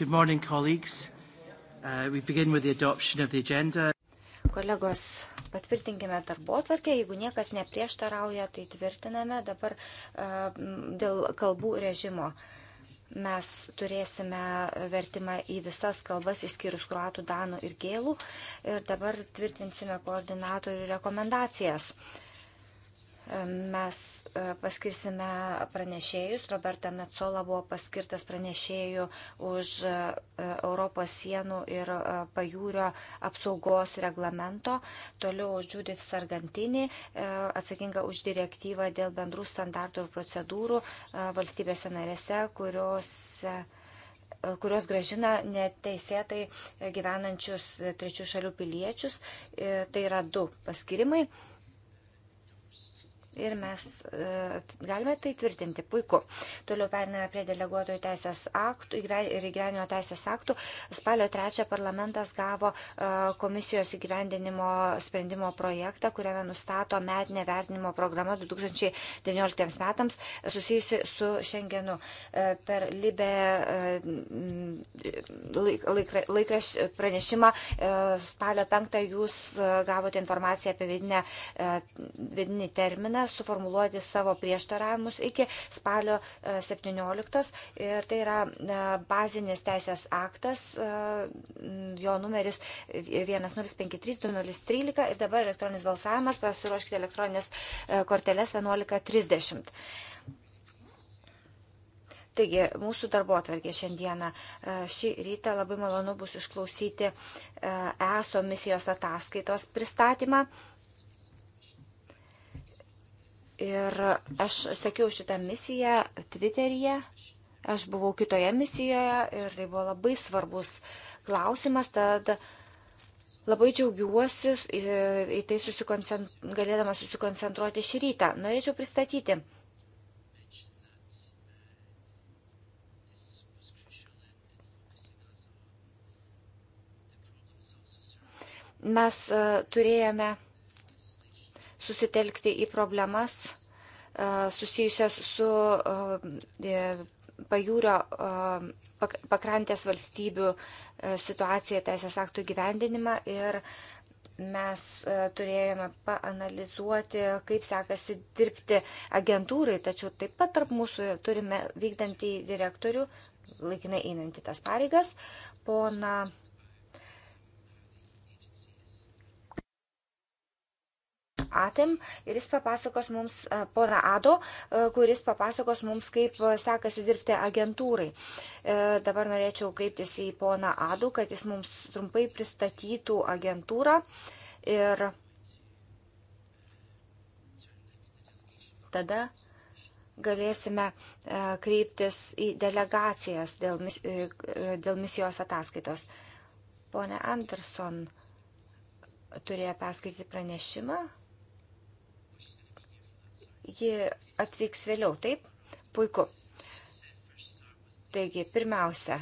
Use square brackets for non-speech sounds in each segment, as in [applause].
Good morning, colleagues. Uh, we begin with the adoption of the agenda. Kolegos, patvirtinkime darbo tvarkę, jeigu niekas neprieštarauja, tai tvirtiname dabar uh, dėl kalbų režimo. Mes turėsime vertimą į visas kalbas, išskyrus kruatų, danų ir gėlų, ir dabar tvirtinsime koordinatorių rekomendacijas. Uh, Mes e, paskirsime pranešėjus. Roberta Metzola buvo paskirtas pranešėjų už e, Europos sienų ir e, pajūrio apsaugos reglamento. Toliau Judith Sargantinį atsakinga už direktyvą dėl bendrų standartų ir procedūrų valstybėse narėse, kurios kurios gražina neteisėtai gyvenančius trečių šalių piliečius. Tai yra du paskirimai ir mes e, galime tai tvirtinti. Puiku. Toliau periname prie deleguotojų teisės aktų ir įgyvenimo teisės aktų. Spalio 3 parlamentas gavo e, komisijos įgyvendinimo sprendimo projektą, kuriame nustato metinė vertinimo programa 2019 metams susijusi su Šengenu. E, per Libę laikraš pranešimą spalio 5 jūs gavote informaciją apie vidinę, vidinį terminą suformuluoti savo prieštaravimus iki spalio 17 e, ir tai yra e, bazinis teisės aktas, e, jo numeris 1053-2013 ir dabar elektroninis balsavimas, pasiruoškite elektroninės korteles 11.30. Taigi, mūsų darbo atvarkė šiandieną. Šį rytą labai malonu bus išklausyti ESO misijos ataskaitos pristatymą. Ir aš sakiau šitą misiją Twitteryje, aš buvau kitoje misijoje ir tai buvo labai svarbus klausimas, tad labai džiaugiuosi į tai susikoncentru... galėdama susikoncentruoti šį rytą. Norėčiau pristatyti. Mes e, turėjome susitelkti į problemas e, susijusias su e, pajūrio e, pakrantės valstybių situacija teisės aktų gyvendinimą ir mes turėjome paanalizuoti, kaip sekasi dirbti agentūrai, tačiau taip pat tarp mūsų turime vykdantį direktorių, laikinai einantį tas pareigas, pona Atem ir jis papasakos mums, e, pona Ado, e, kuris papasakos mums, kaip e, sekasi dirbti agentūrai. Dabar norėčiau kreiptis į poną Ado, kad jis mums trumpai pristatytų agentūrą ir tada galėsime kreiptis į delegacijas dėl, dėl misijos ataskaitos. Pone Anderson turėjo perskaityti pranešimą. Ji atvyks vėliau, taip? Puiku. Taigi, pirmiausia,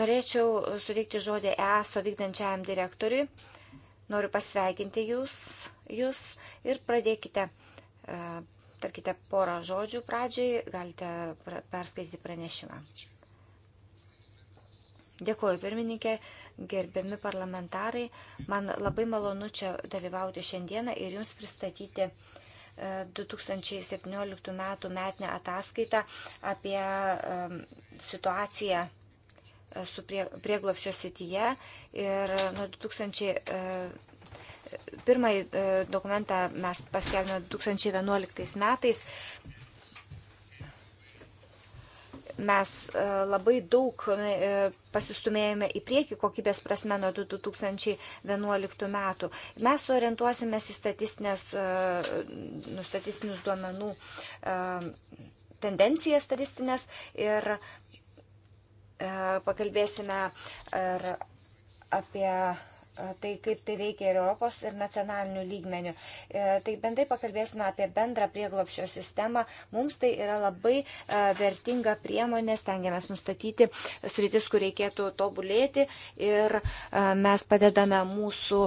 norėčiau suteikti žodį ESO vykdančiajam direktoriui. Noriu pasveikinti jūs, jūs ir pradėkite, e, tarkite, porą žodžių pradžiai, galite perskaityti pranešimą. Dėkuoju pirmininkė, gerbiami parlamentarai. Man labai malonu čia dalyvauti šiandieną ir jums pristatyti 2017 e, m. metinę ataskaitą apie e, situaciją e, su prie, prieglopščio sityje ir nuo 2000 pirmąjį dokumentą mes paskelbėme 2011 metais. Mes labai daug pasistumėjome į priekį kokybės prasme nuo 2011 metų. Mes orientuosimės į e, nu, statistinius duomenų e, tendencijas statistinės ir e, pakalbėsime ir apie E, tai kaip tai veikia ir Europos, ir nacionalinių lygmenių. E, tai bendrai pakalbėsime apie bendrą prieglopšio sistemą. Mums tai yra labai e, vertinga priemonė, stengiamės nustatyti sritis, kur reikėtų tobulėti ir mes padedame mūsų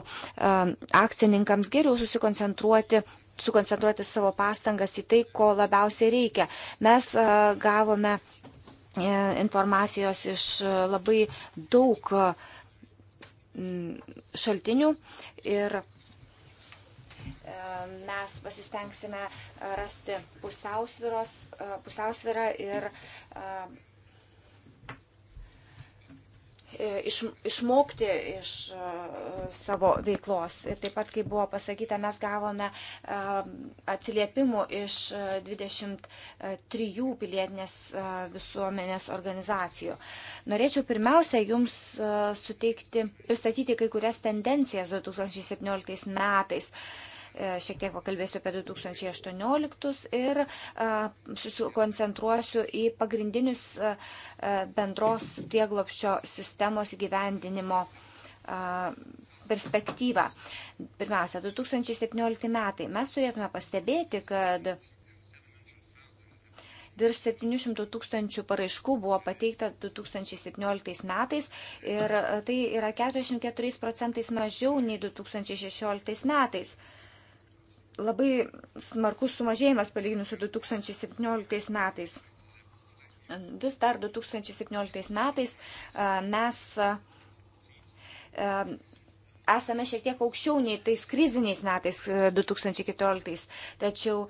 akcininkams geriau susikoncentruoti sukoncentruoti savo pastangas į tai, ko labiausiai reikia. Mes gavome informacijos iš labai daug uh, Mm, šaltinių ir e, mes pasistengsime rasti e, pusiausvyrą ir e, E, iš, išmokti iš e, savo veiklos. Ir taip pat, kaip buvo pasakyta, mes gavome e, atsiliepimų iš 23 pilietinės visuomenės organizacijų. Norėčiau pirmiausia Jums suteikti, pristatyti kai kurias tendencijas 2017 metais E, šiek tiek pakalbėsiu apie 2018 ir e, susikoncentruosiu į pagrindinius e, bendros prieglopščio sistemos įgyvendinimo perspektyvą. Pirmiausia, 2017 metai. Mes turėtume pastebėti, kad virš 700 tūkstančių paraiškų buvo pateikta 2017 metais ir tai yra 44 procentais mažiau nei 2016 metais labai smarkus sumažėjimas palyginus su 2017 metais. Vis dar 2017 metais mes esame šiek tiek aukščiau nei tais kriziniais metais 2014. Tačiau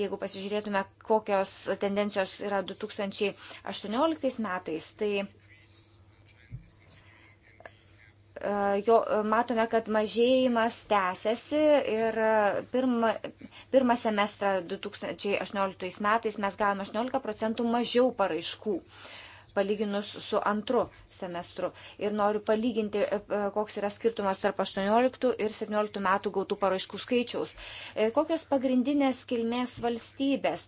jeigu pasižiūrėtume, kokios tendencijos yra 2018 metais, tai Eh, jo eh, matome, kad mažėjimas tęsiasi ir eh, pirmą, pirmą semestrą 2018 metais mes gavome 18 procentų mažiau paraiškų palyginus su antru semestru. Ir noriu palyginti, koks yra skirtumas tarp 18 ir 17 metų gautų paraiškų skaičiaus. Kokios pagrindinės kilmės valstybės,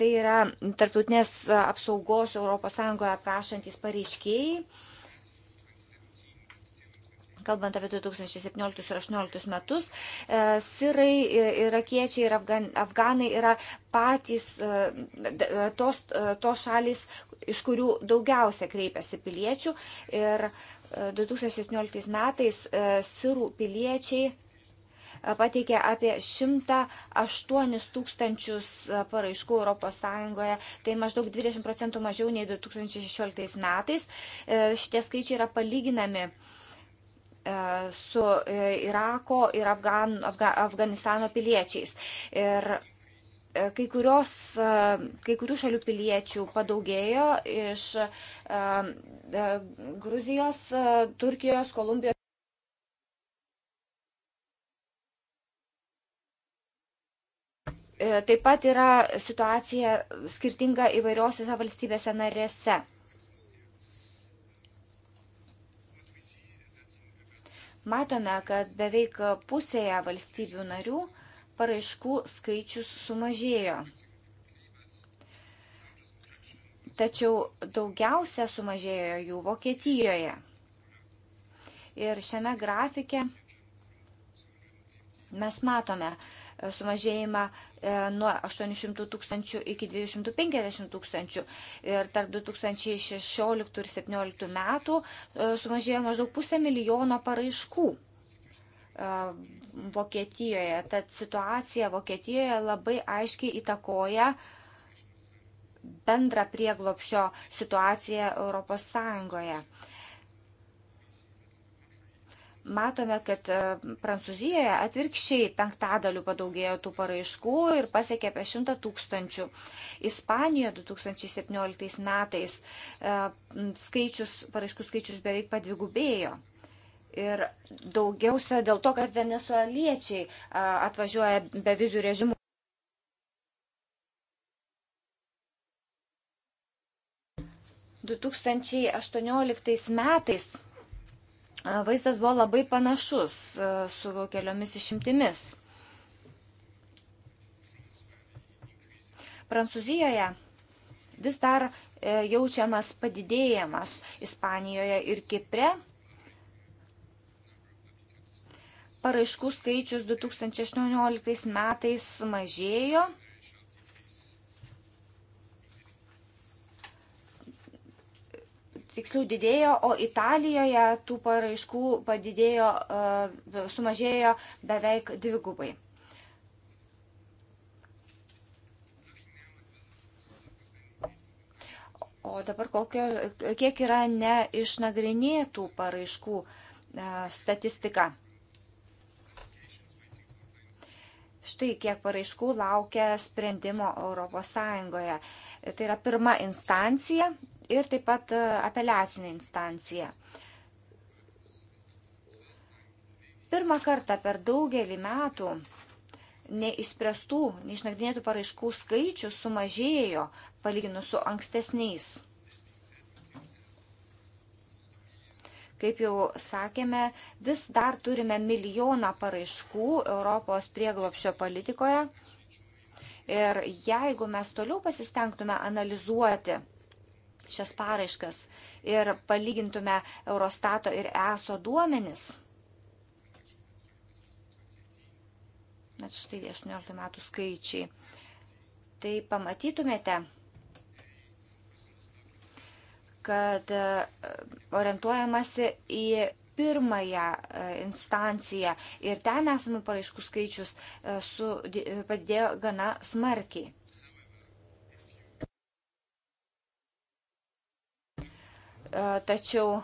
tai yra tarptautinės apsaugos ES prašantis pareiškėjai kalbant apie 2017 ir 2018 metus, e, sirai, e, irakiečiai ir afgan, afganai yra patys e, tos, tos šalis, iš kurių daugiausia kreipiasi piliečių. Ir 2017 metais sirų piliečiai pateikė apie 108 tūkstančius paraiškų ES, tai maždaug 20 procentų mažiau nei 2016 metais. Šitie skaičiai yra palyginami E, su e, Irako ir Afgan, Afga, Afganistano piliečiais. Ir e, kai, kurios, kai kurių šalių piliečių padaugėjo iš Gruzijos, Turkijos, Kolumbijos. Taip pat yra situacija skirtinga įvairiosiose valstybėse narėse. matome, kad beveik pusėje valstybių narių paraiškų skaičius sumažėjo. Tačiau daugiausia sumažėjo jų Vokietijoje. Ir šiame grafike mes matome, sumažėjimą e, nuo 800 tūkstančių iki 250 tūkstančių. Ir tarp 2016 ir 2017 metų e, sumažėjo maždaug pusę milijono paraiškų. E, Vokietijoje. Tad situacija Vokietijoje labai aiškiai įtakoja bendrą prieglopšio situaciją Europos Sąjungoje matome, kad e, Prancūzijoje atvirkščiai penktadalių padaugėjo tų paraiškų ir pasiekė apie 100 tūkstančių. Ispanijoje 2017 metais e, skaičius, paraiškų skaičius beveik padvigubėjo. Ir daugiausia dėl to, kad venezueliečiai e, atvažiuoja be vizų režimų. Du tūkstančiai aštuonioliktais metais vaizdas buvo labai panašus e, su keliomis išimtimis. Prancūzijoje vis dar e, jaučiamas padidėjimas Ispanijoje ir Kipre. Paraiškų skaičius 2018 metais mažėjo tiksliau didėjo, o Italijoje tų paraiškų padidėjo, e, sumažėjo beveik dvigubai. O dabar kokio, kiek yra neišnagrinėtų paraiškų e, statistika? Štai kiek paraiškų laukia sprendimo ES. Tai yra pirma instancija, ir taip pat e, apeliacinė instancija. Pirmą kartą per daugelį metų neįspręstų, neišnagrinėtų paraiškų skaičių sumažėjo palyginus su ankstesniais. Kaip jau sakėme, vis dar turime milijoną paraiškų Europos prieglopšio politikoje. Ir jeigu mes toliau pasistengtume analizuoti šias paraiškas ir palygintume Eurostato ir ESO duomenis. Net štai 18 metų skaičiai. Tai pamatytumėte, kad e, orientuojamasi į pirmąją e, instanciją ir ten esamų paraiškų skaičius e, su, padidėjo gana smarkiai. E, tačiau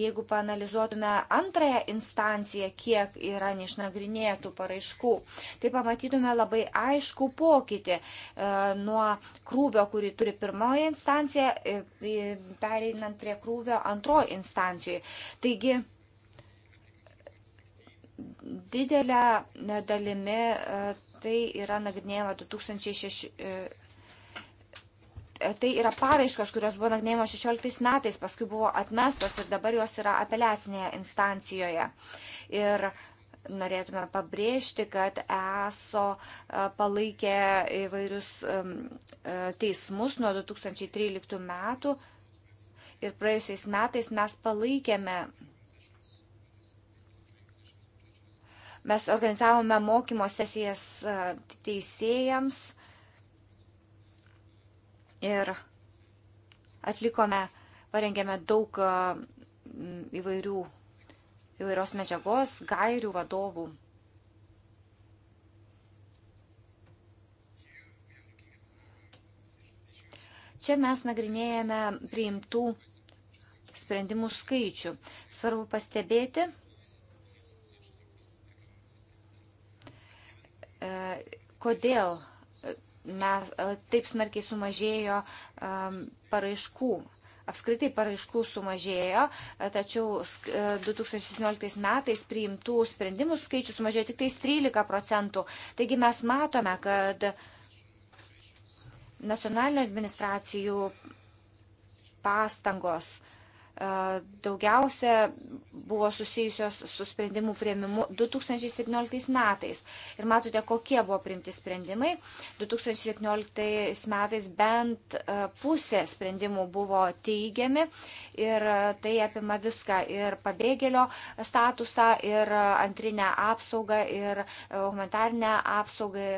jeigu panalizuotume antrąją instanciją, kiek yra neišnagrinėtų paraiškų, tai pamatytume labai aišku pokytį e, nuo krūvio, kurį turi pirmoji instancija, e, pereinant prie krūvio antroji instancijoje. Taigi, didelę dalimi e, tai yra nagrinėjama 2006. E, tai yra paraiškos, kurios buvo nagrinėjamos 16 metais, paskui buvo atmestos ir dabar jos yra apeliacinėje instancijoje. Ir norėtume pabrėžti, kad ESO e, palaikė įvairius e, teismus nuo 2013 metų ir praėjusiais metais mes palaikėme Mes organizavome mokymo sesijas e, teisėjams ir atlikome, parengėme daug įvairių, įvairios medžiagos, gairių, vadovų. Čia mes nagrinėjame priimtų sprendimų skaičių. Svarbu pastebėti, e, kodėl mes, taip smarkiai sumažėjo e, paraiškų. Apskritai paraiškų sumažėjo, e, tačiau 2017 e, metais priimtų sprendimų skaičius sumažėjo tik 13 procentų. Taigi mes matome, kad nacionalinių administracijų pastangos uh, Uh, daugiausia buvo susijusios su sprendimu prieimimu 2017 metais. Ir matote, kokie buvo priimti sprendimai. 2017 metais bent uh, pusė sprendimų buvo teigiami ir uh, tai apima viską ir pabėgėlio statusą, ir antrinę apsaugą, ir humanitarinę apsaugą.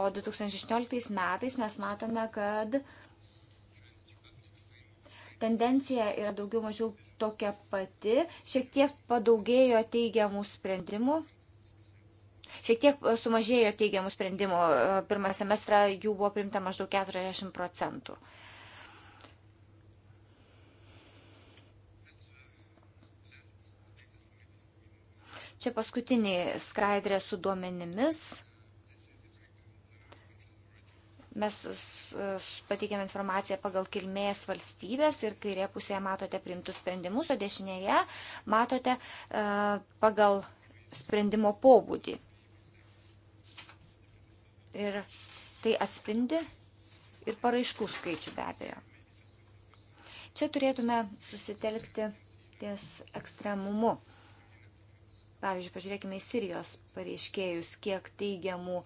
O 2018 metais mes matome, kad Tendencija yra daugiau mažiau tokia pati, šiek tiek padaugėjo teigiamų sprendimų. Šiek tiek e, sumažėjo teigiamų sprendimų. E, pirmą semestrą jų buvo primta maždaug 40 procentų. Čia paskutinį skaidrę su duomenimis. Mes pateikėme informaciją pagal kilmės valstybės ir kairė pusėje matote primtus sprendimus, o dešinėje matote e, pagal sprendimo pobūdį. Ir tai atspindi ir paraiškų skaičių be abejo. Čia turėtume susitelkti ties ekstremumu. Pavyzdžiui, pažiūrėkime į Sirijos pareiškėjus, kiek teigiamų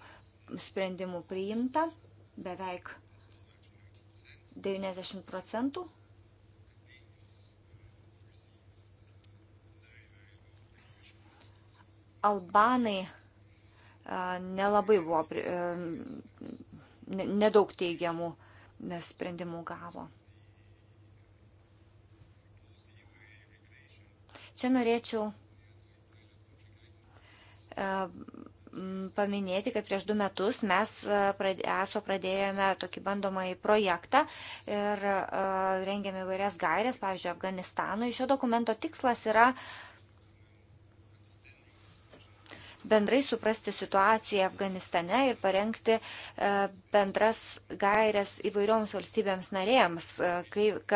sprendimų priimta beveik 90 procentų. Albanai nelabai buvo, nedaug teigiamų e, sprendimų gavo. Čia norėčiau Mm, paminėti, kad prieš du metus mes e, ESO pradėjome tokį bandomąjį projektą ir e, rengėme įvairias gairias, pavyzdžiui, Afganistanui. Šio dokumento tikslas yra bendrai suprasti situaciją Afganistane ir parengti e, bendras gairias įvairioms valstybėms narėms,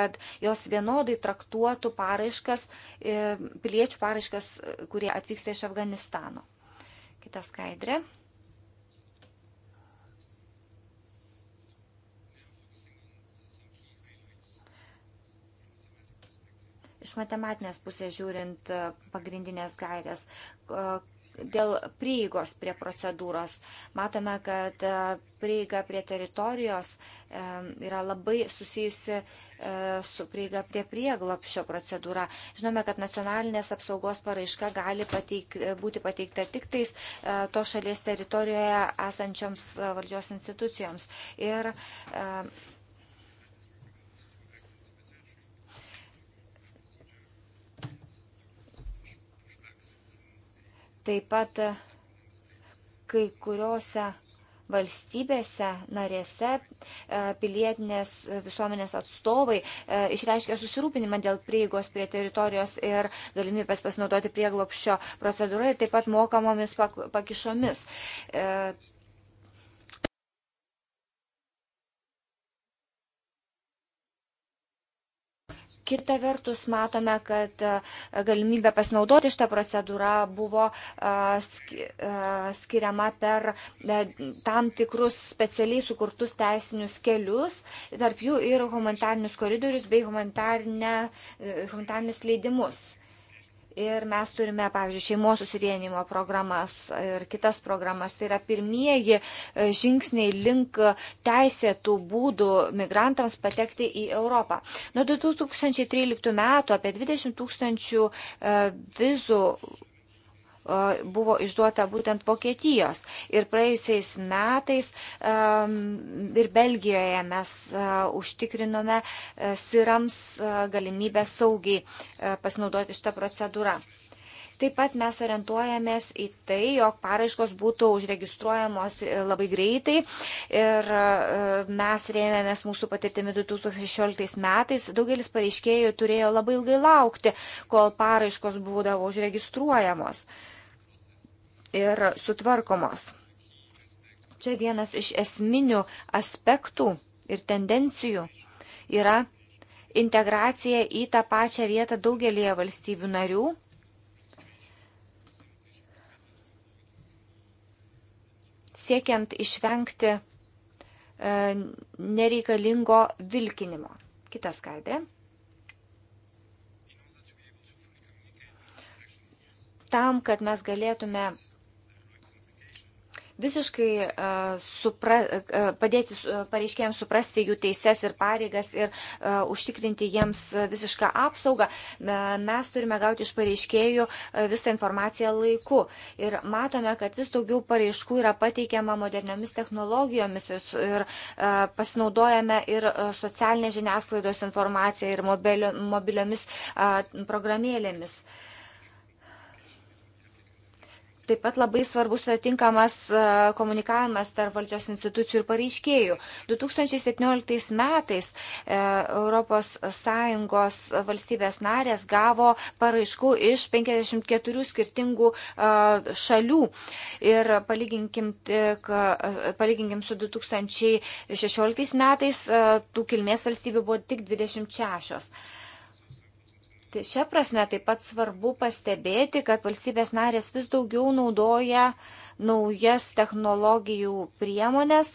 kad jos vienodai traktuotų paraiškas, piliečių paraiškas, kurie atvyksta iš Afganistano. Kita skaidrė. matematinės pusės žiūrint e, pagrindinės gairės. E, dėl prieigos prie procedūros matome, kad e, prieiga prie teritorijos yra labai susijusi su prieiga prie prieglopšio procedūra. Žinome, kad nacionalinės apsaugos paraiška gali pateik, būti pateikta tik tais to šalies teritorijoje esančioms valdžios institucijoms. Ir Taip pat e, kai kuriuose valstybėse narėse e, pilietinės visuomenės atstovai e, išreiškė susirūpinimą dėl prieigos prie teritorijos ir galimybės pasinaudoti prieglopščio procedūrą ir taip pat mokamomis pakišomis. Kita vertus, matome, kad e, galimybė pasinaudoti šitą procedūrą buvo e, e, skiriama per tam tikrus specialiai sukurtus teisinius kelius, tarp jų ir humanitarinius koridorius bei humanitarinius leidimus. Ir mes turime, pavyzdžiui, šeimos susivienimo programas ir kitas programas. Tai yra pirmieji e, žingsniai link teisėtų būdų migrantams patekti į Europą. Nuo 2013 metų apie 20 tūkstančių e, vizų buvo išduota būtent Vokietijos. Ir praėjusiais metais ir Belgijoje mes užtikrinome sirams galimybę saugiai pasinaudoti šitą procedūrą. Taip pat mes orientuojamės į tai, jog paraiškos būtų užregistruojamos e, labai greitai ir mes rėmėmės mūsų patirtimi 2016 metais. Daugelis pareiškėjų turėjo labai ilgai laukti, kol paraiškos būdavo užregistruojamos. Uh, ir sutvarkomos. Čia vienas iš esminių aspektų ir tendencijų yra integracija į tą pačią vietą daugelie valstybių narių. siekiant išvengti e, nereikalingo vilkinimo. Kita skaidrė. Tam, kad mes galėtume visiškai supra, padėti pareiškėjams suprasti jų teises ir pareigas ir užtikrinti jiems visišką apsaugą, mes turime gauti iš pareiškėjų visą informaciją laiku. Ir matome, kad vis daugiau pareiškų yra pateikiama moderniomis technologijomis ir pasinaudojame ir socialinės žiniasklaidos informaciją ir mobiliomis programėlėmis. Taip pat labai svarbus yra tinkamas e, komunikavimas tarp valdžios institucijų ir pareiškėjų. 2017 metais ES valstybės narės gavo paraiškų iš 54 skirtingų e, šalių. Ir palyginkim, tik, e, palyginkim su 2016 metais, tų kilmės valstybių buvo tik 26. Tai šią prasme taip pat svarbu pastebėti, kad valstybės narės vis daugiau naudoja naujas technologijų priemonės.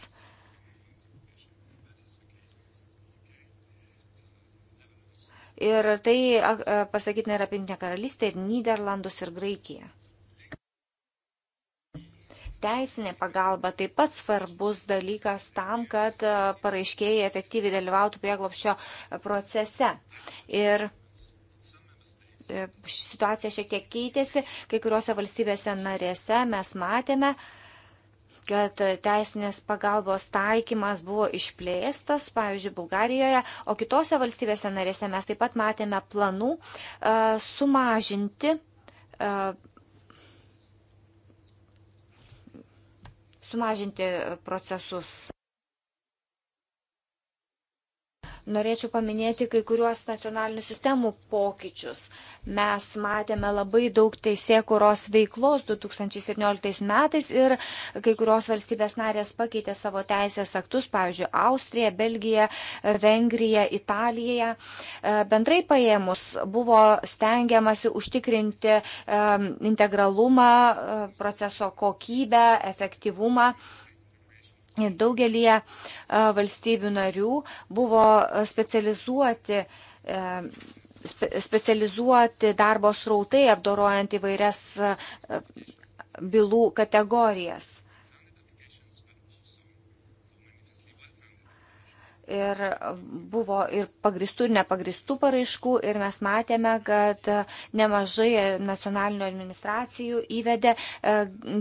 Ir tai pasakytina ir apie Jungtinę karalystę, ir Niderlandus, ir Graikiją. Teisinė pagalba taip pat svarbus dalykas tam, kad pareiškėjai efektyviai dalyvautų prieglopščio procese. Ir E, situacija šiek tiek keitėsi, kai kuriuose valstybėse narėse mes matėme, kad teisinės pagalbos taikymas buvo išplėstas, pavyzdžiui, Bulgarijoje, o kitose valstybėse narėse mes taip pat matėme planų uh, sumažinti uh, sumažinti procesus. Norėčiau paminėti kai kuriuos nacionalinių sistemų pokyčius. Mes matėme labai daug teisėkuros veiklos 2017 metais ir kai kurios valstybės narės pakeitė savo teisės aktus, pavyzdžiui, Austrija, Belgija, Vengrija, Italija. E, bendrai paėmus buvo stengiamasi užtikrinti e, integralumą, e, proceso kokybę, efektyvumą Daugelie valstybių narių buvo specializuoti specializuoti darbo srautai, apdorojant įvairias bylų kategorijas. ir buvo ir pagristų, ir nepagristų paraiškų, ir mes matėme, kad nemažai nacionalinių administracijų įvedė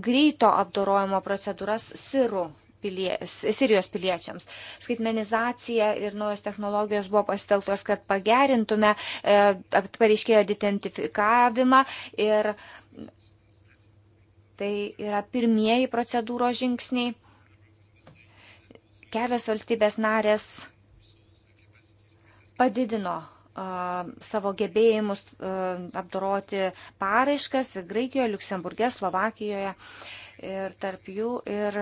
greito apdorojimo procedūras sirų pilie, Sirijos piliečiams. Skaitmenizacija ir naujos technologijos buvo pasitelktos, kad pagerintume e, pareiškėjo identifikavimą ir tai yra pirmieji procedūros žingsniai. Kelios valstybės narės padidino savo gebėjimus apdoroti paraiškas ir Graikijoje, Luksemburgė, Slovakijoje ir tarp jų ir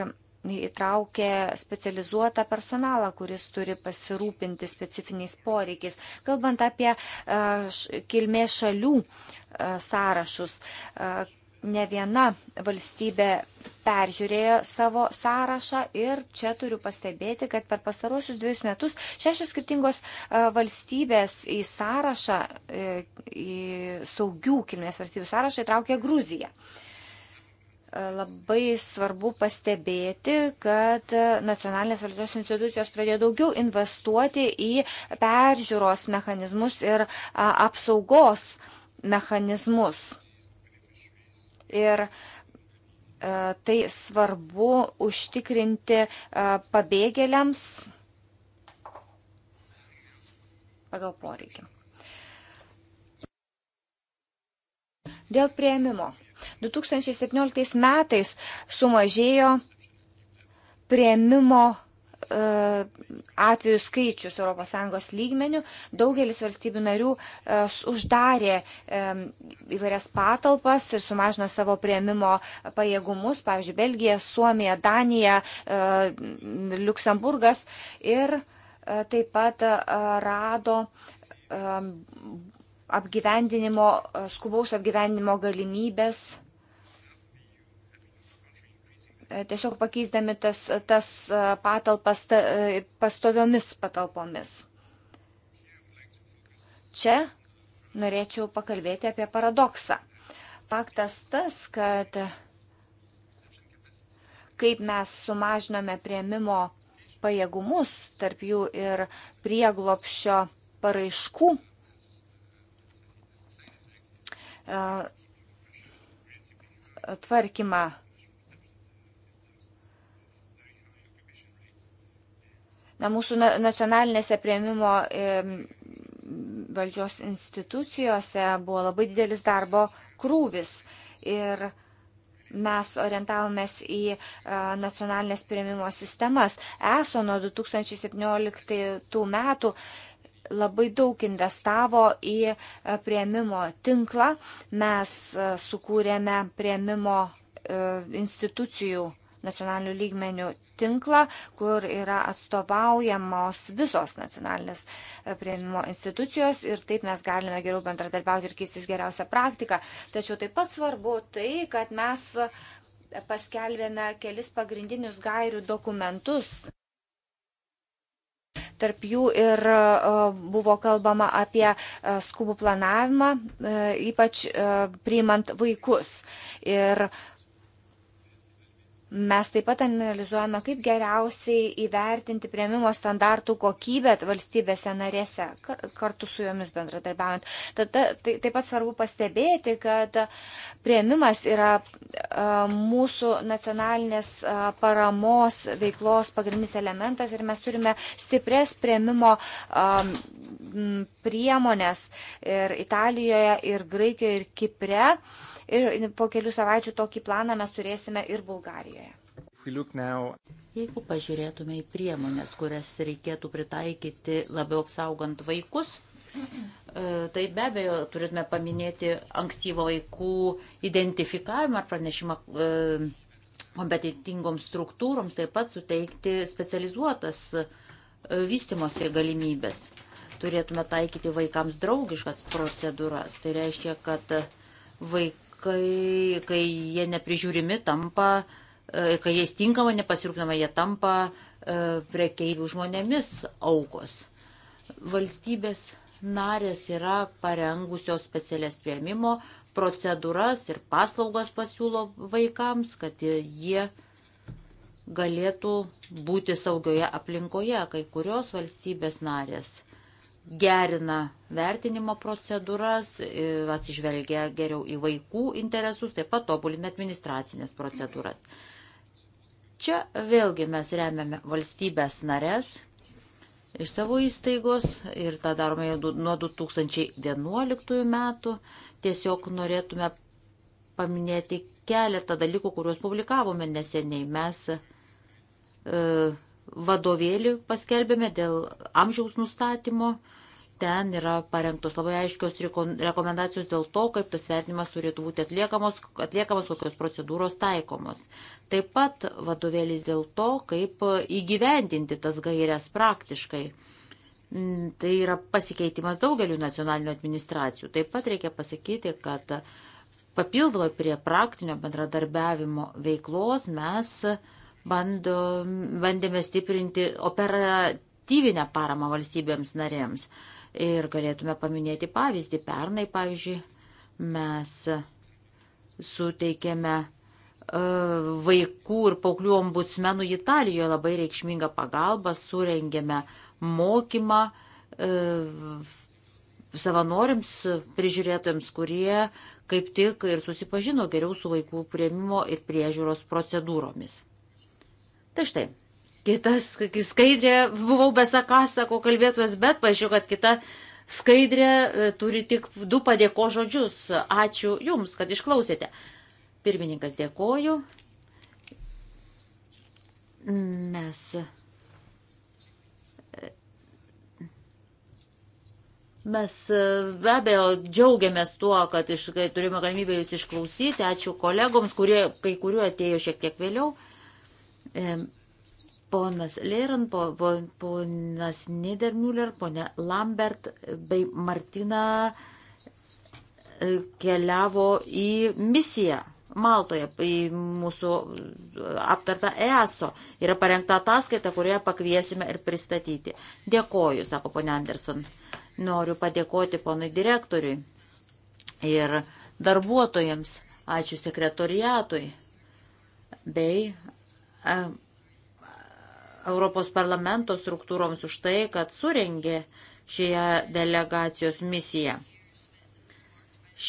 įtraukė specializuotą personalą, kuris turi pasirūpinti specifiniais poreikiais. Kalbant apie e, kilmės šalių e, sąrašus, e, ne viena valstybė peržiūrėjo savo sąrašą ir čia turiu pastebėti, kad per pastaruosius dviejus metus šešios skirtingos valstybės į sąrašą, į saugių kilmės valstybių sąrašą įtraukė Gruziją. Uh, labai svarbu pastebėti, kad nacionalinės valdžios institucijos pradėjo daugiau investuoti į peržiūros mechanizmus ir apsaugos mechanizmus. Ir tai svarbu užtikrinti pabėgėliams pagal poreikį. Dėl prieimimo. 2017 metais sumažėjo prieimimo e, atvejų skaičius ES lygmenių. Daugelis valstybių narių e, uždarė e, įvairias patalpas ir sumažino savo prieimimo pajėgumus, pavyzdžiui, Belgija, Suomija, Danija, Luksemburgas ir taip pat rado apgyvendinimo, e, skubaus apgyvendinimo galimybės, e, tiesiog pakeisdami tas, tas e, patalpas ta, pastoviomis patalpomis. Čia norėčiau pakalbėti apie paradoksą. Faktas tas, kad kaip mes sumažiname prieimimo pajėgumus, tarp jų ir prieglopšio paraiškų tvarkymą. Na, mūsų nacionalinėse prieimimo valdžios institucijose buvo labai didelis darbo krūvis ir mes orientavomės į nacionalinės prieimimo sistemas. ESO nuo 2017 metų labai daug investavo į e, prieimimo tinklą. Mes e, sukūrėme prieimimo e, institucijų nacionalinių lygmenių tinklą, kur yra atstovaujamos visos nacionalinės prieimimo institucijos ir taip mes galime geriau bendradarbiauti ir keistis geriausią praktiką. Tačiau taip pat svarbu tai, kad mes paskelbėme kelis pagrindinius gairių dokumentus Tarp jų ir e, buvo kalbama apie e, skubų planavimą, e, ypač priimant vaikus. Ir Mes taip pat analizuojame, kaip geriausiai įvertinti prieimimo standartų kokybę valstybėse narėse, kartu su jomis bendradarbiaujant. Tad taip pat svarbu pastebėti, kad prieimimas yra mūsų nacionalinės paramos veiklos pagrindinis elementas ir mes turime stiprias prieimimo priemonės ir Italijoje, ir Graikijoje, ir Kipre ir po kelių savaičių tokį planą mes turėsime ir Bulgarijoje. Jeigu pažiūrėtume į priemonės, kurias reikėtų pritaikyti labiau apsaugant vaikus, e, tai be abejo turėtume paminėti ankstyvo vaikų identifikavimą ar pranešimą e, kompetitingoms struktūroms, taip pat suteikti specializuotas e, vystimosi galimybės. Turėtume taikyti vaikams draugiškas procedūras. Tai reiškia, kad vaikai kai, kai jie neprižiūrimi tampa, e, kai jais tinkama nepasirūpinama, jie tampa e, prekeivių žmonėmis aukos. Valstybės narės yra parengusios specialias prieimimo procedūras ir paslaugas pasiūlo vaikams, kad jie galėtų būti saugioje aplinkoje. Kai kurios valstybės narės gerina vertinimo procedūras, e, atsižvelgia geriau į vaikų interesus, taip pat tobulina administracinės procedūras. Čia vėlgi mes remiame valstybės narės iš savo įstaigos ir tą darome jau nuo 2011 metų. Tiesiog norėtume paminėti keletą dalykų, kuriuos publikavome neseniai. Mes e, vadovėlį paskelbėme dėl amžiaus nustatymo, e, Ten yra parengtos labai aiškios rekomendacijos dėl to, kaip tas vertinimas turėtų būti atliekamos, atliekamos kokios procedūros taikomos. Taip pat vadovėlis dėl to, kaip įgyvendinti tas gairias praktiškai. Mm, tai yra pasikeitimas daugeliu nacionalinių administracijų. Taip pat reikia pasakyti, kad papildomai prie praktinio bendradarbiavimo veiklos mes bando, bandėme stiprinti operatyvinę paramą valstybėms narėms. Ir galėtume paminėti pavyzdį. Pernai, pavyzdžiui, mes suteikėme e, vaikų ir paauglių ombudsmenų Italijoje labai reikšmingą pagalbą, surengėme mokymą e, savanoriams prižiūrėtojams, kurie kaip tik ir susipažino geriau su vaikų prieimimo ir priežiūros procedūromis. Tai štai, Kitas skaidrė, buvau besaką, sako kalbėtojas, bet pažiūrėjau, kad kita skaidrė e, turi tik du padėko žodžius. Ačiū Jums, kad išklausėte. Pirmininkas dėkoju. Mes. E, mes e, be abejo džiaugiamės tuo, kad iš, kad turime galimybę jūs išklausyti. Ačiū kolegoms, kurie kai kuriuo atėjo šiek tiek vėliau ponas Lėran, ponas Niedermüller, ponė Lambert bei Martina e, keliavo į misiją Maltoje, į mūsų aptartą ESO. Yra parengta ataskaita, kurioje pakviesime ir pristatyti. Dėkoju, sako ponė Anderson. Noriu padėkoti ponui direktoriui ir darbuotojams. Ačiū sekretoriatui bei e, Europos parlamento struktūroms už tai, kad surengė šioje delegacijos misiją.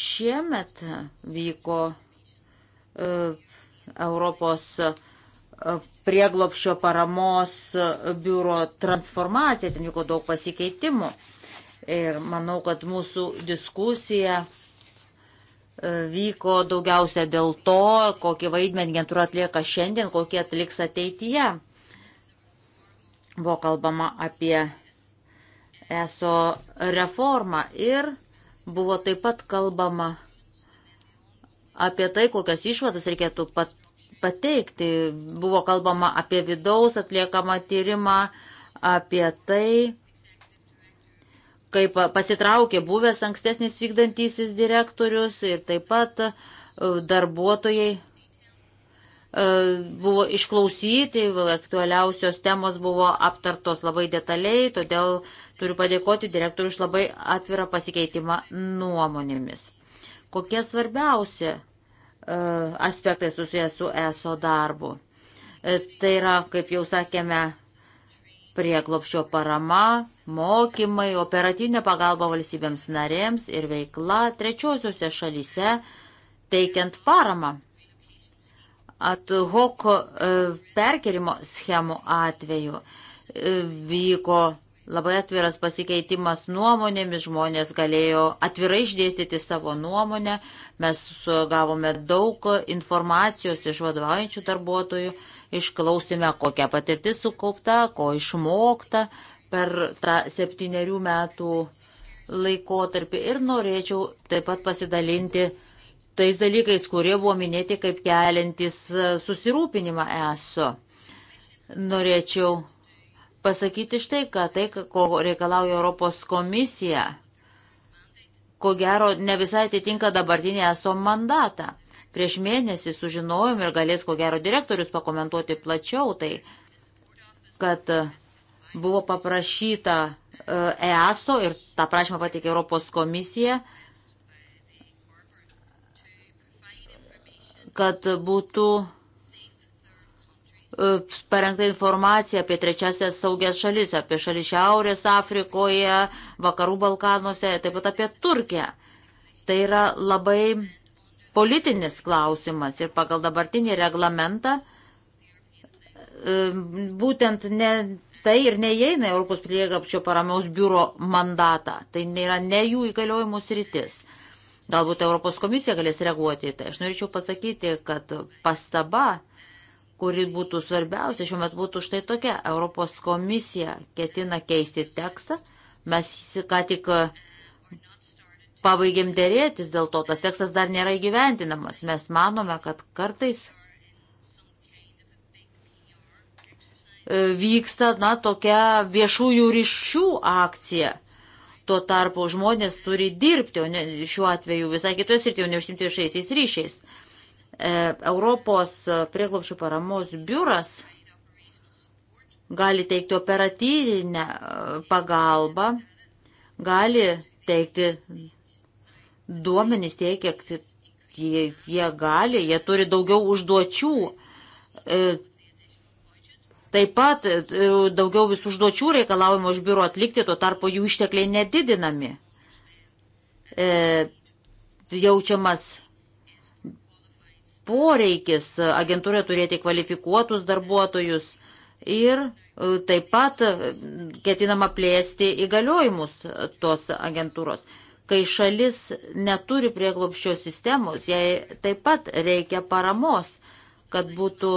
Šiemet vyko uh, Europos uh, e, prieglopšio paramos e, biuro transformacija, ten vyko daug pasikeitimų. Ir manau, kad mūsų diskusija vyko daugiausia dėl to, kokį vaidmenį agentūra atlieka šiandien, kokį atliks ateityje. Buvo kalbama apie ESO reformą ir buvo taip pat kalbama apie tai, kokias išvadas reikėtų pateikti. Buvo kalbama apie vidaus atliekamą tyrimą, apie tai, kaip pasitraukė buvęs ankstesnis vykdantysis direktorius ir taip pat e, darbuotojai E, buvo išklausyti, aktualiausios temos buvo aptartos labai detaliai, todėl turiu padėkoti direktoriui už labai atvirą pasikeitimą nuomonėmis. Kokie svarbiausi e, aspektai susijęs su ESO darbu? E, tai yra, kaip jau sakėme, prieglopščio parama, mokymai, operatyvinė pagalba valstybėms narėms ir veikla trečiosiuose šalyse teikiant paramą ad hoc e, perkerimo schemų atveju e, vyko labai atviras pasikeitimas nuomonėmis, žmonės galėjo atvirai išdėstyti savo nuomonę, mes gavome daug informacijos iš vadovaujančių darbuotojų, išklausėme, kokia patirtis sukaupta, ko išmokta per tą septyniarių metų laikotarpį ir norėčiau taip pat pasidalinti tais dalykais, kurie buvo minėti kaip keliantis e, susirūpinimą esu. Norėčiau pasakyti štai, kad tai, ko reikalauja Europos komisija, ko gero ne visai atitinka dabartinį esu mandatą. Prieš mėnesį sužinojom ir galės ko gero direktorius pakomentuoti plačiau, tai kad e, buvo paprašyta EASO ir tą prašymą pateikė Europos komisija kad būtų e, parengta informacija apie trečiasias saugias šalis, apie šalis Šiaurės Afrikoje, Vakarų Balkanuose, taip pat apie Turkiją. Tai yra labai politinis klausimas ir pagal dabartinį reglamentą e, būtent ne, tai ir neįeina Europos prieglapščio paramos biuro mandatą. Tai nėra ne jų įgaliojimų sritis. Galbūt Europos komisija galės reaguoti. Tai aš norėčiau pasakyti, kad pastaba, kuri būtų svarbiausia šiuo metu būtų štai tokia. Europos komisija ketina keisti tekstą. Mes ką tik pabaigėm dėrėtis dėl to, tas tekstas dar nėra įgyventinamas. Mes manome, kad kartais e, vyksta, na, tokia viešųjų ryšių akcija Tuo tarpu žmonės turi dirbti, o ne, šiuo atveju visai kitoje srityje, o neužsimti viešaisiais ryšiais. E, Europos prieglopšio paramos biuras gali teikti operatyvinę e, pagalbą, gali teikti duomenys tiek, kiek jie, jie gali, jie turi daugiau užduočių. E, Taip pat e, e, daugiau visų užduočių reikalavimo iš biuro atlikti, tuo tarpu jų ištekliai nedidinami. E, jaučiamas poreikis agentūrė turėti kvalifikuotus darbuotojus ir e, taip pat ketinama plėsti įgaliojimus tos agentūros. Kai šalis neturi prieglopščio sistemos, jai taip pat reikia paramos, kad būtų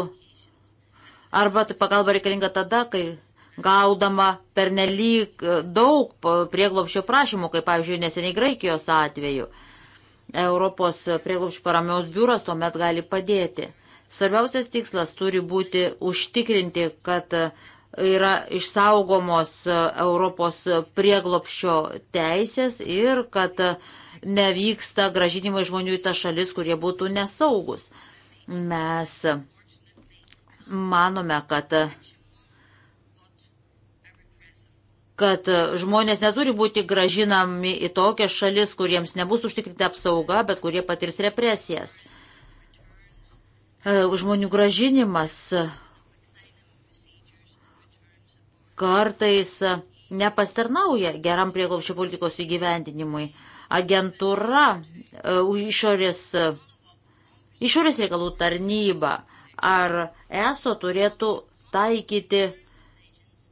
arba pagalba reikalinga tada, kai gaudama pernelyg e, daug prieglopščio prašymų, kaip pavyzdžiui neseniai Graikijos atveju. Europos prieglopščio paramos biuras tuomet gali padėti. Svarbiausias tikslas turi būti užtikrinti, kad yra išsaugomos Europos prieglopščio teisės ir kad nevyksta gražinimai žmonių į tą šalis, kurie būtų nesaugus. Mes manome, kad kad žmonės neturi būti gražinami į tokias šalis, kuriems nebus užtikrinta apsauga, bet kurie patirs represijas. Žmonių gražinimas kartais nepastarnauja geram prieglobščio politikos įgyvendinimui. Agentūra, e, išorės, e, išorės reikalų tarnyba ar ESO turėtų taikyti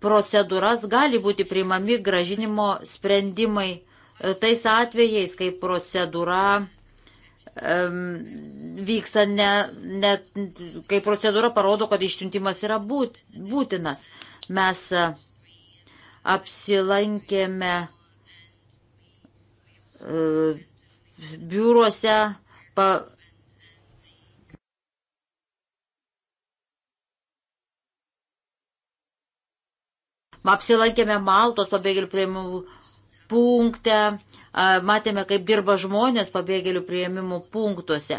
procedūras, gali būti priimami gražinimo sprendimai e, tais atvejais, kai procedūra vyksta ne, ne, kai procedūra parodo, kad išsiuntimas yra būt, būtinas. Mes e, apsilankėme e, biuruose, pa, apsilankėme Maltos pabėgėlių prieimimų punkte, matėme, kaip dirba žmonės pabėgėlių prieimimų punktuose,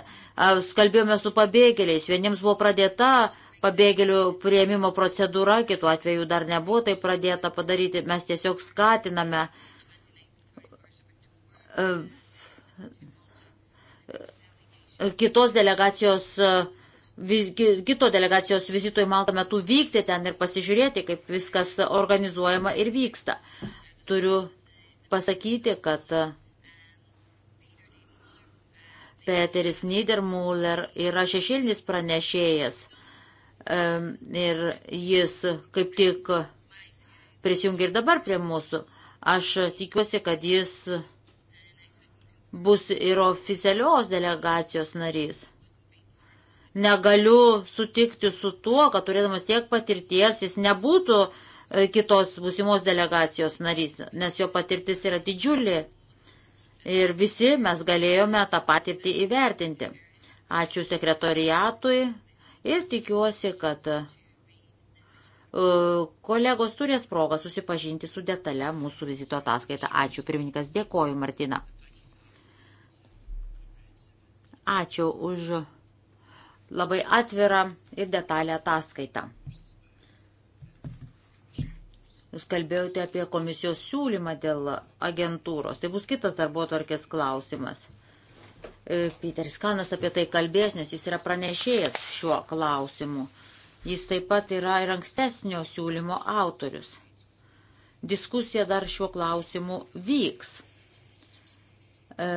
kalbėjome su pabėgėliais, vieniems buvo pradėta pabėgėlių prieimimo procedūra, kitų atveju dar nebuvo tai pradėta padaryti, mes tiesiog skatiname kitos delegacijos uh, kito delegacijos vizito į Maltą metu vykti ten ir pasižiūrėti, kaip viskas organizuojama ir vyksta. Turiu pasakyti, kad e, Peteris Niedermuller yra šešilnis pranešėjas e, ir jis kaip tik prisijungia ir dabar prie mūsų. Aš tikiuosi, kad jis bus ir oficialios delegacijos narys negaliu sutikti su tuo, kad turėdamas tiek patirties jis nebūtų e, kitos būsimos delegacijos narys, nes jo patirtis yra didžiulė. Ir visi mes galėjome tą patirtį įvertinti. Ačiū sekretoriatui ir tikiuosi, kad e, kolegos turės progą susipažinti su detale mūsų vizito ataskaita. Ačiū, pirmininkas, dėkoju, Martina. Ačiū už labai atvirą ir detalę ataskaitą. Jūs kalbėjote apie komisijos siūlymą dėl agentūros. Tai bus kitas darbo tvarkės klausimas. E, Peteris Kanas apie tai kalbės, nes jis yra pranešėjęs šiuo klausimu. Jis taip pat yra ir ankstesnio siūlymo autorius. Diskusija dar šiuo klausimu vyks. E,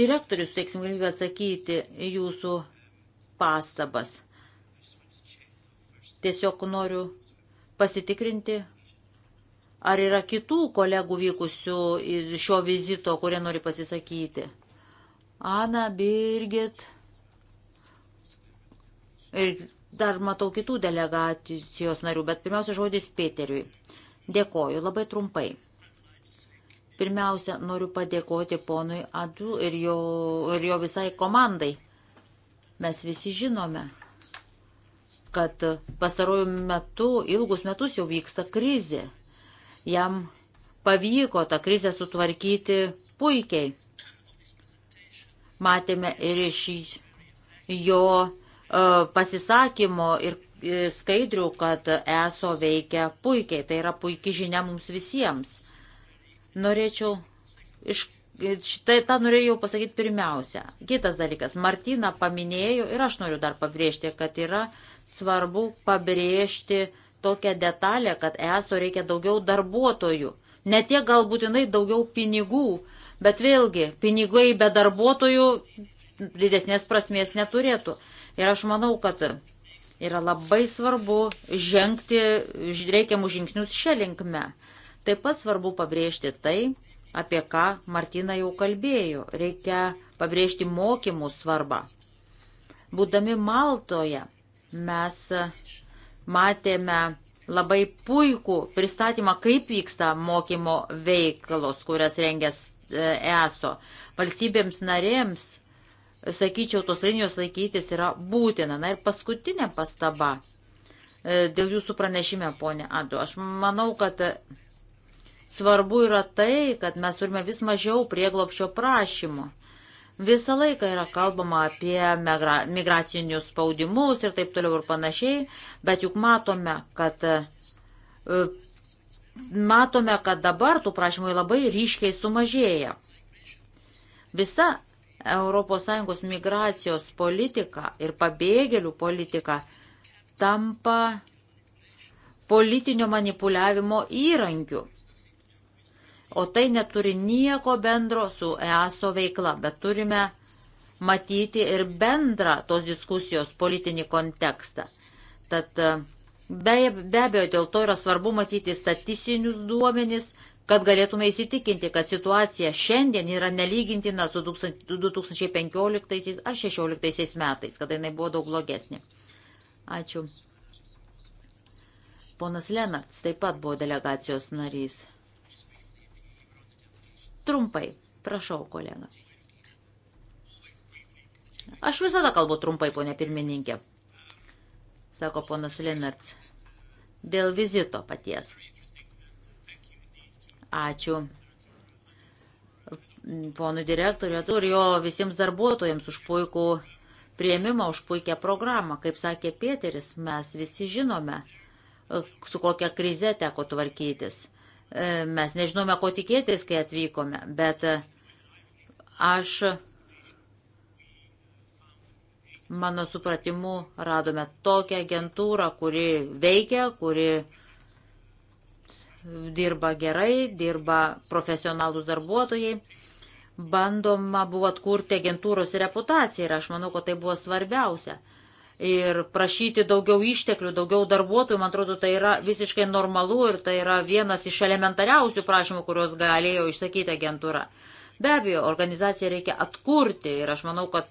Direktorius teiksim galimybę atsakyti jūsų pastabas. Tiesiog noriu pasitikrinti, ar yra kitų kolegų vykusių šio vizito, kurie nori pasisakyti. Ana, Birgit ir dar matau kitų delegacijos narių, bet pirmiausia žodis Peteriui. Dėkoju labai trumpai. Pirmiausia, noriu padėkoti ponui Adu ir jo, ir jo visai komandai Mes visi žinome, kad pastarojų metų, ilgus metus jau vyksta krizė. Jam pavyko tą krizę sutvarkyti puikiai. Matėme ir iš jo e, pasisakymo ir, ir skaidrių, kad ESO veikia puikiai. Tai yra puikia žinia mums visiems. Norėčiau iš Štai tą norėjau pasakyti pirmiausia. Kitas dalykas, Martina paminėjo ir aš noriu dar pabrėžti, kad yra svarbu pabrėžti tokią detalę, kad ESO reikia daugiau darbuotojų. Ne tiek gal būtinai daugiau pinigų, bet vėlgi, pinigai be darbuotojų didesnės prasmės neturėtų. Ir aš manau, kad yra labai svarbu žengti reikiamus žingsnius šią linkmę. Taip pat svarbu pabrėžti tai, apie ką Martina jau kalbėjo. Reikia pabrėžti mokymų svarbą. Būdami Maltoje mes matėme labai puikų pristatymą, kaip vyksta mokymo veiklos, kurias rengės e ESO. Valstybėms narėms, sakyčiau, tos linijos laikytis yra būtina. Na ir paskutinė pastaba e, dėl jūsų pranešime, ponė Adu. Aš manau, kad Svarbu yra tai, kad mes turime vis mažiau prieglopščio prašymų. Visą laiką yra kalbama apie migra migracinius spaudimus ir taip toliau ir panašiai, bet juk matome, kad e, matome, kad dabar tų prašymų labai ryškiai sumažėja. Visa ES migracijos politika ir pabėgėlių politika tampa politinio manipuliavimo įrankiu o tai neturi nieko bendro su EASO veikla, bet turime matyti ir bendrą tos diskusijos politinį kontekstą. Tad e, be, be abejo, dėl to yra svarbu matyti statistinius duomenis, kad galėtume įsitikinti, kad situacija šiandien yra nelygintina su 2015 ar 2016 metais, kada jinai buvo daug blogesnė. Ačiū. Ponas Lenarts taip pat buvo delegacijos narys. Trumpai, prašau, kolega. Aš visada kalbu trumpai, ponė pirmininkė, sako ponas Lenarts, dėl vizito paties. Ačiū ponui direktoriu ir jo visiems darbuotojams už puikų prieimimą, už puikią programą. Kaip sakė Pėteris, mes visi žinome, su kokia krize teko tvarkytis. E, mes nežinome, ko tikėtis, kai atvykome, bet e, aš mano supratimu radome tokią agentūrą, kuri veikia, kuri dirba gerai, dirba profesionalūs darbuotojai bandoma buvo atkurti agentūros reputaciją ir aš manau, kad tai buvo svarbiausia ir prašyti daugiau išteklių, daugiau darbuotojų, man atrodo, tai yra visiškai normalu ir tai yra vienas iš elementariausių prašymų, kuriuos galėjo išsakyti agentūra. Be abejo, organizaciją reikia atkurti ir aš manau, kad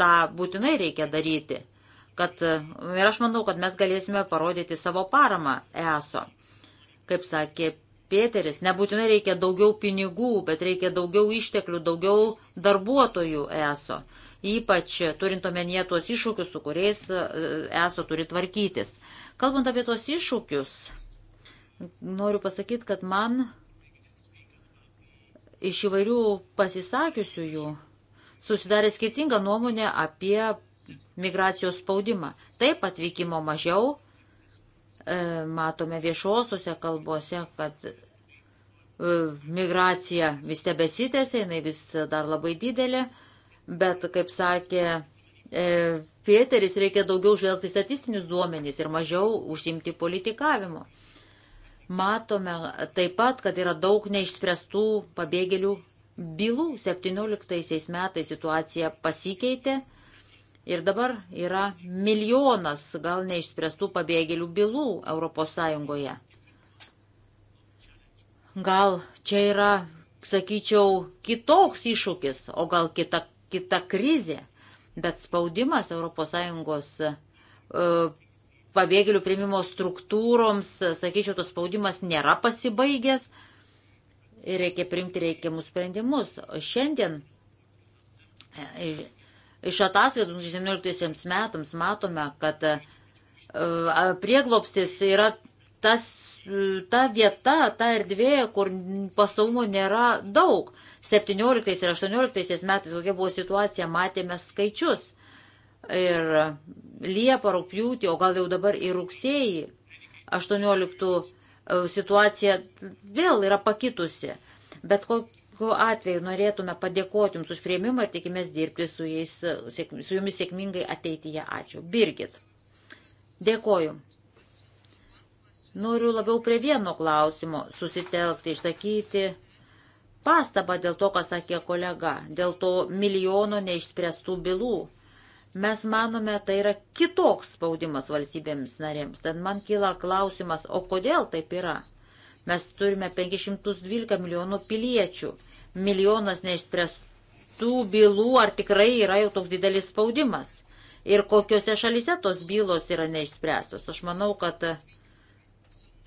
tą būtinai reikia daryti. Kad, ir aš manau, kad mes galėsime parodyti savo paramą ESO. Kaip sakė Pėteris, nebūtinai reikia daugiau pinigų, bet reikia daugiau išteklių, daugiau darbuotojų ESO ypač turint omenyje tuos iššūkius, su kuriais e, ESO turi tvarkytis. Kalbant apie tuos iššūkius, noriu pasakyti, kad man iš įvairių pasisakiusiųjų susidarė skirtinga nuomonė apie migracijos spaudimą. Taip atvykimo mažiau, e, matome viešosiuose kalbose, kad e, migracija vis tebesitėse, jinai vis dar labai didelė. Bet, kaip sakė e, Pieteris, reikia daugiau žvelgti statistinius duomenys ir mažiau užsimti politikavimo. Matome taip pat, kad yra daug neišspręstų pabėgėlių bylų. 17 metais situacija pasikeitė ir dabar yra milijonas gal neišspręstų pabėgėlių bylų ES. Gal čia yra, sakyčiau, kitoks iššūkis, o gal kita kita krizė, bet spaudimas ES e, pabėgėlių priimimo struktūroms, sakyčiau, tas spaudimas nėra pasibaigęs ir reikia priimti reikiamus sprendimus. Šiandien e, iš ataskaitų 2017 metams matome, kad e, prieglopstis yra tas, ta vieta, ta erdvė, kur pastovumo nėra daug. 17 ir 18 metais, kokia buvo situacija, matėme skaičius. Ir Liepa, rūpjūtį, o gal jau dabar į rugsėjį 18 e, situacija vėl yra pakitusi. Bet kokiu atveju norėtume padėkoti Jums už prieimimą ir tikimės dirbti su, jais, e, su Jumis sėkmingai ateityje. Ačiū. Birgit. Dėkoju. Noriu labiau prie vieno klausimo susitelkti, išsakyti pastabą dėl to, ką sakė kolega, dėl to milijono neišspręstų bylų. Mes manome, tai yra kitoks spaudimas valstybėms narėms. Tad man kyla klausimas, o kodėl taip yra? Mes turime 512 milijonų piliečių. Milijonas neišspręstų bylų, ar tikrai yra jau toks didelis spaudimas? Ir kokiuose šalise tos bylos yra neišspręstos? Aš manau, kad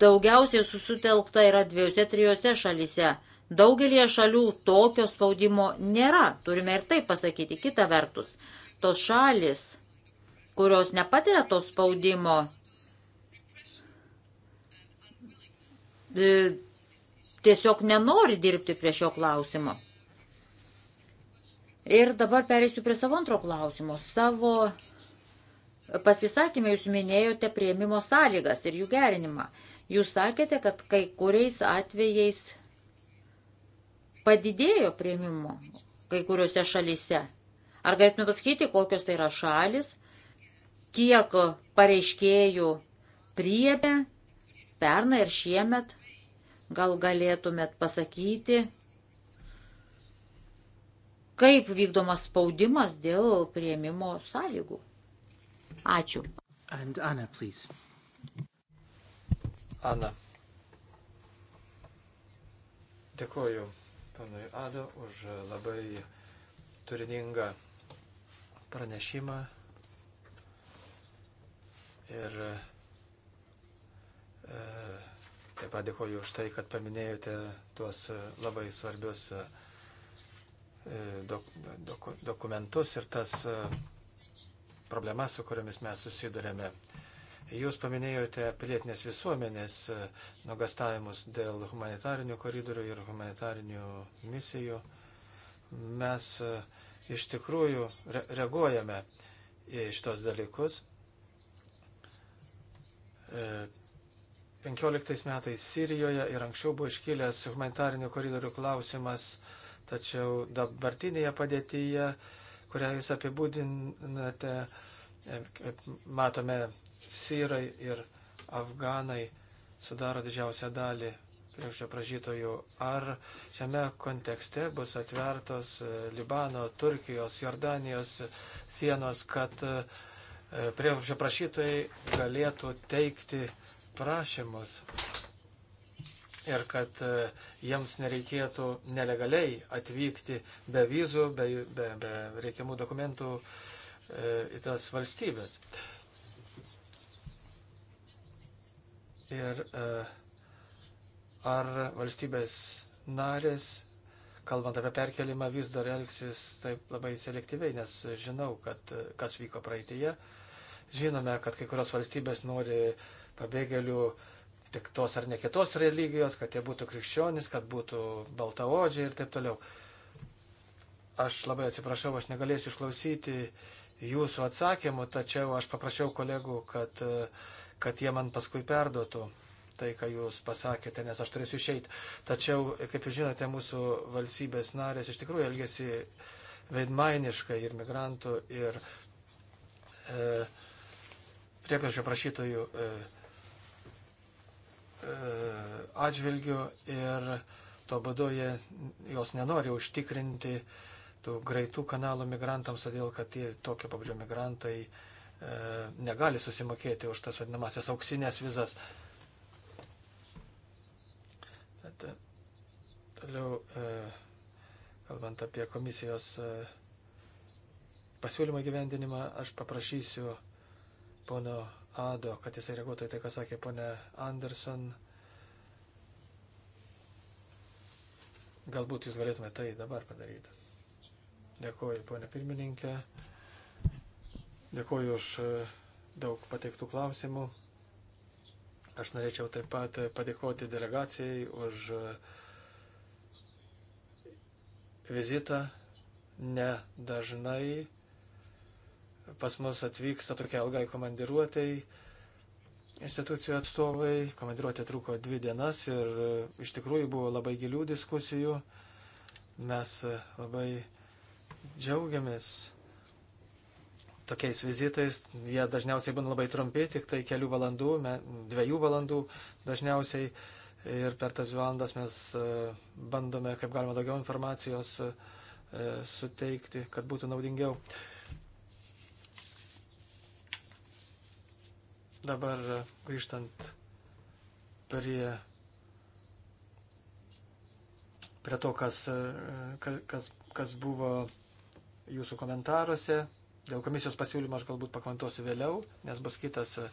daugiausiai susitelkta yra dviejose, trijose šalise Daugelie šalių tokio spaudimo nėra, turime ir tai pasakyti. Kita vertus, tos šalis, kurios nepatiria to spaudimo, e, tiesiog nenori dirbti prie šio klausimo. Ir dabar pereisiu prie savo antro klausimo. Savo pasisakymę jūs minėjote prieimimo sąlygas ir jų gerinimą. Jūs sakėte, kad kai kuriais atvejais padidėjo prieimimo kai kuriuose šalyse. Ar galėtume pasakyti, kokios tai yra šalis, kiek pareiškėjų priebė pernai ir šiemet, gal galėtumėt pasakyti, kaip vykdomas spaudimas dėl prieimimo sąlygų. Ačiū. And Anna, please. Anna. Dėkuoju panui Ado už labai turiningą pranešimą ir e, taip pat dėkoju už tai, kad paminėjote tuos labai svarbius e, dok, dok, dokumentus ir tas e, problemas, su kuriamis mes susidurėme. E, Jūs paminėjote pilietinės visuomenės e, nugastavimus dėl humanitarinių koridorių ir humanitarinių misijų. Mes e, iš tikrųjų re reaguojame į šitos dalykus. 15 e, metais Sirijoje ir anksčiau buvo iškilęs humanitarinių koridorių klausimas, tačiau dabartinėje padėtyje, kurią jūs apibūdinate, matome sirai ir afganai sudaro didžiausią dalį priekščio pražytojų. Ar šiame kontekste bus atvertos e, Libano, Turkijos, Jordanijos sienos, kad e, priekščio prašytojai galėtų teikti prašymus ir kad e, jiems nereikėtų nelegaliai atvykti be vizų, be, be, be reikiamų dokumentų į tas valstybės. Uh, ir e, ar valstybės narės, kalbant apie perkelimą, vis dar elgsis taip labai selektyviai, nes žinau, kad e, kas vyko praeitėje. Žinome, kad kai kurios valstybės nori pabėgėlių tik tos ar ne kitos religijos, kad jie būtų krikščionys, kad būtų baltaodžiai ir taip toliau. Aš labai atsiprašau, aš negalėsiu išklausyti jūsų atsakymų, tačiau aš paprašiau kolegų, kad uh, kad jie man paskui perduotų tai, ką jūs pasakėte, nes aš turėsiu išeiti. Tačiau, kaip jūs žinote, mūsų valstybės narės iš tikrųjų elgesi veidmainiškai ir migrantų, ir e, prieklašio prašytojų e, e, atžvilgių ir to būdu jie, jos nenori užtikrinti tų greitų kanalų migrantams, todėl kad tie tokio pabudžio migrantai e, E, negali susimokėti už tas vadinamasias auksinės vizas. Tad, e, toliau, e, kalbant apie komisijos pasiūlymo gyvendinimą, aš paprašysiu pono Ado, kad jisai reaguotų į tai, ką sakė ponė Anderson. Galbūt jūs galėtumėte tai dabar padaryti. Dėkuoju, ponė pirmininkė. Dėkuoju už e, daug pateiktų klausimų. Aš norėčiau taip pat e, padėkoti delegacijai už e, vizitą. Nedažnai pas mus atvyksta tokia ilgai komandiruotėjai institucijų atstovai, komandiruotė truko dvi dienas ir iš tikrųjų buvo labai gilių diskusijų. Mes labai džiaugiamės tokiais vizitais, jie dažniausiai būna labai trumpi, tik tai kelių valandų, dviejų valandų dažniausiai. Ir per tas valandas mes e, bandome, kaip galima daugiau informacijos e, suteikti, kad būtų naudingiau. Dabar e, grįžtant prie, prie to, kas, kas, kas buvo jūsų komentaruose. Dėl komisijos pasiūlymo aš galbūt pakomentuosiu vėliau, nes bus kitas e,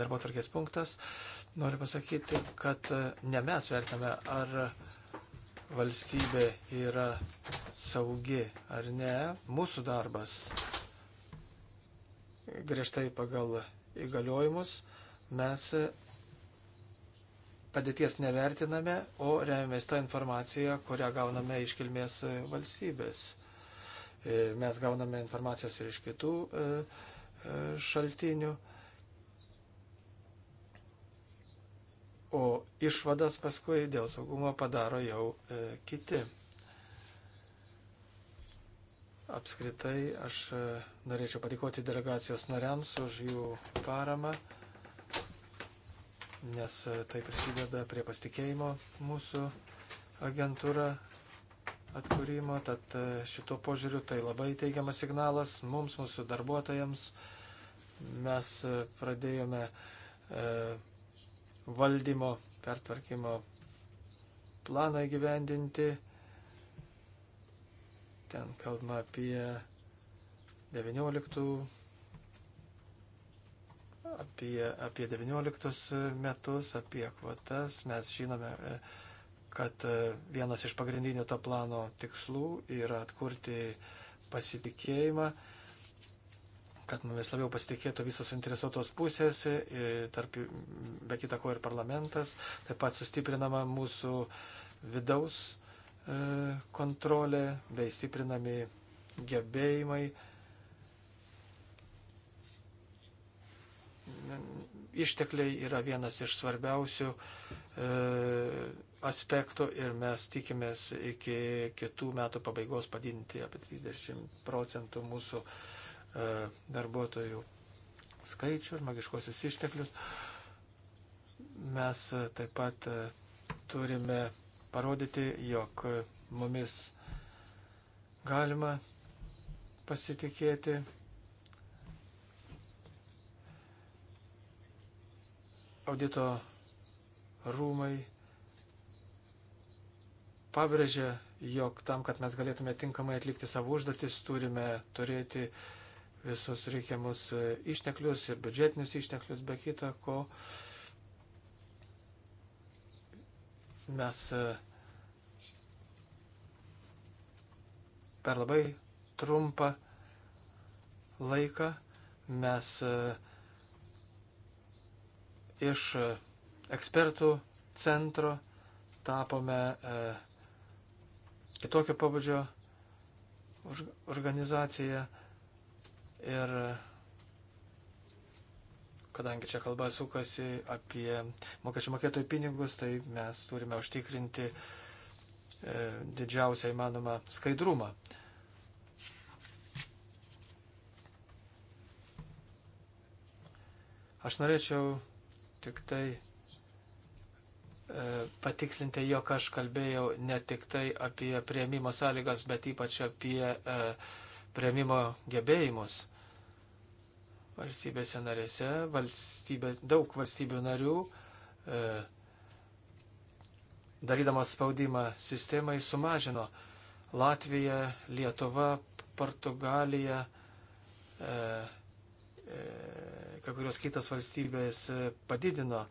darbo tvarkės punktas. Noriu pasakyti, kad e, ne mes vertame, ar valstybė yra saugi ar ne. Mūsų darbas griežtai pagal įgaliojimus mes e, padėties nevertiname, o remiamės tą informaciją, kurią gauname iš kilmės valstybės. E, mes gauname informacijos ir iš kitų e, e, šaltinių. O išvadas paskui dėl saugumo padaro jau kiti. Apskritai aš norėčiau padėkoti delegacijos nariams už jų paramą nes tai prisideda prie pasitikėjimo mūsų agentūra atkūrimo, tad e, šito požiūriu tai labai teigiamas signalas mums, mūsų darbuotojams. Mes e, pradėjome e, valdymo pertvarkymo planą įgyvendinti. Ten kalbama apie 19, apie, apie 19 metus, apie kvotas. Mes žinome, kad e, vienas iš pagrindinių to plano tikslų yra atkurti pasitikėjimą, kad mumis labiau pasitikėtų visos interesuotos pusės, e, tarp, be kita ko ir parlamentas, taip pat sustiprinama mūsų vidaus e, kontrolė bei stiprinami gebėjimai ištekliai yra vienas iš svarbiausių e, aspektų ir mes tikimės iki kitų metų pabaigos padidinti apie 30 procentų mūsų e, darbuotojų skaičių, žmogiškosius išteklius. Mes e, taip pat e, turime parodyti, jog mumis galima pasitikėti. Audito rūmai pabrėžė, jog tam, kad mes galėtume tinkamai atlikti savo užduotis, turime turėti visus reikiamus e, išteklius ir biudžetinius išteklius, be kita ko mes e, per labai trumpą laiką mes e, iš ekspertų centro tapome kitokio pabudžio organizacija ir kadangi čia kalba sukasi apie mokesčių mokėtojų pinigus, tai mes turime užtikrinti e, didžiausią įmanomą skaidrumą. Aš norėčiau tik tai E, patikslinti, jog aš kalbėjau ne tik tai apie prieimimo sąlygas, bet ypač apie e, prieimimo gebėjimus. Valstybėse narėse, valstybės, daug valstybių narių, e, darydamas spaudimą sistemai, sumažino Latvija, Lietuva, Portugalija, e, e, kai kurios kitos valstybės e, padidino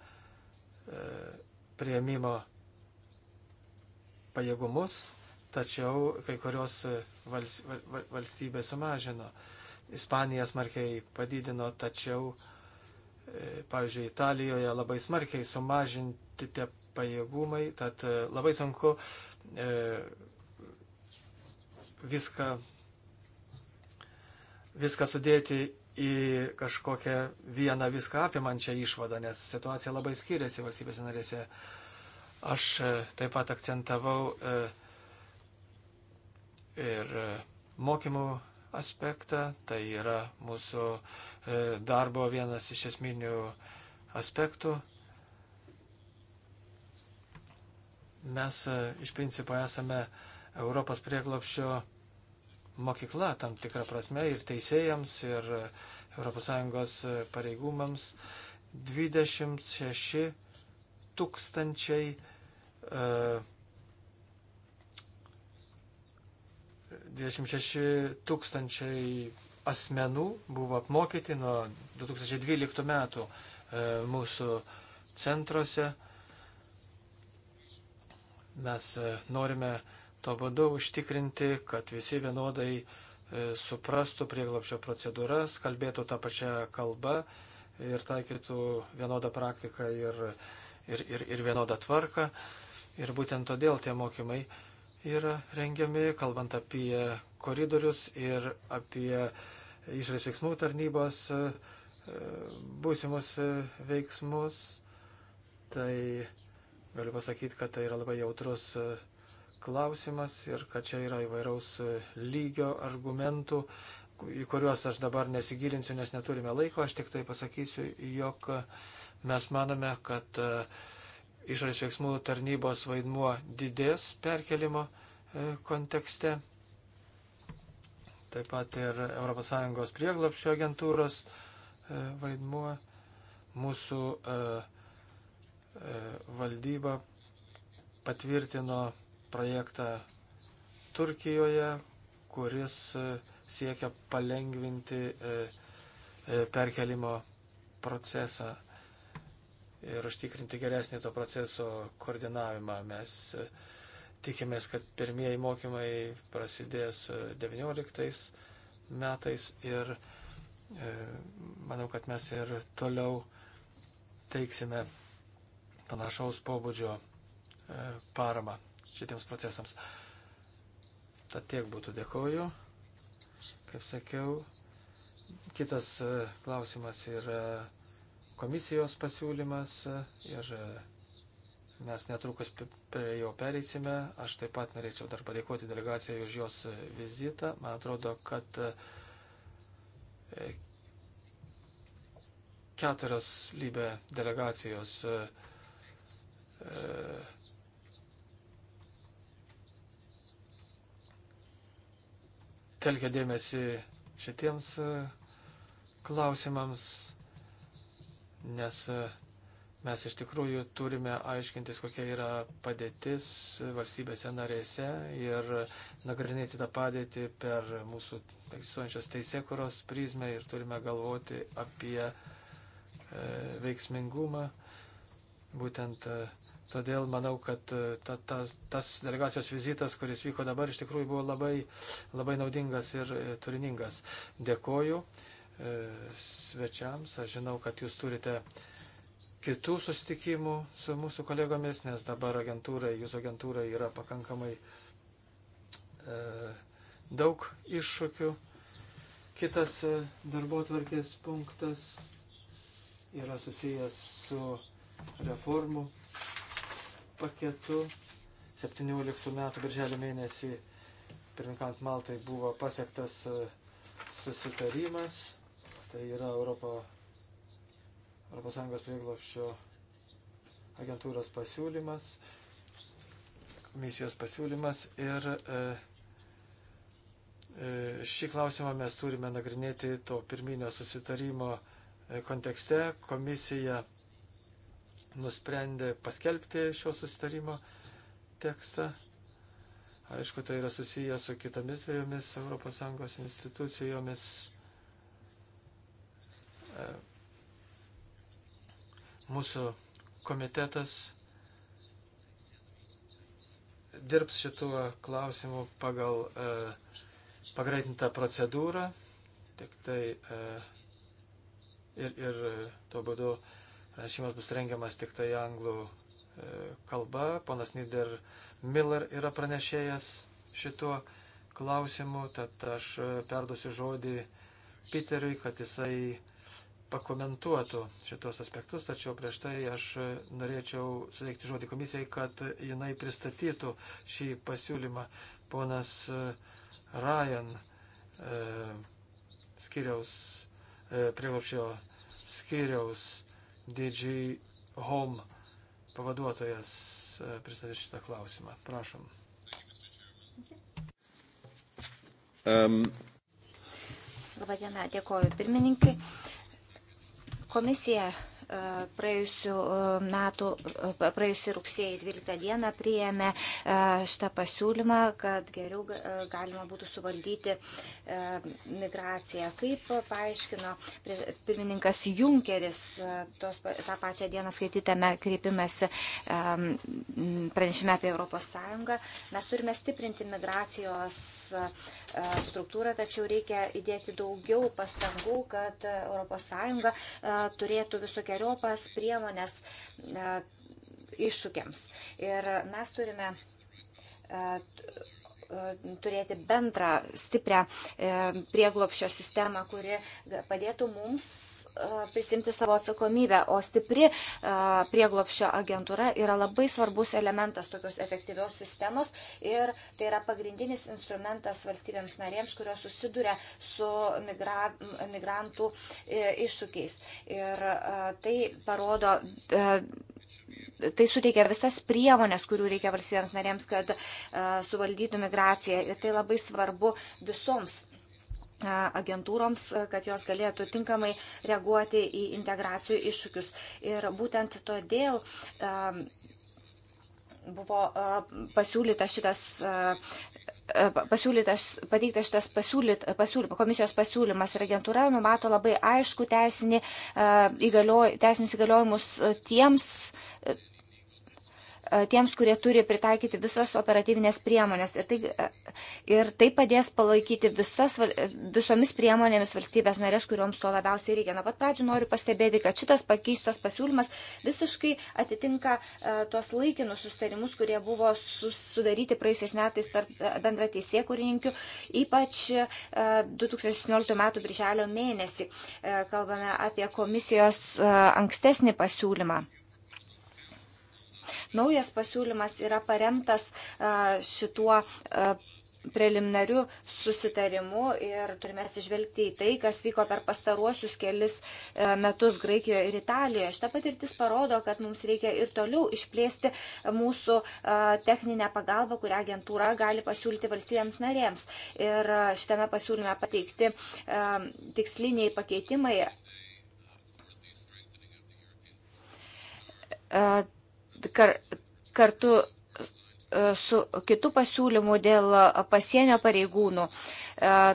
e, prieimimo pajėgumus, tačiau kai kurios valstybės sumažino. Ispanija smarkiai padidino, tačiau, e, pavyzdžiui, Italijoje labai smarkiai sumažinti tie pajėgumai, tad e, labai sunku e, viską, viską sudėti į kažkokią vieną viską apimančią išvadą, nes situacija labai skiriasi valstybės narėse. Aš e, taip pat akcentavau e, ir e, mokymų aspektą, tai yra mūsų darbo vienas iš esminių aspektų. Mes iš principo esame Europos prieglopščio mokykla tam tikrą prasme ir teisėjams, ir uh, ES pareigūmams 26 tūkstančiai e, 26 tūkstančiai asmenų buvo apmokyti nuo 2012 metų e, mūsų centruose. Mes e, norime to būdu užtikrinti, kad visi vienodai uh, E, suprastų prieglopšio procedūras, kalbėtų tą pačią kalbą ir taikytų vienodą praktiką ir, ir, ir, ir vienodą tvarką. Ir būtent todėl tie mokymai yra rengiami, kalbant apie koridorius ir apie išorės veiksmų tarnybos e, būsimus e, veiksmus. Tai galiu pasakyti, kad tai yra labai jautrus klausimas ir kad čia yra įvairaus e, lygio argumentų, į kuriuos aš dabar nesigilinsiu, nes neturime laiko. Aš tik tai pasakysiu, jog e, mes manome, kad e, išorės veiksmų tarnybos vaidmuo didės perkelimo kontekste. Taip pat ir ES prieglapščio agentūros vaidmuo. Mūsų valdyba patvirtino projektą Turkijoje, kuris e, siekia palengvinti e, e, perkelimo procesą ir užtikrinti geresnį to proceso koordinavimą. Mes tikimės, kad pirmieji mokymai prasidės 19 metais ir manau, kad mes ir toliau teiksime panašaus pobūdžio paramą šitiems procesams. Tad tiek būtų dėkoju. Kaip sakiau, kitas e, klausimas yra e, komisijos pasiūlymas e, ir mes netrukus prie jo pereisime. Aš taip pat norėčiau dar padėkoti delegacijai už jos vizitą. Man atrodo, kad keturios lybė delegacijos e, telkia dėmesį šitiems e, klausimams, nes e, mes iš tikrųjų turime aiškintis, kokia yra padėtis valstybėse narėse ir nagrinėti tą padėtį per mūsų egzistuojančios teisėkuros prizmę ir turime galvoti apie e, veiksmingumą. Būtent e, Todėl manau, kad e, ta, ta, tas delegacijos vizitas, kuris vyko dabar, iš tikrųjų buvo labai, labai naudingas ir e, turiningas. Dėkoju e, svečiams. Aš žinau, kad jūs turite kitų susitikimų su mūsų kolegomis, nes dabar agentūrai, jūsų agentūrai yra pakankamai e, daug iššūkių. Kitas darbo tvarkės punktas yra susijęs su reformų paketu. 17 metų birželio mėnesį, pirminkant Maltai, buvo pasiektas e, susitarimas. Tai yra Europo, Europos Sąjungos prieglopščio agentūros pasiūlymas, komisijos pasiūlymas ir e, e, Šį klausimą mes turime nagrinėti to pirminio susitarimo e, kontekste. Komisija nusprendė paskelbti šio sustarimo tekstą. Aišku, tai yra susiję su kitomis dviejomis ES institucijomis. E, mūsų komitetas dirbs šituo klausimu pagal e, pagreitintą procedūrą, tik tai e, ir, ir tuo būdu e, Pranešimas bus rengiamas tik tai anglų e, kalba. Ponas Nider Miller yra pranešėjas šituo klausimu, tad aš e, perduosiu žodį Piteriui, kad jisai pakomentuotų šitos aspektus, tačiau prieš tai aš e, norėčiau suteikti žodį komisijai, kad jinai pristatytų šį pasiūlymą. Ponas Ryan e, skiriaus, e, prieglopšio skiriaus DG Home pavaduotojas e, pristatys šitą klausimą. Prašom. Um. Labadiena, dėkoju pirmininkai. Komisija praėjusiu e, metu, e, praėjusiu rugsėjai 12 dieną priėmė e, šitą pasiūlymą, kad geriau galima būtų suvaldyti migraciją. Kaip paaiškino pirmininkas Junkeris tos, tą pačią dieną skaitytame kreipimėsi pranešime apie ES, mes turime stiprinti migracijos struktūrą, tačiau reikia įdėti daugiau pastangų, kad ES turėtų visokią visokiojopas priemonės e, iššūkiams. Ir mes turime e, e, turėti bendrą stiprią prieglopščio sistemą, kuri padėtų mums prisimti savo atsakomybę, o stipri prieglopšio agentūra yra labai svarbus elementas tokios efektyvios sistemos ir tai yra pagrindinis instrumentas valstybėms narėms, kurios susiduria su migra, migrantų e, iššūkiais. Ir tai parodo e, tai suteikia visas priemonės, kurių reikia valstybėms narėms, kad suvaldytų migraciją. Ir tai labai svarbu visoms agentūroms, kad jos galėtų tinkamai reaguoti į integracijų iššūkius. Ir būtent todėl buvo pasiūlytas šitas pasiūlytas, pateiktas šitas pasiūlyt, pasiūlyt, komisijos pasiūlymas ir agentūra numato labai aišku teisinį, įgalioj, teisinius įgaliojimus tiems, E, tiems, kurie turi pritaikyti visas operatyvinės priemonės. Ir tai, e, ir tai padės palaikyti visas, e, visomis priemonėmis valstybės narės, kuriuoms to labiausiai reikia. Nuo pat pradžių noriu pastebėti, kad šitas pakeistas pasiūlymas visiškai atitinka tuos laikinus sustarimus, kurie buvo sudaryti praėjusiais metais tarp bendra teisė kūrininkių, ypač 2017 m. birželio mėnesį. Kalbame apie komisijos ankstesnį pasiūlymą. Naujas pasiūlymas yra paremtas šituo preliminariu susitarimu ir turime atsižvelgti į tai, kas vyko per pastaruosius kelis e, metus Graikijoje ir Italijoje. Šita patirtis parodo, kad mums reikia ir toliau išplėsti mūsų techninę pagalbą, kurią agentūra gali pasiūlyti valstybėms narėms. Ir šitame pasiūlyme pateikti tiksliniai pakeitimai kar, kartu e, su kitu pasiūlymu dėl e, pasienio pareigūnų. E,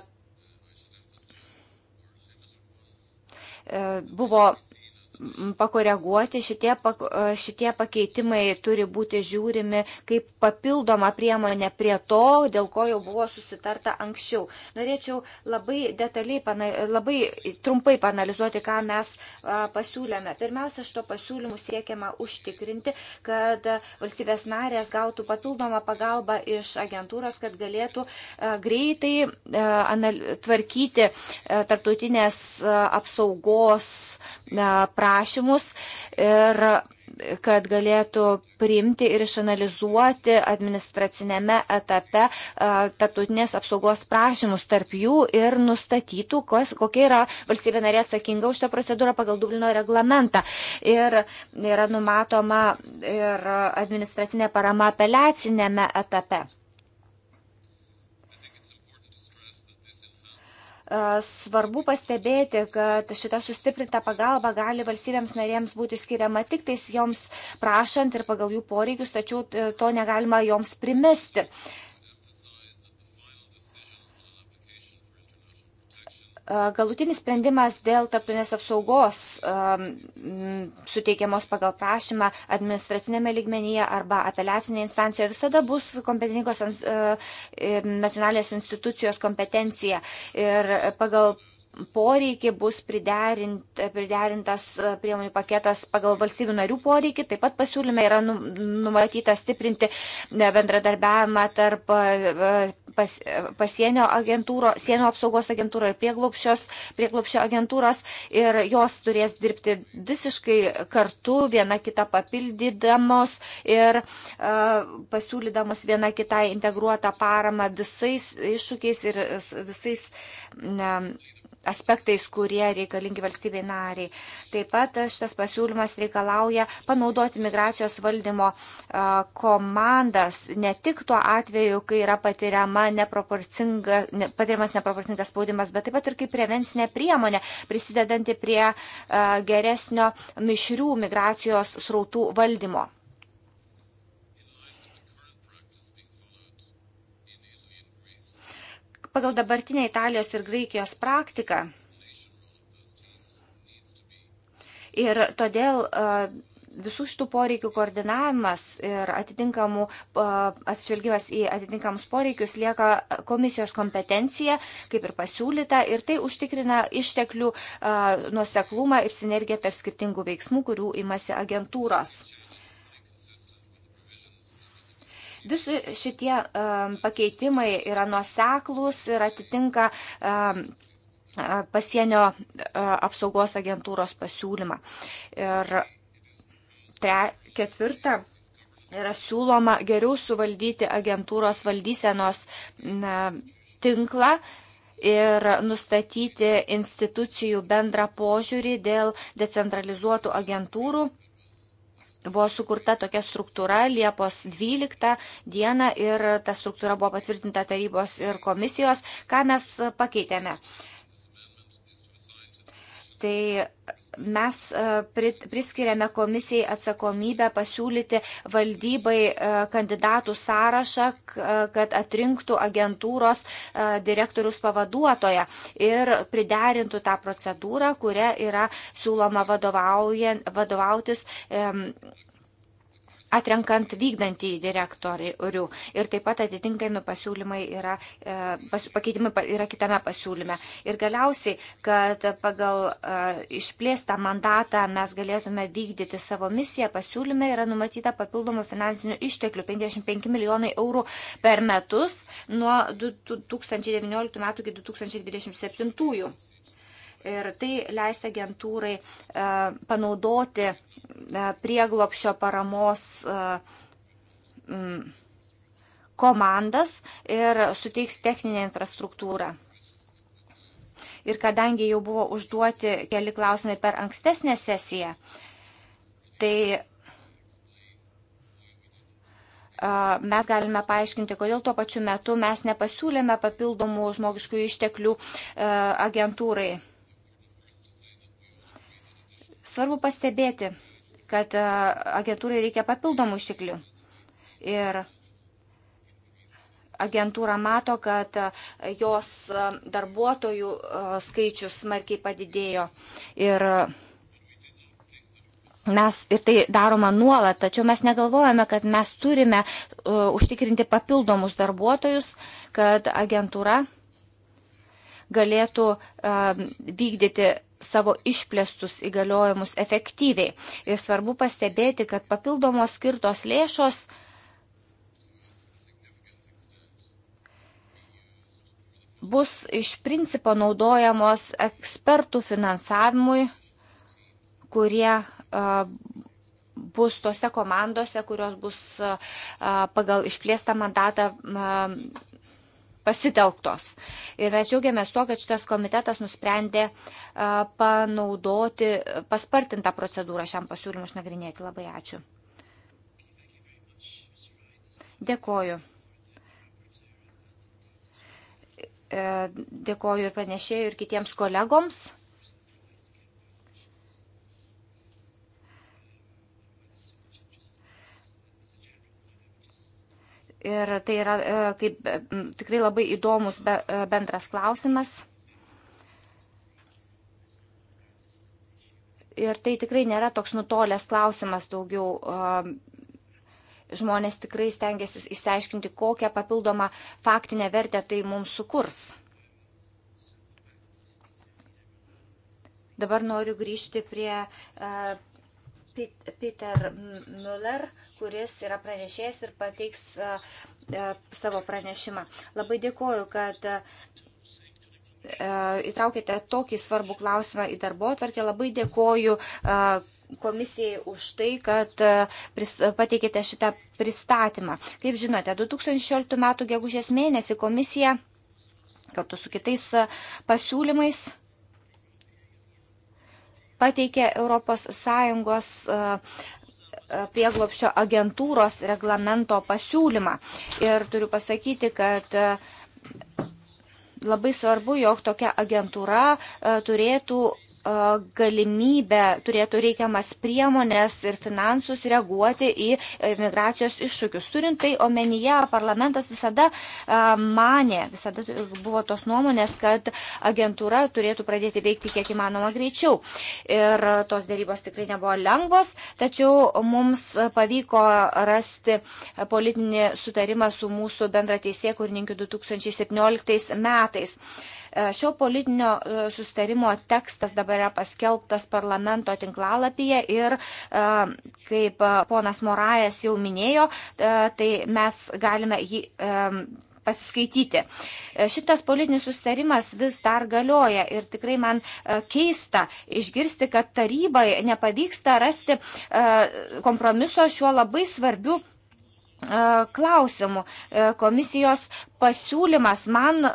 buvo pakoreguoti, šitie, pak, e, šitie pakeitimai turi būti žiūrimi kaip papildoma priemonė prie to, dėl ko jau buvo susitarta anksčiau. Norėčiau labai detaliai, labai trumpai panalizuoti, ką mes pasiūlėme. Pirmiausia, šito pasiūlymu siekiama užtikrinti, kad valstybės narės gautų papildomą pagalbą iš agentūros, kad galėtų greitai tvarkyti tarptautinės apsaugos pramonės prašymus ir kad galėtų priimti ir išanalizuoti administracinėme etape tarptautinės apsaugos prašymus tarp jų ir nustatytų, kas, kokia yra valstybė narė atsakinga už tą procedūrą pagal Dublino reglamentą. Ir yra numatoma ir administracinė parama apeliacinėme etape. Svarbu pastebėti, kad šita sustiprinta pagalba gali valstybėms narėms būti skiriama tik tais joms prašant ir pagal jų poreikius, tačiau e, to negalima joms primesti. Galutinis sprendimas dėl tarptautinės apsaugos um, suteikiamos pagal prašymą administracinėme ligmenyje arba apeliacinėje instancijoje visada bus kompetentingos uh, nacionalinės institucijos kompetencija. Ir pagal poreikį bus priderint, priderintas priemonių paketas pagal valstybių narių poreikį. Taip pat pasiūlyme yra nu, numatyta stiprinti bendradarbiavimą tarp pas, pasienio agentūro, sienio apsaugos agentūro ir prieglopščio agentūros ir jos turės dirbti visiškai kartu, viena kita papildydamos ir uh, pasiūlydamos viena kitai integruotą paramą visais iššūkiais ir visais. Ne, uh, aspektais, kurie reikalingi valstybei nariai. Taip pat e, šitas pasiūlymas reikalauja panaudoti migracijos valdymo e, komandas ne tik tuo atveju, kai yra patiriama neproporcinga, ne, patiriamas neproporcingas spaudimas, bet taip pat ir kaip prevencinė priemonė, prisidedanti prie e, geresnio mišrių migracijos srautų valdymo. Pagal dabartinę Italijos ir Graikijos praktiką. Ir todėl e, visų šitų poreikių koordinavimas ir atitinkamų e, atsižvelgimas į atitinkamus poreikius lieka komisijos kompetencija, kaip ir pasiūlyta, ir tai užtikrina išteklių e, nuoseklumą ir sinergiją tarp skirtingų veiksmų, kurių imasi agentūros. Visi šitie um, pakeitimai yra nuoseklus ir atitinka um, pasienio uh, apsaugos agentūros pasiūlymą. Ir tre, ketvirta yra siūloma geriau suvaldyti agentūros valdysenos na, tinklą ir nustatyti institucijų bendrą požiūrį dėl decentralizuotų agentūrų buvo sukurta tokia struktūra Liepos 12 dieną ir ta struktūra buvo patvirtinta tarybos ir komisijos, ką mes pakeitėme. Tai mes e, priskiriame komisijai atsakomybę pasiūlyti valdybai e, kandidatų sąrašą, e, kad atrinktų agentūros direktorius pavaduotoją ir priderintų tą procedūrą, kuria yra siūloma vadovautis atrenkant vykdantį direktorių. Ir taip pat atitinkami pasiūlymai yra, e, pas, pakeitimai yra kitame pasiūlyme. Ir galiausiai, kad pagal uh, išplėstą mandatą mes galėtume vykdyti savo misiją, pasiūlyme yra numatyta papildomų finansinių išteklių 55 milijonai eurų per metus nuo 2019 metų iki 2027. Ir tai leis agentūrai uh, panaudoti E, prieglopšio paramos e, komandas ir suteiks techninę infrastruktūrą. Ir kadangi jau buvo užduoti keli klausimai per ankstesnę sesiją, tai e, mes galime paaiškinti, kodėl tuo pačiu metu mes nepasiūlėme papildomų žmogiškų išteklių agentūrai. Svarbu pastebėti, kad e, agentūrai reikia papildomų išteklių. Ir agentūra mato, kad e, jos e, darbuotojų skaičius smarkiai padidėjo. Ir Mes ir tai daroma nuolat, tačiau mes negalvojame, kad mes turime uh, užtikrinti papildomus darbuotojus, kad agentūra galėtų uh, vykdyti savo išplėstus įgaliojimus efektyviai. Ir svarbu pastebėti, kad papildomos skirtos lėšos bus iš principo naudojamos ekspertų finansavimui, kurie bus tose komandose, kurios bus pagal išplėstą mandatą pasitelktos. Ir mes džiaugiamės tuo, kad šitas komitetas nusprendė panaudoti paspartintą procedūrą šiam pasiūlymui išnagrinėti. Labai ačiū. Dėkoju. E, dėkoju ir pranešėjų ir kitiems kolegoms. Ir tai yra kaip, e, e, tikrai labai įdomus be, e, bendras klausimas. Ir tai tikrai nėra toks nutolęs klausimas daugiau. Žmonės tikrai stengiasi išsiaiškinti, kokią papildomą faktinę vertę tai mums sukurs. Dabar noriu grįžti prie Peter Müller, kuris yra pranešėjas ir pateiks savo pranešimą. Labai dėkoju, kad įtraukėte tokį svarbų klausimą į darbo atvarkę. Labai dėkoju komisijai už tai, kad pris, pateikėte šitą pristatymą. Kaip žinote, 2016 m. gegužės mėnesį komisija kartu su kitais pasiūlymais pateikė ES e, e, prieglopščio agentūros reglamento pasiūlymą. Ir turiu pasakyti, kad e, labai svarbu, jog tokia agentūra turėtų galimybę, turėtų reikiamas priemonės ir finansus reaguoti į e, migracijos iššūkius. Turint tai omenyje, parlamentas visada mane, visada buvo tos nuomonės, kad agentūra turėtų pradėti veikti kiek įmanoma greičiau. Ir tos dėrybos tikrai nebuvo lengvos, tačiau mums pavyko rasti politinį sutarimą su mūsų bendrateisė kūrininkiu 2017 metais. Šio politinio e, sustarimo tekstas dabar yra paskelbtas parlamento tinklalapyje ir, e, kaip e, ponas Morajas jau minėjo, tai mes galime jį pasiskaityti. Šitas politinis sustarimas vis dar galioja ir tikrai man keista išgirsti, kad tarybai nepavyksta rasti kompromiso šiuo labai svarbiu klausimu. Komisijos pasiūlymas man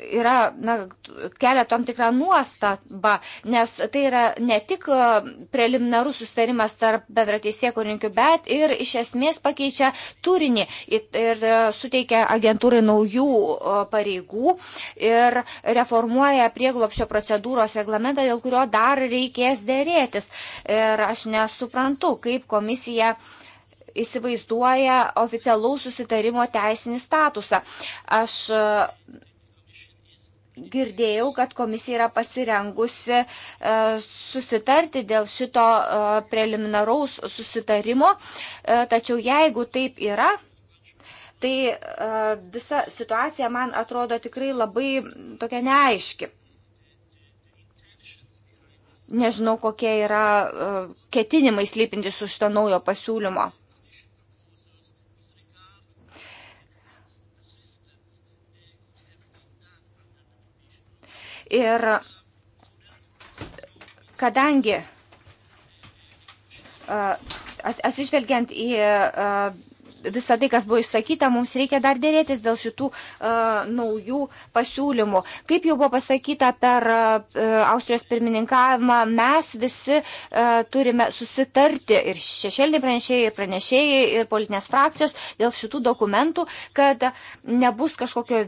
yra, na, kelia tam tikrą nuostabą, nes tai yra ne tik e, preliminarus sustarimas tarp bendrateisėkurininkių, bet ir iš esmės pakeičia turinį ir e, suteikia agentūrai naujų e, pareigų ir reformuoja prieglopšio procedūros reglamentą, dėl kurio dar reikės dėrėtis. Ir aš nesuprantu, kaip komisija įsivaizduoja oficialaus susitarimo teisinį statusą. Aš girdėjau, kad komisija yra pasirengusi e, susitarti dėl šito e, preliminaraus susitarimo, e, tačiau jeigu taip yra, tai visa situacija man atrodo tikrai labai tokia neaiški. Nežinau, kokie yra ketinimai slypintis už šito naujo pasiūlymo. Ir kadangi atsižvelgiant į visą tai, kas buvo išsakyta, mums reikia dar dėrėtis dėl šitų uh, naujų pasiūlymų. Kaip jau buvo pasakyta per uh, Austrijos pirmininkavimą, mes visi uh, turime susitarti ir šešėliniai pranešėjai, ir pranešėjai, ir politinės frakcijos dėl šitų dokumentų, kad nebus kažkokio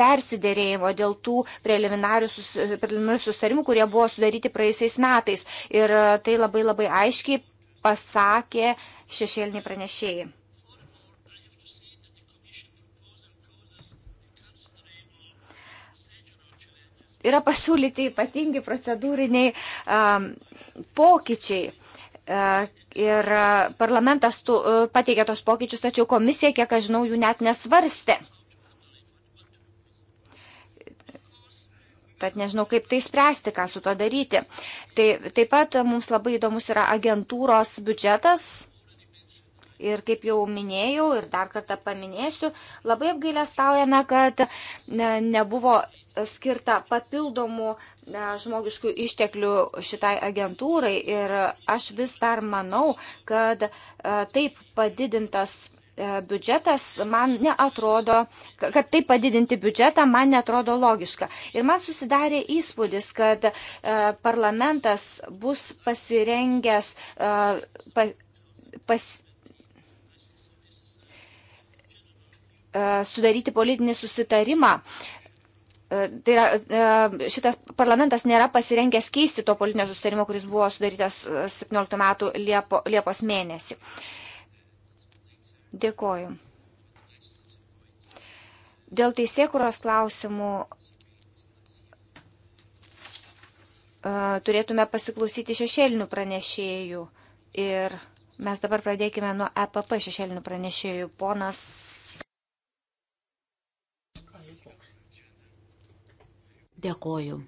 persiderėjimo dėl tų preliminarių, sus, preliminarių sustarimų, kurie buvo sudaryti praėjusiais metais. Ir e, tai labai labai aiškiai pasakė šešėliniai pranešėjai. Yra pasiūlyti ypatingi procedūriniai um, pokyčiai. Uh, ir e, parlamentas tu, uh, pateikė tos pokyčius, tačiau komisija, kiek aš žinau, jų net nesvarstė. Uh, Tad nežinau, kaip tai spręsti, ką su to daryti. Tai taip pat mums labai įdomus yra agentūros biudžetas. Ir kaip jau minėjau ir dar kartą paminėsiu, labai apgailestaujame, kad nebuvo skirta papildomų žmogiškų išteklių šitai agentūrai. Ir aš vis dar manau, kad e, taip padidintas E, biudžetas man neatrodo, kad tai padidinti biudžetą man netrodo logiška. Ir man susidarė įspūdis, kad e, parlamentas bus pasirengęs e, pas, sudaryti politinį susitarimą Tai yra, šitas parlamentas nėra pasirengęs keisti to politinio sustarimo, kuris buvo sudarytas 17 metų Liepo, Liepos mėnesį. Uh, Dėkoju. Dėl teisėkuros klausimų e, turėtume pasiklausyti šešėlinių pranešėjų. Ir mes dabar pradėkime nuo EPP šešėlinių pranešėjų. Ponas. Dėkoju.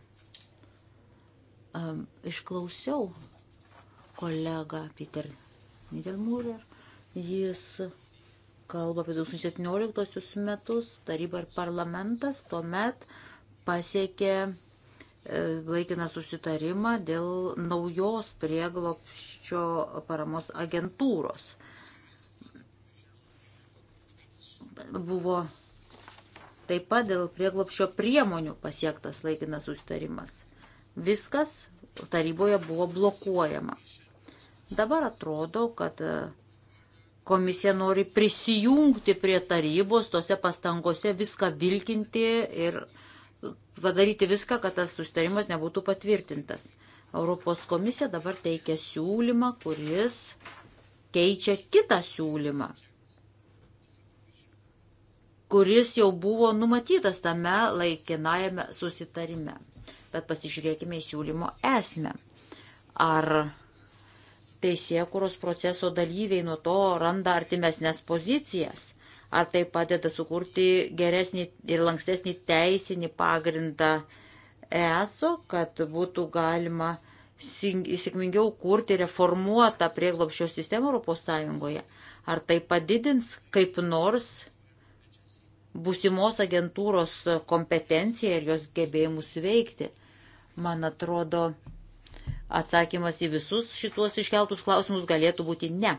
E, išklausiau kolegą Peter Nidelmūrę. Jis kalba apie 2017 metus, taryba ir parlamentas tuomet pasiekė e, laikiną susitarimą dėl naujos prieglopščio paramos agentūros. Buvo taip pat dėl prieglopščio priemonių pasiektas laikinas susitarimas. Viskas taryboje buvo blokuojama. Dabar atrodo, kad e, Komisija nori prisijungti prie tarybos tose pastangose viską vilkinti ir padaryti viską, kad tas sustarimas nebūtų patvirtintas. Europos komisija dabar teikia siūlymą, kuris keičia kitą siūlymą, kuris jau buvo numatytas tame laikinajame susitarime. Bet pasižiūrėkime į siūlymo esmę. Ar teisėkuros proceso dalyviai nuo to randa artimesnės pozicijas, ar tai padeda sukurti geresnį ir lankstesnį teisinį pagrindą ESO, kad būtų galima sėkmingiau kurti reformuotą prieglopščio sistemą ES, ar tai padidins kaip nors būsimos agentūros kompetenciją ir jos gebėjimus veikti. Man atrodo, Atsakymas į visus šituos iškeltus klausimus galėtų būti ne.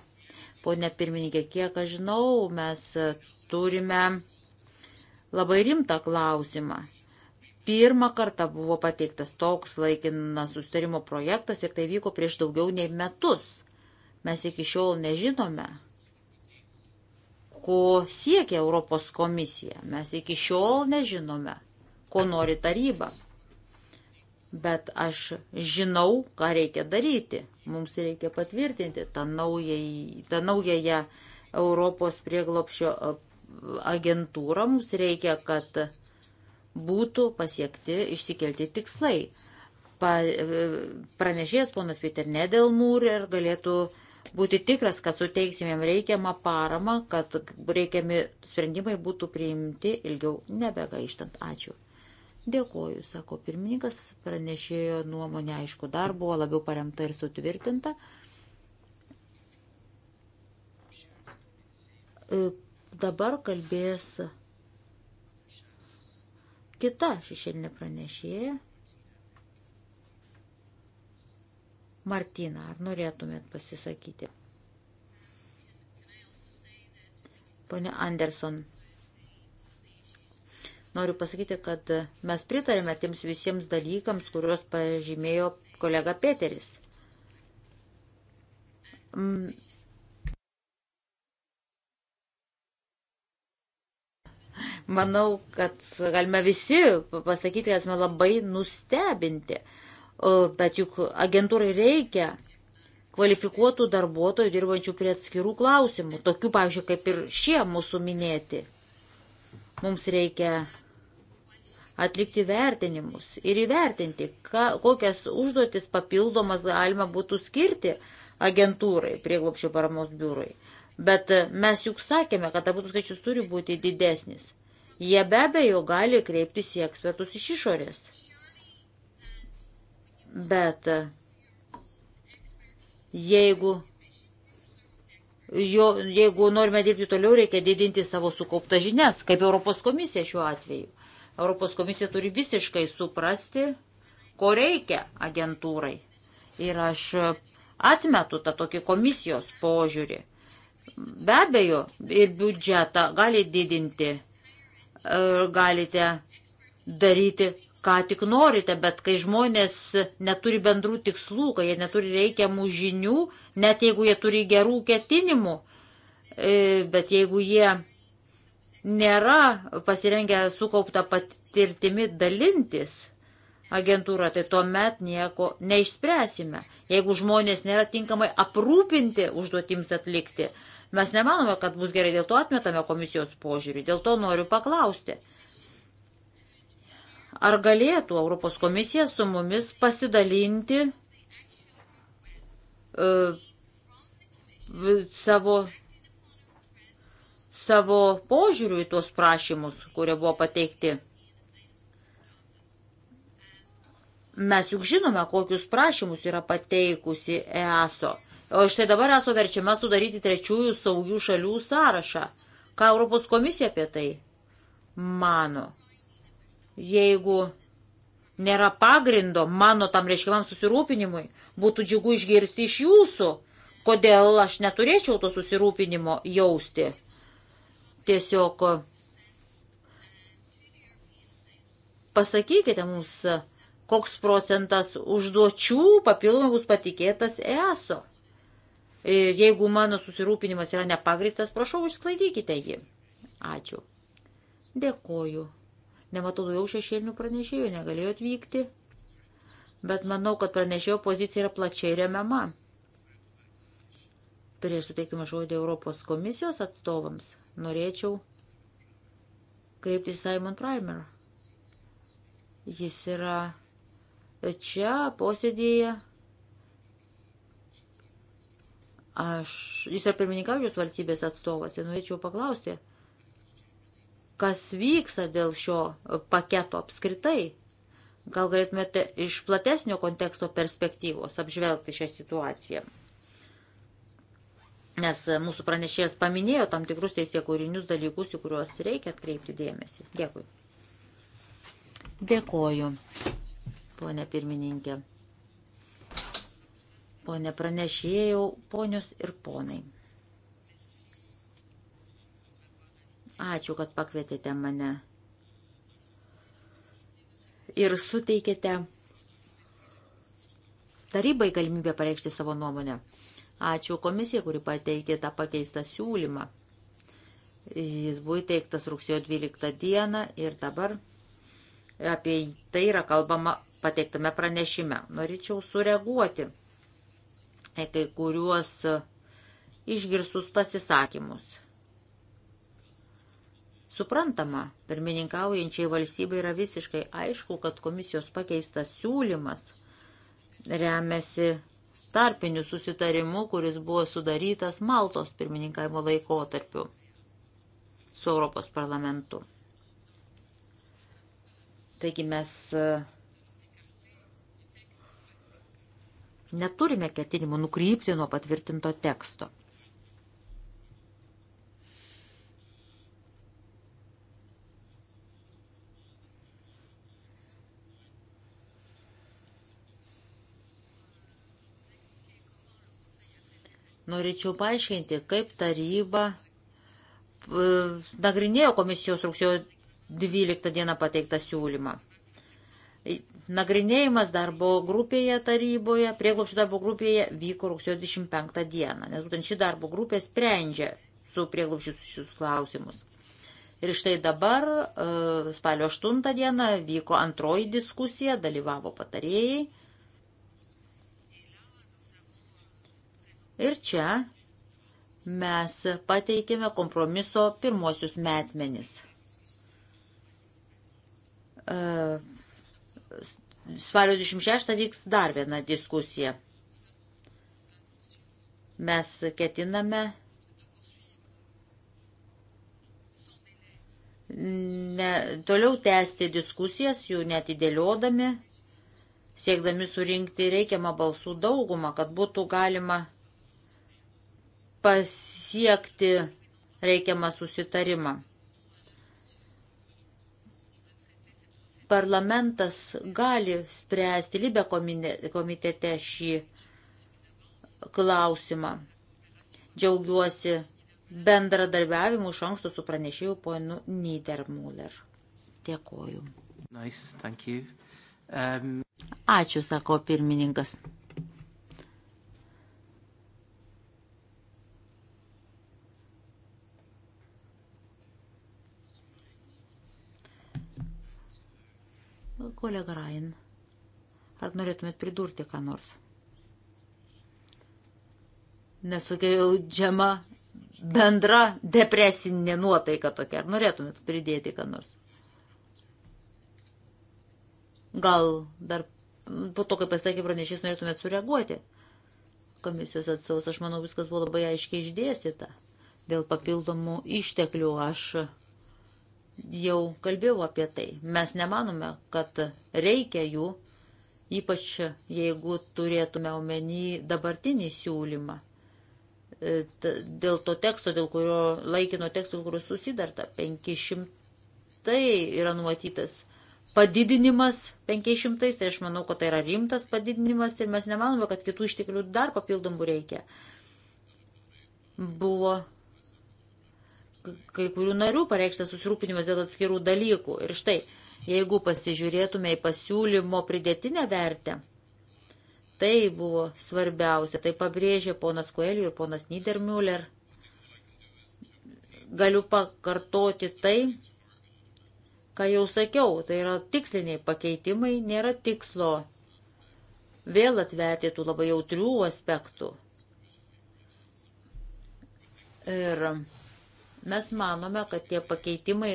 Pone pirmininkė, kiek aš žinau, mes turime labai rimtą klausimą. Pirmą kartą buvo pateiktas toks laikinas sustarimo projektas ir tai vyko prieš daugiau nei metus. Mes iki šiol nežinome, ko siekia Europos komisija. Mes iki šiol nežinome, ko nori taryba bet aš žinau, ką reikia daryti. Mums reikia patvirtinti tą naująją, tą naująją Europos prieglopšio e, agentūrą. Mums reikia, kad būtų pasiekti išsikelti tikslai. Pa, e, pranešėjas ponas Peter Nedelmūr ir galėtų būti tikras, kad suteiksim jam reikiamą paramą, kad reikiami sprendimai būtų priimti ilgiau nebegaištant. Ačiū. Dėkoju, sako pirmininkas, pranešėjo nuomonė, aišku, dar buvo labiau paremta ir sutvirtinta. E, dabar kalbės kita šešėlinė pranešėja. Martina, ar norėtumėt pasisakyti? Pone Anderson, Noriu pasakyti, kad mes pritarėme tiems visiems dalykams, kuriuos pažymėjo kolega Peteris. Mm. Manau, kad galime visi pasakyti, kad esame labai nustebinti, bet juk agentūrai reikia kvalifikuotų darbuotojų dirbančių prie atskirų klausimų, tokių, pavyzdžiui, kaip ir šie mūsų minėti. Mums reikia atlikti vertinimus ir įvertinti, ka, kokias užduotis papildomas galima būtų skirti agentūrai, prieglopščio paramos biurui. Bet e, mes juk sakėme, kad abu skaičius turi būti didesnis. Jie be abejo gali kreiptis į ekspertus iš išorės. Bet e, jeigu, jo, jeigu norime dirbti toliau, reikia didinti savo sukauptą žinias, kaip Europos komisija šiuo atveju. Europos komisija turi visiškai suprasti, ko reikia agentūrai. Ir aš atmetu tą tokį komisijos požiūrį. Be abejo, ir biudžetą gali didinti, galite daryti, ką tik norite, bet kai žmonės neturi bendrų tikslų, kai jie neturi reikiamų žinių, net jeigu jie turi gerų ketinimų, e, bet jeigu jie nėra pasirengę sukauptą patirtimi dalintis agentūra, tai tuomet nieko neišspręsime. Jeigu žmonės nėra tinkamai aprūpinti užduotims atlikti, mes nemanome, kad bus gerai, dėl to atmetame komisijos požiūrį. Dėl to noriu paklausti. Ar galėtų Europos komisija su mumis pasidalinti uh, savo savo požiūriu į tuos prašymus, kurie buvo pateikti. Mes juk žinome, kokius prašymus yra pateikusi EASO. O štai dabar ESO verčiama sudaryti trečiųjų saugių šalių sąrašą. Ką Europos komisija apie tai mano? Jeigu nėra pagrindo mano tam reiškiamam susirūpinimui, būtų džiugu išgirsti iš jūsų, kodėl aš neturėčiau to susirūpinimo jausti. Tiesiog pasakykite mums, koks procentas užduočių papildomai bus patikėtas ESO. E, jeigu mano susirūpinimas yra nepagristas, prašau, išsklaidykite jį. Ačiū. Dėkoju. Nematau daugiau šešėlinių pranešėjų, negalėjau atvykti. Bet manau, kad pranešėjo pozicija yra plačiai remiama. Prieš suteikimą žodį Europos komisijos atstovams norėčiau kreipti Simon Primer. Jis yra čia posėdėje. Aš, jis yra pirmininkaujančios valstybės atstovas ir norėčiau paklausti, kas vyksta dėl šio paketo apskritai. Gal galėtumėte iš platesnio konteksto perspektyvos apžvelgti šią situaciją. Nes e, mūsų pranešėjas paminėjo tam tikrus teisėkūrinius dalykus, į kuriuos reikia atkreipti dėmesį. Dėkui. Dėkoju, ponė pirmininkė. Pone pranešėjau, ponius ir ponai. Ačiū, kad pakvietėte mane ir suteikėte tarybai galimybę pareikšti savo nuomonę. Ačiū komisijai, kuri pateikė tą pakeistą siūlymą. Jis buvo įteiktas rugsėjo 12 dieną ir dabar apie tai yra kalbama pateiktame pranešime. Norėčiau sureaguoti į kai kuriuos išgirstus pasisakymus. Suprantama, pirmininkaujančiai valstybei yra visiškai aišku, kad komisijos pakeistas siūlymas remiasi tarpiniu susitarimu, kuris buvo sudarytas Maltos pirmininkavimo laikotarpiu su Europos parlamentu. Taigi mes e, neturime ketinimų nukrypti nuo patvirtinto teksto. Norėčiau paaiškinti, kaip taryba e, nagrinėjo komisijos rugsėjo 12 dieną pateiktą siūlymą. Nagrinėjimas darbo grupėje taryboje, prieglopščio darbo grupėje vyko rugsėjo 25 dieną, nes būtent ši darbo grupė sprendžia su prieglopščiu šius klausimus. Ir štai dabar, e, spalio 8 dieną, vyko antroji diskusija, dalyvavo patarėjai Ir čia mes pateikėme kompromiso pirmosius metmenis. E, spalio 26 vyks dar viena diskusija. Mes ketiname ne, toliau tęsti diskusijas, jų netidėliodami, siekdami surinkti reikiamą balsų daugumą, kad būtų galima pasiekti reikiamą susitarimą. Parlamentas gali spręsti Libė komitete šį klausimą. Džiaugiuosi bendradarbiavimu iš anksto su pranešėju ponu Niedermuller. Dėkoju. Nice, um... Ačiū, sako pirmininkas. Kolega Rain, ar norėtumėt pridurti ką nors? Nesukeidžiama bendra depresinė nuotaika tokia. Ar norėtumėt pridėti ką nors? Gal dar po to, kai pasakė pranešys, norėtumėt sureaguoti? Komisijos atstovas, aš manau, viskas buvo labai aiškiai išdėstyta. Dėl papildomų išteklių aš jau kalbėjau apie tai. Mes nemanome, kad reikia jų, ypač jeigu turėtume omeny dabartinį siūlymą. E, dėl to teksto, dėl kurio laikino teksto, dėl kurio susidarta, 500 yra numatytas padidinimas 500, tai aš manau, kad tai yra rimtas padidinimas ir mes nemanome, kad kitų išteklių dar papildomų reikia. Buvo kai kurių narių pareikštas susirūpinimas dėl atskirų dalykų. Ir štai, jeigu pasižiūrėtume į pasiūlymo pridėtinę vertę, tai buvo svarbiausia. Tai pabrėžė ponas Koeliu ir ponas Niedermüller. Galiu pakartoti tai, ką jau sakiau, tai yra tiksliniai pakeitimai, nėra tikslo vėl atverti tų labai jautrių aspektų. Ir Mes manome, kad tie pakeitimai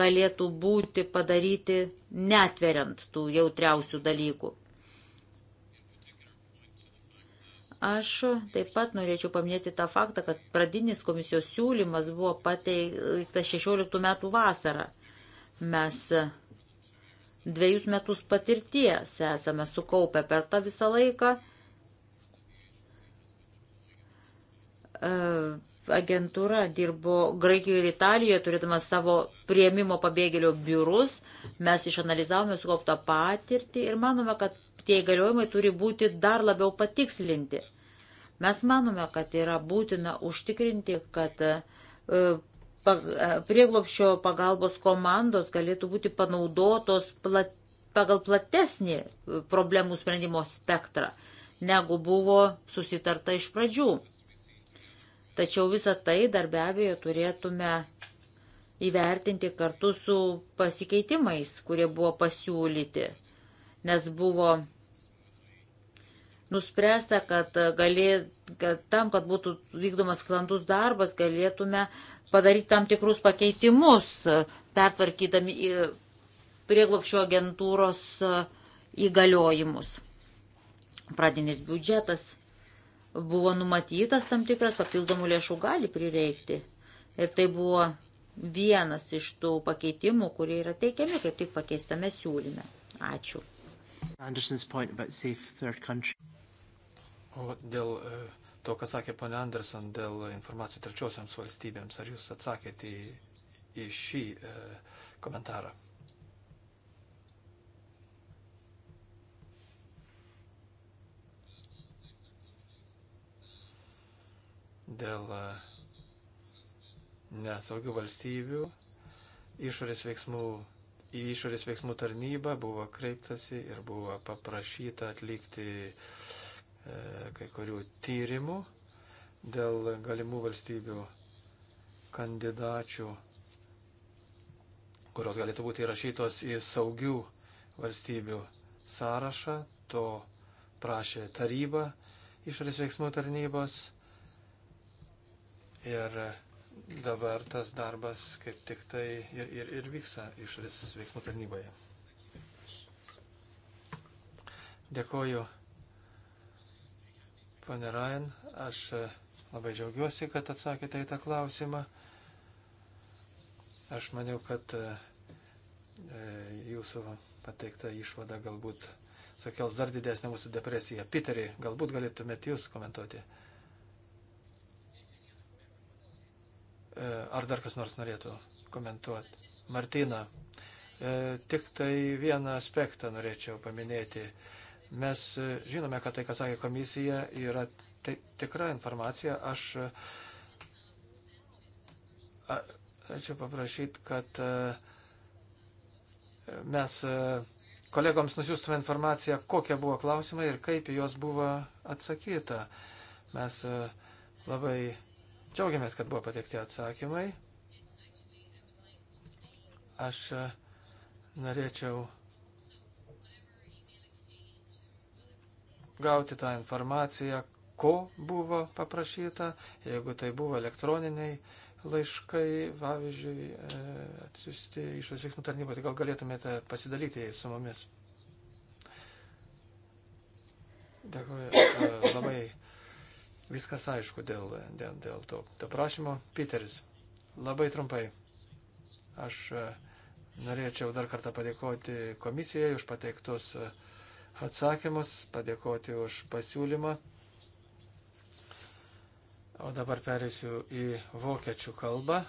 galėtų būti padaryti netveriant tų jautriausių dalykų. Aš taip pat norėčiau paminėti tą faktą, kad pradinis komisijos siūlymas buvo pateiktas 16 metų vasarą. Mes dviejus metus patirties esame sukaupę per tą visą laiką. E, agentūra dirbo Graikijoje ir Italijoje, turėdama savo prieimimo pabėgėlių biurus. Mes išanalizavome sukauptą patirtį ir manome, kad tie įgaliojimai turi būti dar labiau patikslinti. Mes manome, kad yra būtina užtikrinti, kad e, e, prieglopščio pagalbos komandos galėtų būti panaudotos plat, pagal platesnį e, problemų sprendimo spektrą, negu buvo susitarta iš pradžių Tačiau visą tai dar be abejo turėtume įvertinti kartu su pasikeitimais, kurie buvo pasiūlyti, nes buvo nuspręsta, kad, galė, kad tam, kad būtų vykdomas sklandus darbas, galėtume padaryti tam tikrus pakeitimus, pertvarkydami prieglopšio agentūros įgaliojimus. Pradinis biudžetas buvo numatytas tam tikras papildomų lėšų gali prireikti. Ir tai buvo vienas iš tų pakeitimų, kurie yra teikiami kaip tik pakeistame siūlyme. Ačiū. O dėl e, to, ką sakė ponė Anderson, dėl informacijų trečiosiams valstybėms, ar jūs atsakėte į, į šį e, komentarą? dėl e, nesaugių valstybių išorės veiksmų, į išorės veiksmų tarnybą buvo kreiptasi ir buvo paprašyta atlikti e, kai kurių tyrimų dėl galimų valstybių kandidačių, kurios galėtų būti įrašytos į saugių valstybių sąrašą. To prašė taryba išorės veiksmų tarnybos Ir e, dabar tas darbas kaip tik tai ir, ir, ir vyksta išorės veiksmų tarnyboje. Dėkoju, pane Rajan. Aš e, labai džiaugiuosi, kad atsakėte į tą klausimą. Aš maniau, kad e, jūsų pateikta išvada galbūt sukels dar didesnę mūsų depresiją. Piterį, galbūt galėtumėte jūs komentuoti. E, ar dar kas nors norėtų komentuoti? Martina, e, tik tai vieną aspektą norėčiau paminėti. Mes e, žinome, kad tai, ką sakė komisija, yra tikra informacija. Aš tačiau paprašyti, kad mes kolegoms nusiųstume informaciją, kokie buvo klausimai ir kaip juos buvo atsakyta. Mes labai Džiaugiamės, kad buvo patekti atsakymai. Aš e, norėčiau gauti tą informaciją, ko buvo paprašyta, jeigu tai buvo elektroniniai laiškai, pavyzdžiui, e, atsiusti iš veiksmų tarnybų, tai gal galėtumėte pasidalyti jais su mumis. Dėkuoju e, labai Viskas aišku dėl, dėl, dėl to. To prašymo, Piteris, labai trumpai. Aš e, norėčiau dar kartą padėkoti komisijai už pateiktus e, atsakymus, padėkoti už pasiūlymą. O dabar perėsiu į vokiečių kalbą.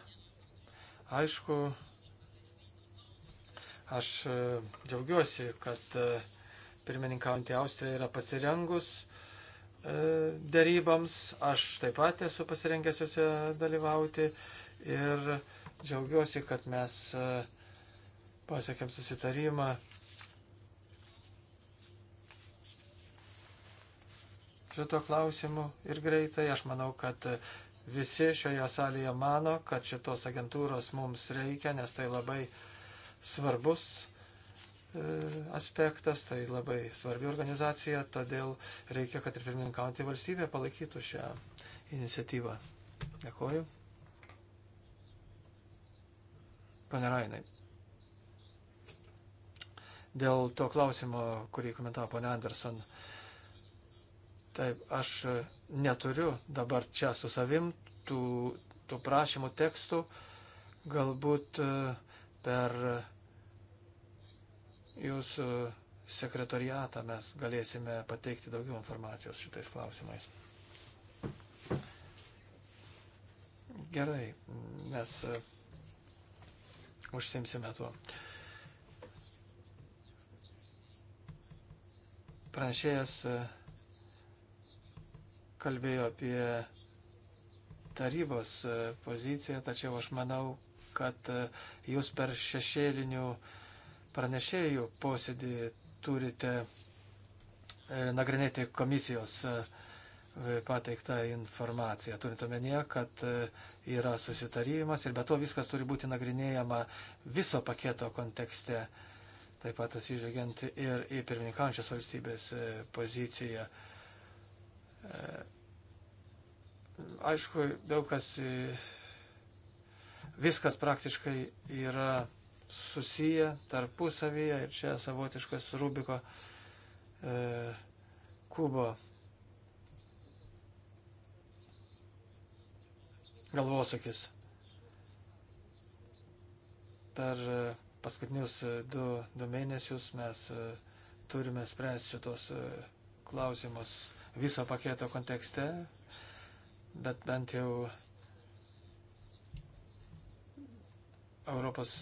Aišku, aš e, džiaugiuosi, kad pirmininkaujantį Austriją yra pasirengus E, dėryboms. Aš taip pat esu pasirengęs juose dalyvauti ir džiaugiuosi, kad mes e, pasiekėm susitarimą. Šito klausimu ir greitai aš manau, kad visi šioje salėje mano, kad šitos agentūros mums reikia, nes tai labai svarbus E, aspektas, tai labai svarbi organizacija, todėl reikia, kad ir pirmininkaujantį valstybę palaikytų šią iniciatyvą. Dėkoju. Pane Rainai. Dėl to klausimo, kurį komentavo pane Anderson, taip, aš neturiu dabar čia su savim tų, tų prašymų tekstų, galbūt e, per uh, jūsų sekretariatą mes galėsime pateikti daugiau informacijos šitais klausimais. Gerai, mes e, užsimsime tuo. Pranešėjas e, kalbėjo apie tarybos e, poziciją, tačiau aš manau, kad jūs per šešėlinių uh, pranešėjų posėdį turite e, nagrinėti komisijos e, pateiktą informaciją, turint omenyje, kad e, yra susitarimas ir be to viskas turi būti nagrinėjama viso paketo kontekste, taip pat atsižvelgiant ir į pirmininkančios valstybės poziciją. Aišku, daug kas, viskas praktiškai yra susiję tarpusavyje ir čia savotiškas Rubiko e, kubo galvosakis. Per e, paskutinius e, du, du mėnesius mes e, turime spręsti šitos klausimus viso paketo kontekste, bet bent jau Europos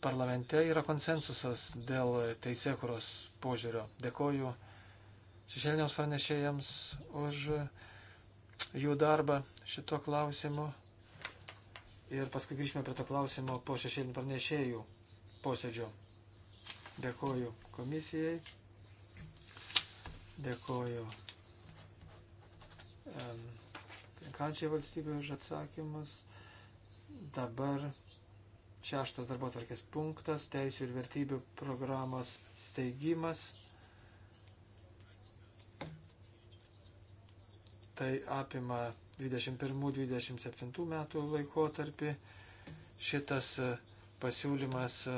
parlamente yra konsensusas dėl teisėkuros požiūrio. Dėkoju šešėliniams pranešėjams už jų darbą šito klausimu. Ir paskui grįžime prie to klausimo po šešėlinių pranešėjų posėdžio. Dėkoju komisijai. Dėkoju kančiai valstybė už atsakymus. Dabar Šeštas darbo tvarkės punktas - teisų ir vertybių programos steigimas. Tai apima 21-27 metų laikotarpį. Šitas e, pasiūlymas e,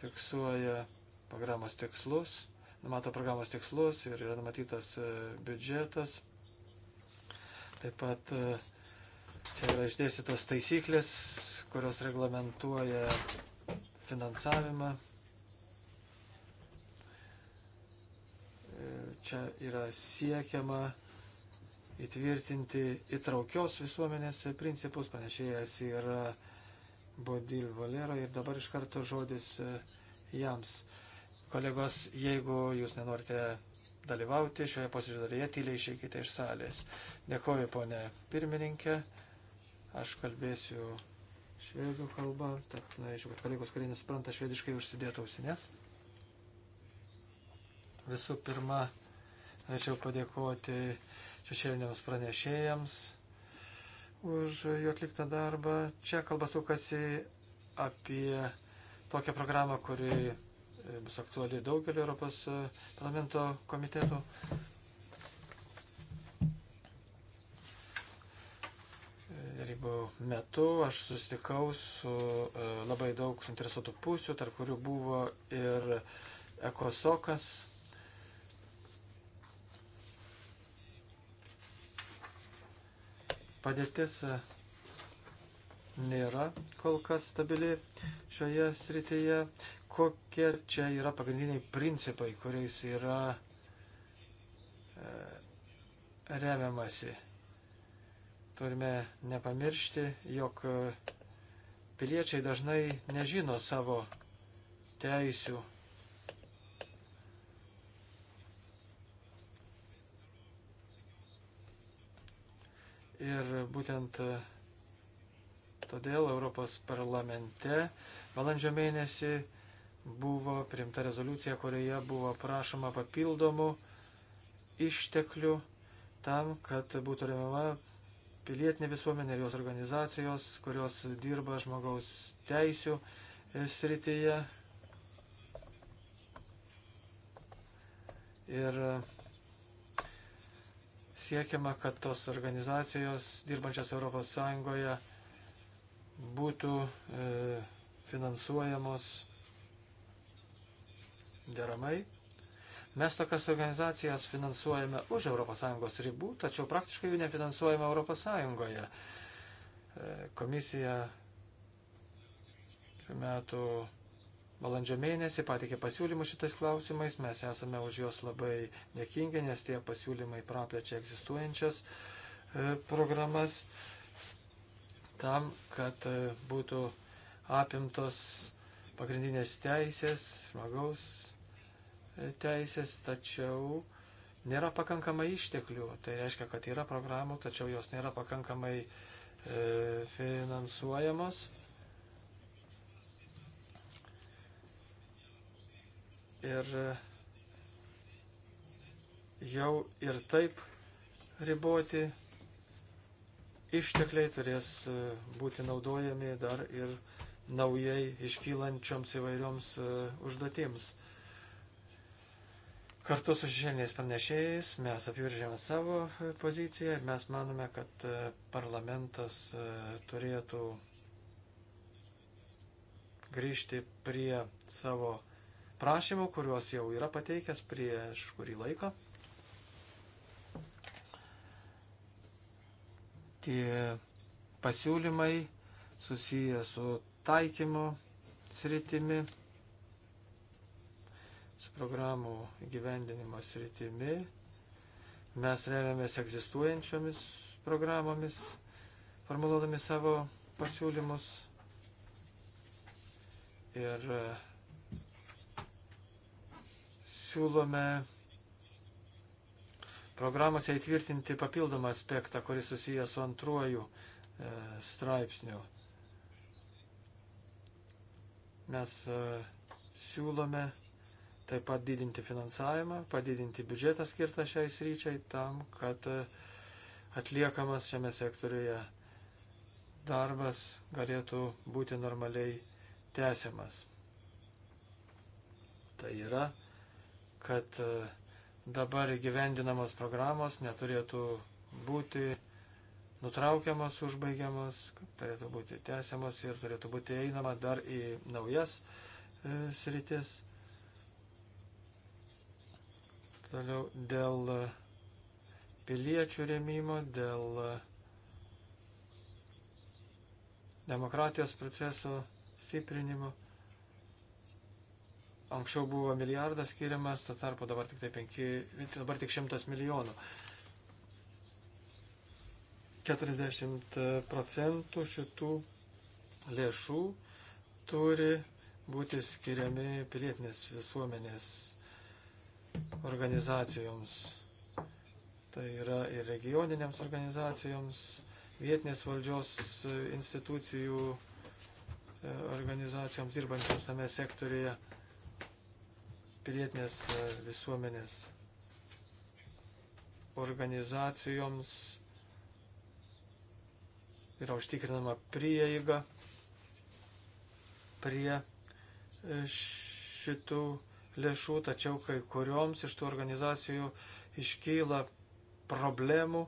fiksuoja programos tikslus, numato programos tikslus ir yra numatytas e, biudžetas. Taip pat čia yra išdėstytos taisyklės, kurios reglamentuoja finansavimą. Čia yra siekiama įtvirtinti įtraukios visuomenės principus. Panešėjas yra Bodil Valero ir dabar iš karto žodis e, jams. Kolegos, jeigu jūs nenorite dalyvauti šioje posėdžio dalyje, tyliai išeikite iš salės. Dėkoju, ponė pirmininkė. Aš kalbėsiu švedų kalba, tad norėčiau, kad kolegos, kurie nesupranta švediškai, užsidėtų ausinės. Visų pirma, norėčiau padėkoti šešėliniams pranešėjams už jų atliktą darbą. Čia kalba sukasi apie tokią programą, kuri bus aktuali daugelio Europos e, parlamento komitetų. darybų metu aš susitikau su e, labai daug suinteresuotų pusių, tarp kurių buvo ir ekosokas. Padėtis e, nėra kol kas stabili šioje srityje. Kokie čia yra pagrindiniai principai, kuriais yra e, remiamasi? Turime nepamiršti, jog e, piliečiai dažnai nežino savo teisių. Ir būtent e, todėl Europos parlamente valandžio mėnesį buvo priimta rezoliucija, kurioje buvo prašoma papildomų išteklių tam, kad būtų remiama pilietinė visuomenė ir jos organizacijos, kurios dirba žmogaus teisių e, srityje. Ir e, siekiama, kad tos organizacijos dirbančios ES būtų e, finansuojamos deramai. Mes tokias organizacijas finansuojame už ES ribų, tačiau praktiškai jų nefinansuojame ES. E, komisija metų balandžio mėnesį patikė pasiūlymus šitais klausimais, mes esame už juos labai dėkingi, nes tie pasiūlymai praplečia egzistuojančias e, programas tam, kad e, būtų apimtos pagrindinės teisės, žmogaus teisės, tačiau nėra pakankamai išteklių. Tai reiškia, kad yra programų, tačiau jos nėra pakankamai e, finansuojamos. Ir e, jau ir taip riboti ištekliai turės e, būti naudojami dar ir naujai iškylančioms įvairioms e, užduotims. E, Kartu su žiniais pranešėjais mes apiviržėme savo e, poziciją ir mes manome, kad e, parlamentas e, turėtų grįžti prie savo prašymų, kuriuos jau yra pateikęs prieš kurį laiką. Tie pasiūlymai susiję su taikymo sritimi programų gyvendinimo sritimi. Mes remiamės egzistuojančiomis programomis, formuluodami savo pasiūlymus. Ir e, siūlome programose įtvirtinti papildomą aspektą, kuris susijęs su antruoju e, straipsniu. Mes e, siūlome taip pat didinti finansavimą, padidinti biudžetą skirtą šiai sryčiai tam, kad e, atliekamas šiame sektoriuje darbas galėtų būti normaliai tęsiamas. Tai yra, kad e, dabar gyvendinamos programos neturėtų būti nutraukiamos, užbaigiamos, turėtų būti tęsiamos ir turėtų būti einama dar į naujas e, sritis. Toliau dėl e, piliečių rėmimo, dėl e, demokratijos proceso stiprinimo. Anksčiau buvo milijardas skiriamas, tuo tarpu dabar tik, tai penki, dabar tik šimtas milijonų. 40 e, procentų šitų lėšų turi būti skiriami pilietinės visuomenės organizacijoms. Tai yra ir regioninėms organizacijoms, vietinės valdžios e, institucijų e, organizacijoms dirbantiems tame sektorėje, pilietinės e, visuomenės organizacijoms yra užtikrinama prieiga prie šitų lėšų, tačiau kai kurioms iš tų organizacijų iškyla problemų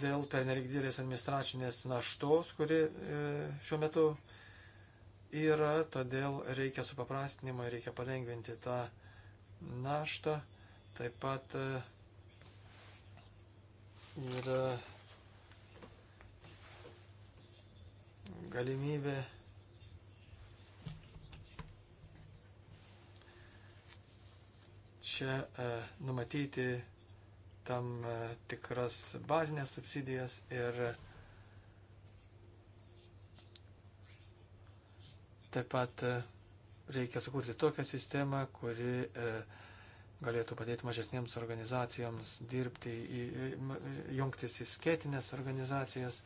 dėl pernelik didelės administracinės naštos, kuri e, šiuo metu yra, todėl reikia supaprastinimo, reikia palengvinti tą naštą. Taip pat e, yra galimybė čia e, numatyti tam e, tikras bazinės subsidijas ir taip pat e, reikia sukurti tokią sistemą, kuri galėtų padėti mažesniems organizacijoms dirbti, jungtis į skėtinės organizacijas.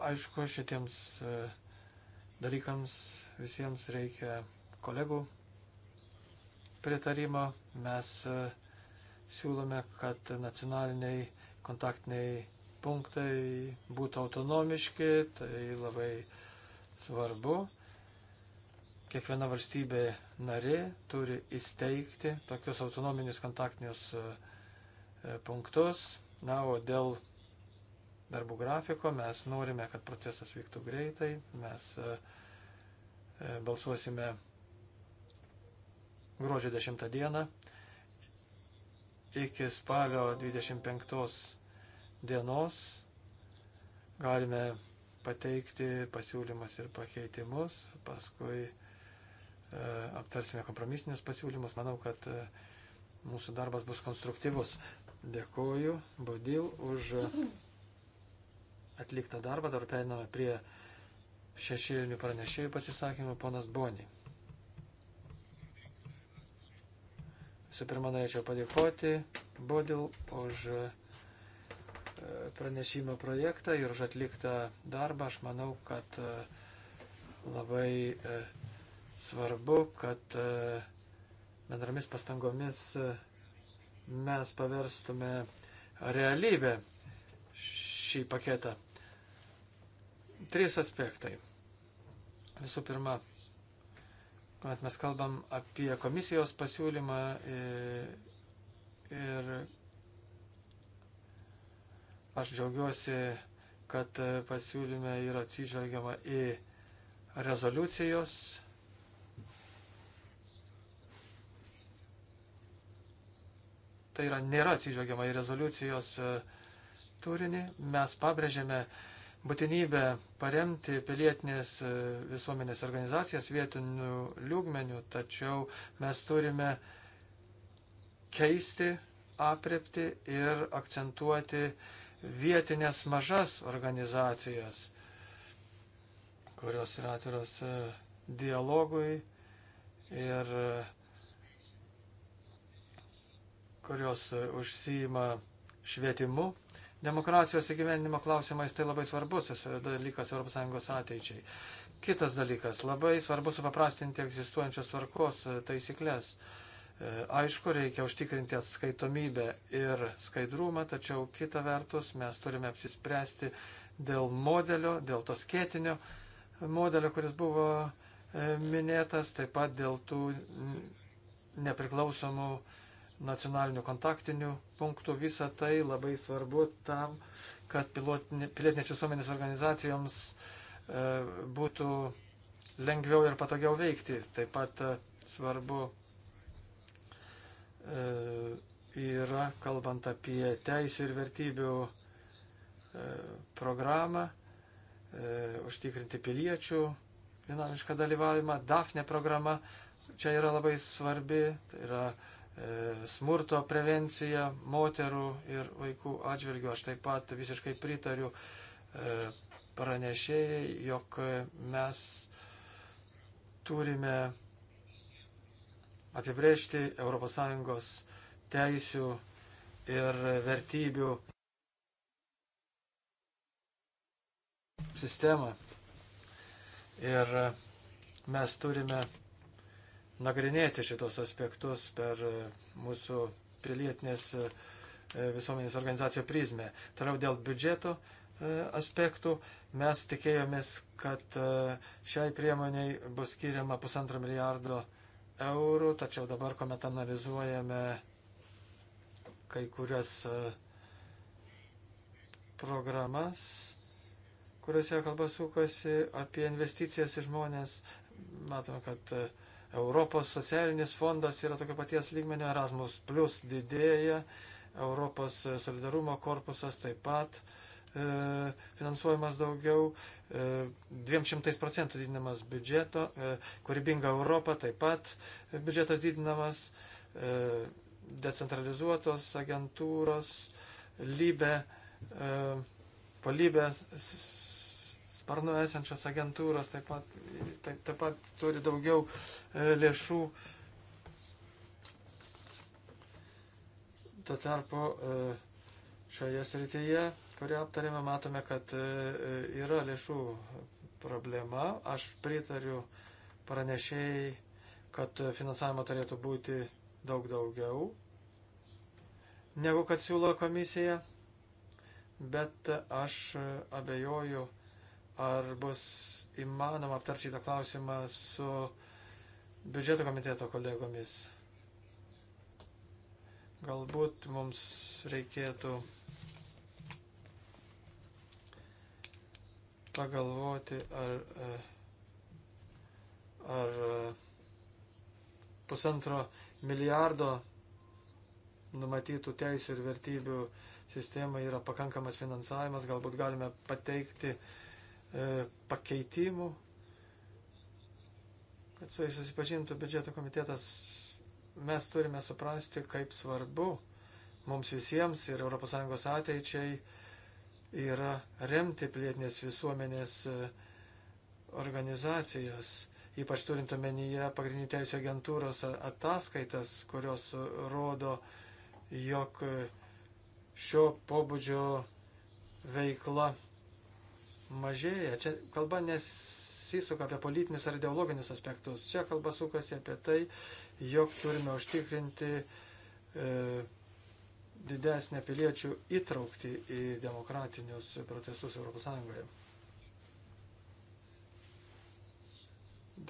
Aišku, šitiems e, dalykams visiems reikia kolegų pritarimo. Mes e, siūlome, kad nacionaliniai kontaktiniai punktai būtų autonomiški, tai labai svarbu. Kiekviena valstybė narė turi įsteigti tokius autonominius kontaktinius e, punktus. Na, o dėl darbų grafiko, mes norime, kad procesas vyktų greitai, mes e, e, balsuosime gruodžio 10 dieną iki spalio 25 dienos galime pateikti pasiūlymus ir pakeitimus, paskui e, aptarsime kompromisinius pasiūlymus. Manau, kad mūsų darbas bus konstruktyvus. Dėkoju, Bodil, už atliktą darbą. Dar periname prie šešėlinių pranešėjų pasisakymų ponas Boni. Visų pirma, norėčiau padėkoti Bodil už e, pranešimo projektą ir už atliktą darbą. Aš manau, kad e, labai e, svarbu, kad bendromis pastangomis mes paverstume realybę šį paketą Trys aspektai. Visų pirma, kuomet mes kalbam apie komisijos pasiūlymą e, ir aš džiaugiuosi, kad pasiūlyme yra atsižvelgiama į rezoliucijos tai yra nėra atsižvelgiama į rezoliucijos e, turinį, mes pabrėžėme būtinybę paremti pilietinės e, visuomenės organizacijas vietinių liūgmenių, tačiau mes turime keisti aprepti ir akcentuoti vietinės mažas organizacijas, kurios yra atviros e, dialogui ir e, kurios užsijima švietimu Demokratijos įgyvendinimo klausimais tai labai svarbus dalykas ES ateičiai. Kitas dalykas, labai svarbu supaprastinti egzistuojančios tvarkos e, taisyklės. E, aišku, reikia užtikrinti atskaitomybę ir skaidrumą, tačiau kita vertus mes turime apsispręsti dėl modelio, dėl to skėtinio modelio, kuris buvo e, minėtas, taip pat dėl tų nepriklausomų uh, nacionalinių kontaktinių punktų. Visa tai labai svarbu tam, kad pilotinė, pilietinės visuomenės organizacijoms e, būtų lengviau ir patogiau veikti. Taip pat e, svarbu e, yra, kalbant apie teisų ir vertybių e, programą, e, užtikrinti piliečių dinamišką dalyvavimą. DAFNE programa čia yra labai svarbi. Tai yra e, E, smurto prevencija moterų ir vaikų atžvilgių. Aš taip pat visiškai pritariu e, pranešėjai, jog mes turime apibrėžti ES teisių ir vertybių sistemą. Ir mes turime nagrinėti šitos aspektus per e, mūsų pilietinės e, e, visuomenės organizacijų prizmę. Toliau dėl biudžeto aspektų mes tikėjomės, kad šiai priemoniai bus skiriama pusantro milijardo eurų, tačiau dabar, kuomet analizuojame kai kurias programas, kuriuose kalba sukasi apie investicijas į žmonės, matome, kad Europos socialinis fondas yra tokio paties lygmenio, Erasmus Plus didėja, Europos solidarumo korpusas taip pat e, finansuojamas daugiau, e, 200 procentų didinamas biudžeto, e, kūrybinga Europa taip pat e, biudžetas didinamas, e, decentralizuotos agentūros, lybė, e, palybės sparnu esančios agentūros taip pat, taip, taip pat turi daugiau e, lėšų. Tuo tarpu e, šioje srityje, kurią aptarėme, matome, kad e, yra lėšų problema. Aš pritariu pranešėjai, kad finansavimo turėtų būti daug daugiau negu kad siūlo komisija, bet aš abejoju, ar bus įmanoma aptarti šitą klausimą su biudžeto komiteto kolegomis. Galbūt mums reikėtų pagalvoti, ar, eh, ar eh, pusantro milijardo numatytų teisų ir vertybių sistema yra pakankamas finansavimas, galbūt galime pateikti uh, E, pakeitimų, kad su jais susipažintų biudžeto komitetas, mes turime suprasti, kaip svarbu mums visiems ir ES ateičiai yra remti plėtinės visuomenės e, organizacijas, ypač turint omenyje pagrindinių teisų agentūros ataskaitas, kurios rodo, jog šio pobūdžio veikla mažėja. Čia kalba nesisuka apie politinius ar ideologinius aspektus. Čia kalba sukasi apie tai, jog turime užtikrinti e, didesnę piliečių įtraukti į demokratinius procesus ES.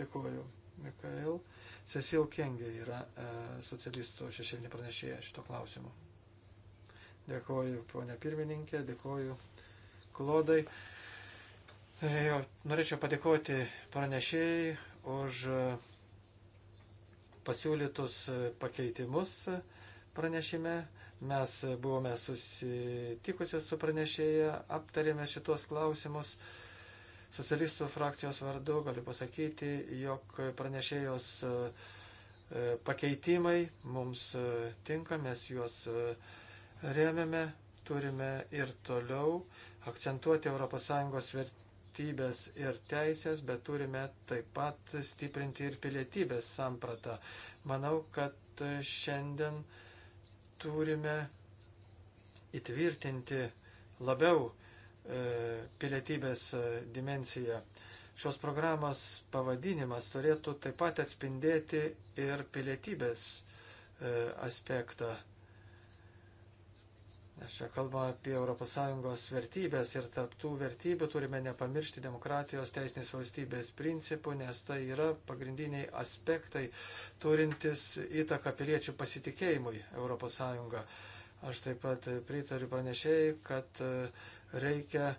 Dėkuoju, Mikael. Cecil Kengė yra e, socialistų šešėlinė pranešėja šito klausimu. Dėkuoju, ponia pirmininkė, dėkuoju, Klodai. Norėjau, norėčiau padėkoti pranešėjai už e, pasiūlytus e, pakeitimus pranešime. Mes buvome susitikusi su pranešėja, aptarėme šitos klausimus. Socialistų frakcijos vardu galiu pasakyti, jog pranešėjos e, pakeitimai mums tinka, mes juos remiame, turime ir toliau akcentuoti ES vertybės ir teisės, bet turime taip pat stiprinti ir pilietybės sampratą. Manau, kad šiandien turime įtvirtinti labiau e, pilietybės e, dimenciją. Šios programos pavadinimas turėtų taip pat atspindėti ir pilietybės e, aspektą. Nes čia kalbame apie ES vertybės ir tarptų vertybių turime nepamiršti demokratijos teisinės valstybės principų, nes tai yra pagrindiniai aspektai turintis įtaką piliečių pasitikėjimui ES. Aš taip pat pritariu pranešėjai, kad e, reikia e,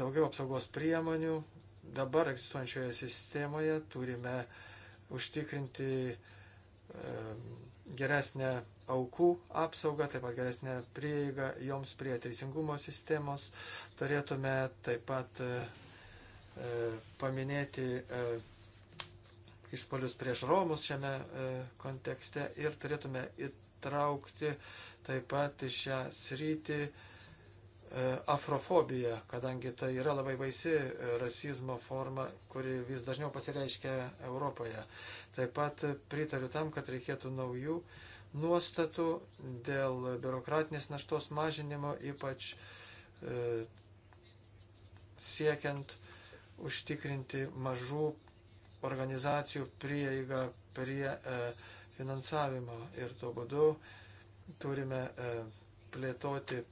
daugiau apsaugos priemonių. Dabar egzistuojančioje sistemoje turime užtikrinti e, geresnę aukų apsaugą, taip pat geresnė prieiga joms prie teisingumo sistemos. Turėtume taip pat e, e, paminėti e, išpolius prieš Romus šiame e, kontekste ir turėtume įtraukti taip pat į šią sritį e, afrofobiją, kadangi tai yra labai baisi e, rasizmo forma, kuri vis dažniau pasireiškia Europoje. Taip pat pritariu tam, kad reikėtų naujų e, nuostatų, dėl biurokratinės naštos mažinimo, ypač e, siekiant užtikrinti mažų organizacijų prieigą prie e, finansavimo. Ir tuo būdu turime e, plėtoti e,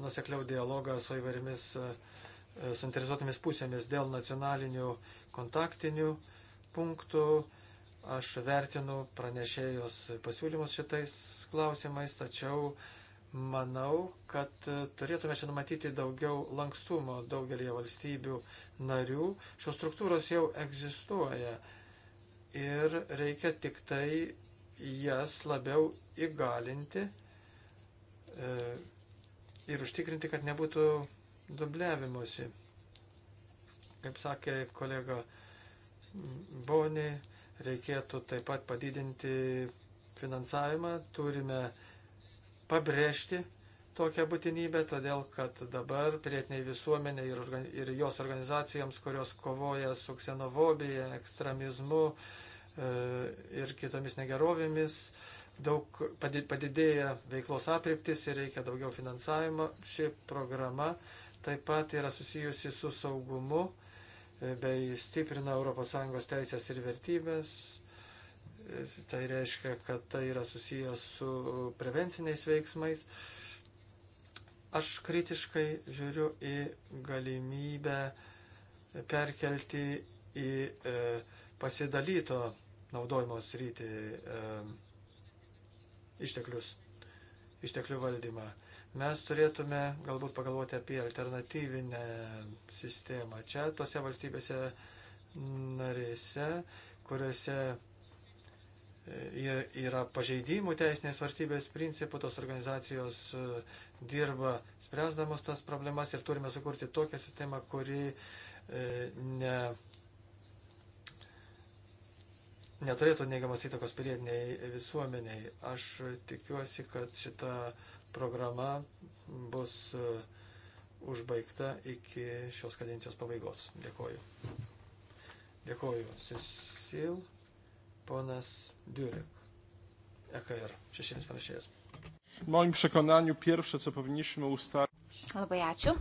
nusekliau dialogą su įvairiamis e, e, suinteresuotomis pusėmis dėl nacionalinių kontaktinių punktų. E, Aš vertinu pranešėjos pasiūlymus šitais klausimais, tačiau manau, kad turėtume čia numatyti daugiau lankstumo daugelį valstybių narių. Šios struktūros jau egzistuoja ir reikia tik tai jas labiau įgalinti e, ir užtikrinti, kad nebūtų dubliavimuose. Kaip sakė kolega Boni, reikėtų taip pat padidinti finansavimą, turime pabrėžti tokią būtinybę, todėl kad dabar pilietiniai visuomenė ir, ir jos organizacijoms, kurios kovoja su ksenofobija, ekstremizmu e, ir kitomis negerovėmis, daug padidėja veiklos apriptis ir reikia daugiau finansavimo. Ši programa taip pat yra susijusi su saugumu bei stiprina ES teisės ir vertybės. Tai reiškia, kad tai yra susijęs su prevenciniais veiksmais. Aš kritiškai žiūriu į galimybę perkelti į e, pasidalyto naudojimo sritį e, išteklius, išteklių valdymą mes turėtume galbūt pagalvoti apie alternatyvinę sistemą. Čia tose valstybėse narėse, kuriuose e, yra pažeidimų teisinės valstybės principų, tos organizacijos e, dirba spręsdamos tas problemas ir turime sukurti tokią sistemą, kuri e, ne, neturėtų neigiamas įtakos pilietiniai visuomeniai. Aš tikiuosi, kad šita uh, programa bus e, užbaigta iki šios kadencijos pabaigos. Dėkoju. Dėkoju. Cecil, ponas Durek, EKR, šešėlis panašėjas. Moim przekonaniu pierwsze, co powinniśmy ustalić. Labai ačiū.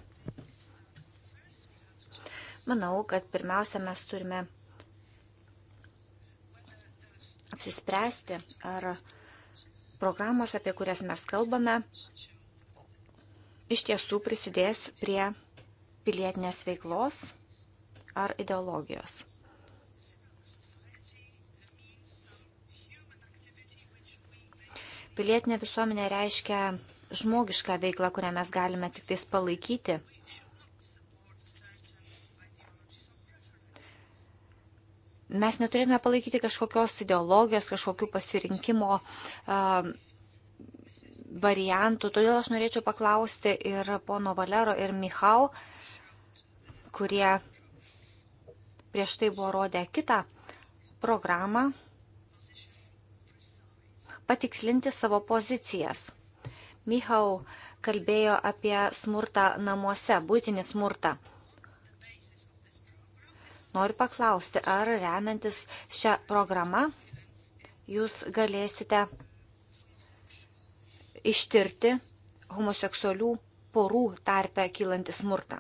Manau, kad pirmiausia mes turime apsispręsti, ar programos, apie kurias mes kalbame, iš tiesų prisidės prie pilietinės veiklos ar ideologijos. Pilietinė visuomenė reiškia žmogišką veiklą, kurią mes galime tik tais palaikyti. Mes neturėtume palaikyti kažkokios ideologijos, kažkokių pasirinkimo variantų. Todėl aš norėčiau paklausti ir pono Valero, ir Michau, kurie prieš tai buvo rodę kitą programą, patikslinti savo pozicijas. Michau kalbėjo apie smurtą namuose, būtinį smurtą. Noriu paklausti, ar remiantis šią programą jūs galėsite ištirti homoseksualių porų tarpę kylantį smurtą.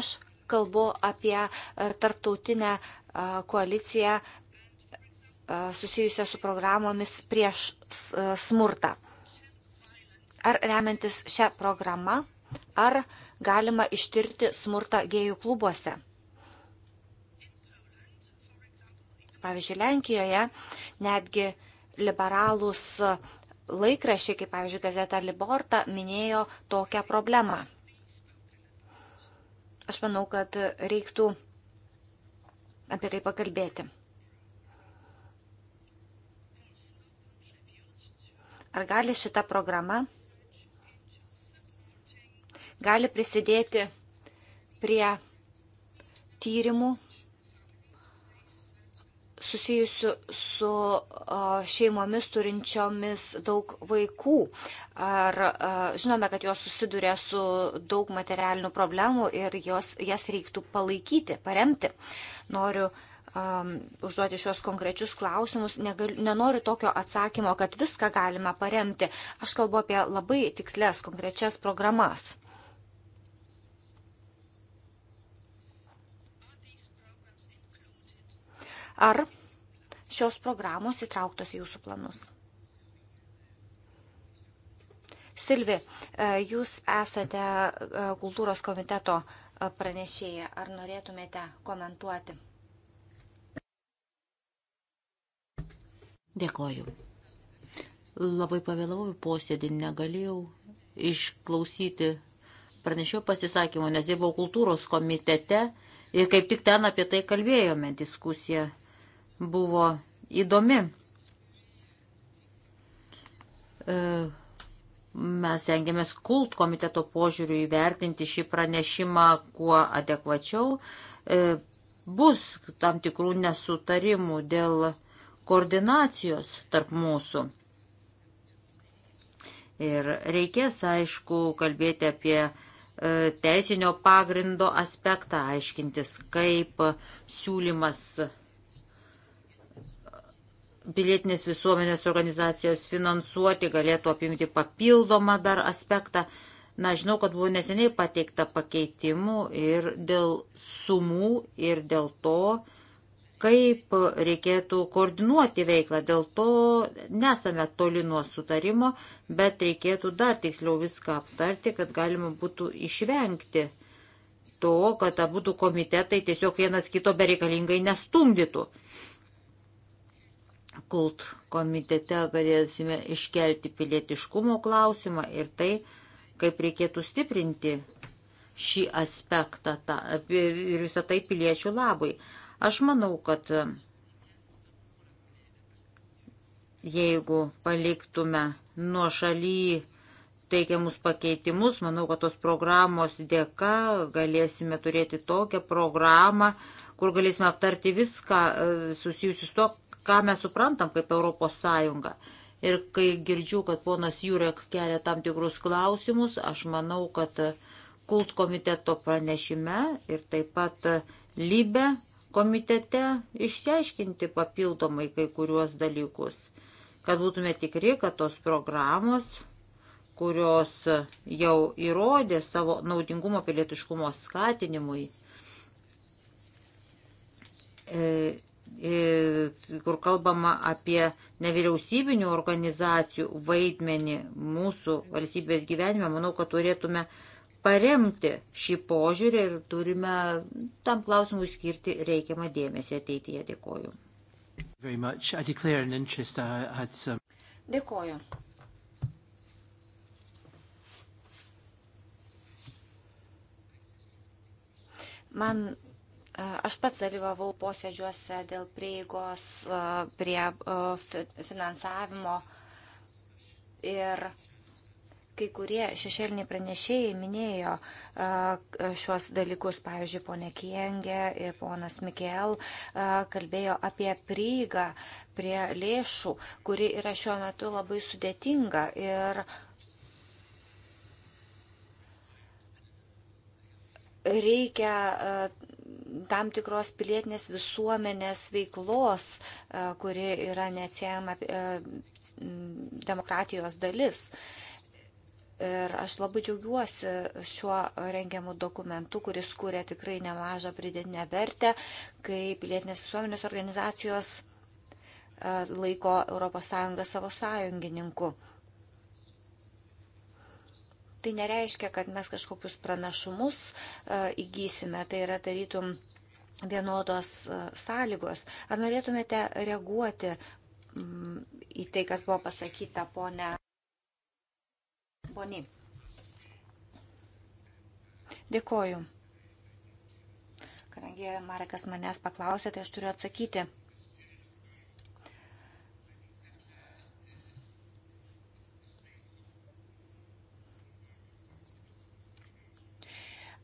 Aš kalbu apie e, tarptautinę e, koaliciją e, susijusią su programomis prieš smurtą. Ar remiantis šią programą Ar galima ištirti smurtą gėjų klubuose? Pavyzdžiui, Lenkijoje netgi liberalūs laikrašiai, kaip pavyzdžiui, gazeta Liborta, minėjo tokią problemą. Aš manau, kad reiktų apie tai pakalbėti. Ar gali šita programa gali prisidėti prie tyrimų susijusių su šeimomis turinčiomis daug vaikų. Ar žinome, kad jos susiduria su daug materialinių problemų ir jos, jas reiktų palaikyti, paremti. Noriu um, užduoti šios konkrečius klausimus. Negal, nenoriu tokio atsakymo, kad viską galima paremti. Aš kalbu apie labai tikslės, konkrečias programas. Ar šios programos įtrauktos į jūsų planus? Silvi, e, jūs esate e, kultūros komiteto e, pranešėja. Ar norėtumėte komentuoti? Dėkoju. Labai pavėlavau į posėdį, negalėjau išklausyti pranešėjo pasisakymo, nes dirbau kultūros komitete ir kaip tik ten apie tai kalbėjome diskusiją buvo įdomi. E, mes tengiamės kult komiteto požiūrių įvertinti šį pranešimą kuo adekvačiau. E, bus tam tikrų nesutarimų dėl koordinacijos tarp mūsų. Ir reikės, aišku, kalbėti apie e, teisinio pagrindo aspektą, aiškintis, kaip siūlymas pilietinės visuomenės organizacijos finansuoti galėtų apimti papildomą dar aspektą. Na, žinau, kad buvo neseniai pateikta pakeitimų ir dėl sumų, ir dėl to, kaip reikėtų koordinuoti veiklą. Dėl to nesame toli nuo sutarimo, bet reikėtų dar tiksliau viską aptarti, kad galima būtų išvengti to, kad abu komitetai tiesiog vienas kito bereikalingai nestumdytų kult komitete galėsime iškelti pilietiškumo klausimą ir tai, kaip reikėtų stiprinti šį aspektą ta, ir visą tai piliečių labui. Aš manau, kad jeigu paliktume nuo šaly teikiamus pakeitimus, manau, kad tos programos dėka galėsime turėti tokią programą, kur galėsime aptarti viską e, susijusius to, ką mes suprantam kaip Europos Sąjunga. Ir kai girdžiu, kad ponas Jurek kelia tam tikrus klausimus, aš manau, kad kult komiteto pranešime ir taip pat lybe komitete išsiaiškinti papildomai kai kuriuos dalykus, kad būtume tikri, kad tos programos, kurios jau įrodė savo naudingumo pilietiškumo skatinimui, e, kur kalbama apie nevyriausybinių organizacijų vaidmenį mūsų valstybės gyvenime, manau, kad turėtume paremti šį požiūrį ir turime tam klausimui skirti reikiamą dėmesį ateityje. Dėkoju. Some... Dėkoju. Man Aš pats dalyvavau posėdžiuose dėl prieigos prie finansavimo ir kai kurie šešėliniai pranešėjai minėjo šiuos dalykus, pavyzdžiui, ponė Kiengė ir ponas Mikel kalbėjo apie prieigą prie lėšų, kuri yra šiuo metu labai sudėtinga ir reikia tam tikros pilietinės visuomenės veiklos, e, kuri yra neatsiejama e, demokratijos dalis. Ir aš labai džiaugiuosi šiuo rengiamu dokumentu, kuris kūrė tikrai nemažą pridėtinę vertę, kai pilietinės visuomenės organizacijos e, laiko ES savo sąjungininku. Tai nereiškia, kad mes kažkokius pranašumus e, įgysime, tai yra tarytum vienodos e, sąlygos. Ar norėtumėte reaguoti mm, į tai, kas buvo pasakyta, ponia Boni? Dėkoju. Kadangi Marekas manęs paklausė, tai aš turiu atsakyti.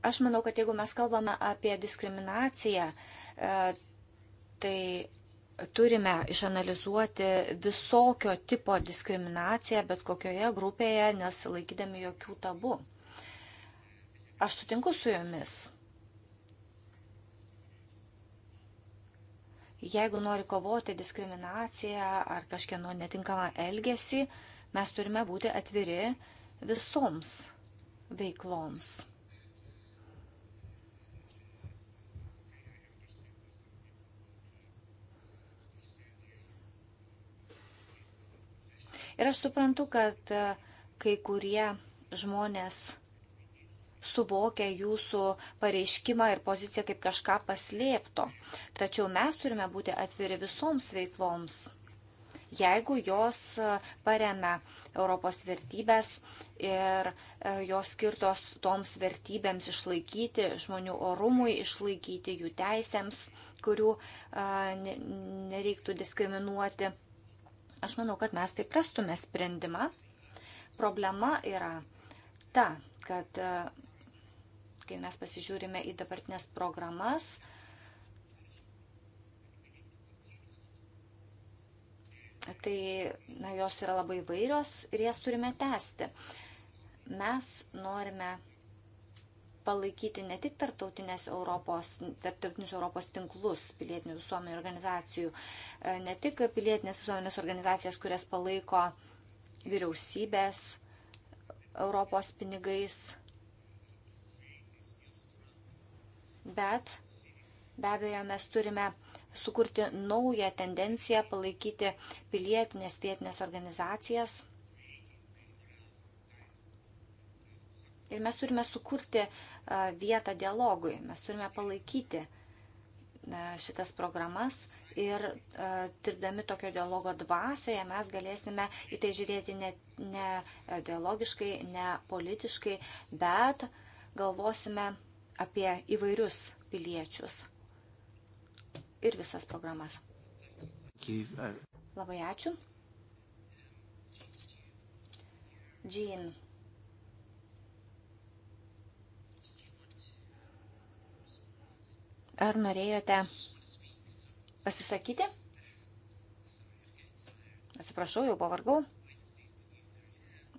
Aš manau, kad jeigu mes kalbame apie diskriminaciją, e, tai turime išanalizuoti visokio tipo diskriminaciją bet kokioje grupėje, nesilaikydami jokių tabų. Aš sutinku su jumis. jeigu nori kovoti diskriminaciją ar kažkieno netinkamą elgesį, mes turime būti atviri visoms veikloms. Ir aš suprantu, kad e, kai kurie žmonės suvokia jūsų pareiškimą ir poziciją kaip kažką paslėpto. Tačiau mes turime būti atviri visoms veikloms, jeigu jos e, paremia Europos vertybės ir e, jos skirtos toms vertybėms išlaikyti, žmonių orumui išlaikyti, jų teisėms, kurių nereiktų diskriminuoti. Aš manau, kad mes taip rastume sprendimą. Problema yra ta, kad e, kai mes pasižiūrime į dabartinės programas, tai na, jos yra labai vairios ir jas turime tęsti. Mes norime palaikyti ne tik tarptautinės Europos, tarptautinius Europos tinklus pilietinių visuomenių organizacijų, e, ne tik pilietinės visuomenės organizacijas, kurias palaiko vyriausybės Europos pinigais, bet be abejo mes turime sukurti naują tendenciją palaikyti pilietinės vietinės organizacijas Ir mes turime sukurti vietą dialogui. Mes turime palaikyti šitas programas ir tirdami tokio dialogo dvasioje mes galėsime į tai žiūrėti ne, ne e, ideologiškai, ne politiškai, bet galvosime apie įvairius piliečius ir visas programas. Uh, Labai ačiū. Jean. Ar norėjote pasisakyti? Atsiprašau, jau pavargau.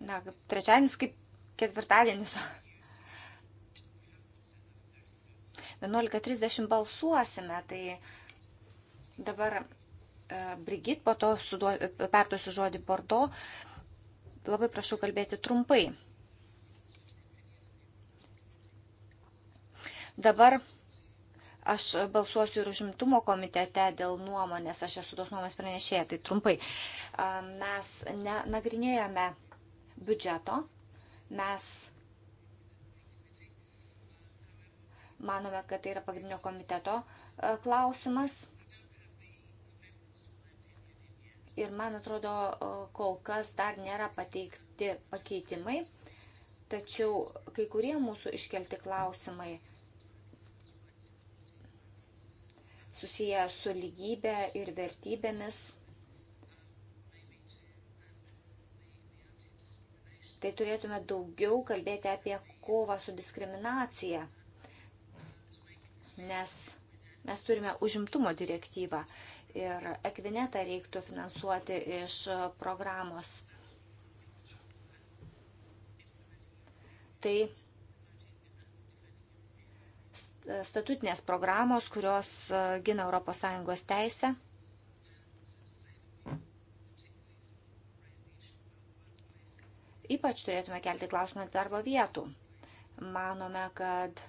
Na, kaip trečiadienis, kaip ketvirtadienis. 11.30 balsuosime, tai dabar e, Brigit, po to suduo, perduosiu žodį Bordo. Labai prašau kalbėti trumpai. Dabar Aš balsuosiu ir užimtumo komitete dėl nuomonės, aš esu tos nuomonės pranešėja, tai trumpai. Mes nagrinėjame biudžeto, mes manome, kad tai yra pagrindinio komiteto klausimas. Ir man atrodo, kol kas dar nėra pateikti pakeitimai, tačiau kai kurie mūsų iškelti klausimai susiję su lygybė ir vertybėmis. Tai turėtume daugiau kalbėti apie kovą su diskriminacija, nes mes turime užimtumo direktyvą ir ekvinetą reiktų finansuoti iš programos. Tai statutinės programos, kurios e, gina ES teisę. Ypač turėtume kelti klausimą darbo vietų. Manome, kad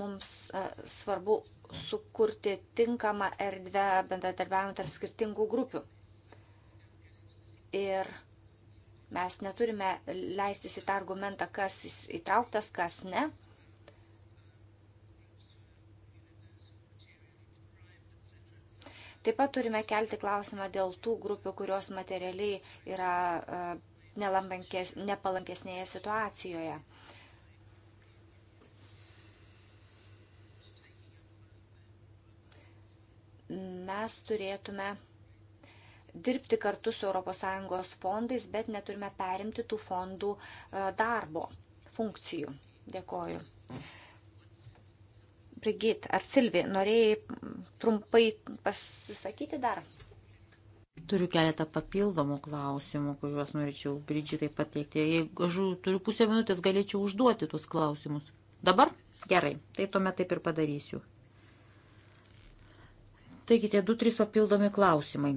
mums e, svarbu sukurti tinkamą erdvę bendradarbiavimą tarp skirtingų grupių. Ir Mes neturime leistis į tą argumentą, kas įtrauktas, kas ne. Taip pat turime kelti klausimą dėl tų grupių, kurios materialiai yra e, nepalankesnėje situacijoje. Mes turėtume dirbti kartu su ES fondais, bet neturime perimti tų fondų e, darbo, funkcijų. Dėkoju. Brigit, ar Silvi, norėjai trumpai pasisakyti dar? Turiu keletą papildomų klausimų, kuriuos norėčiau Brigitai pateikti. Jeigu aš turiu pusę minutės, galėčiau užduoti tuos klausimus. Dabar? Gerai, tai tuomet taip ir padarysiu. Taigi tie du, trys papildomi klausimai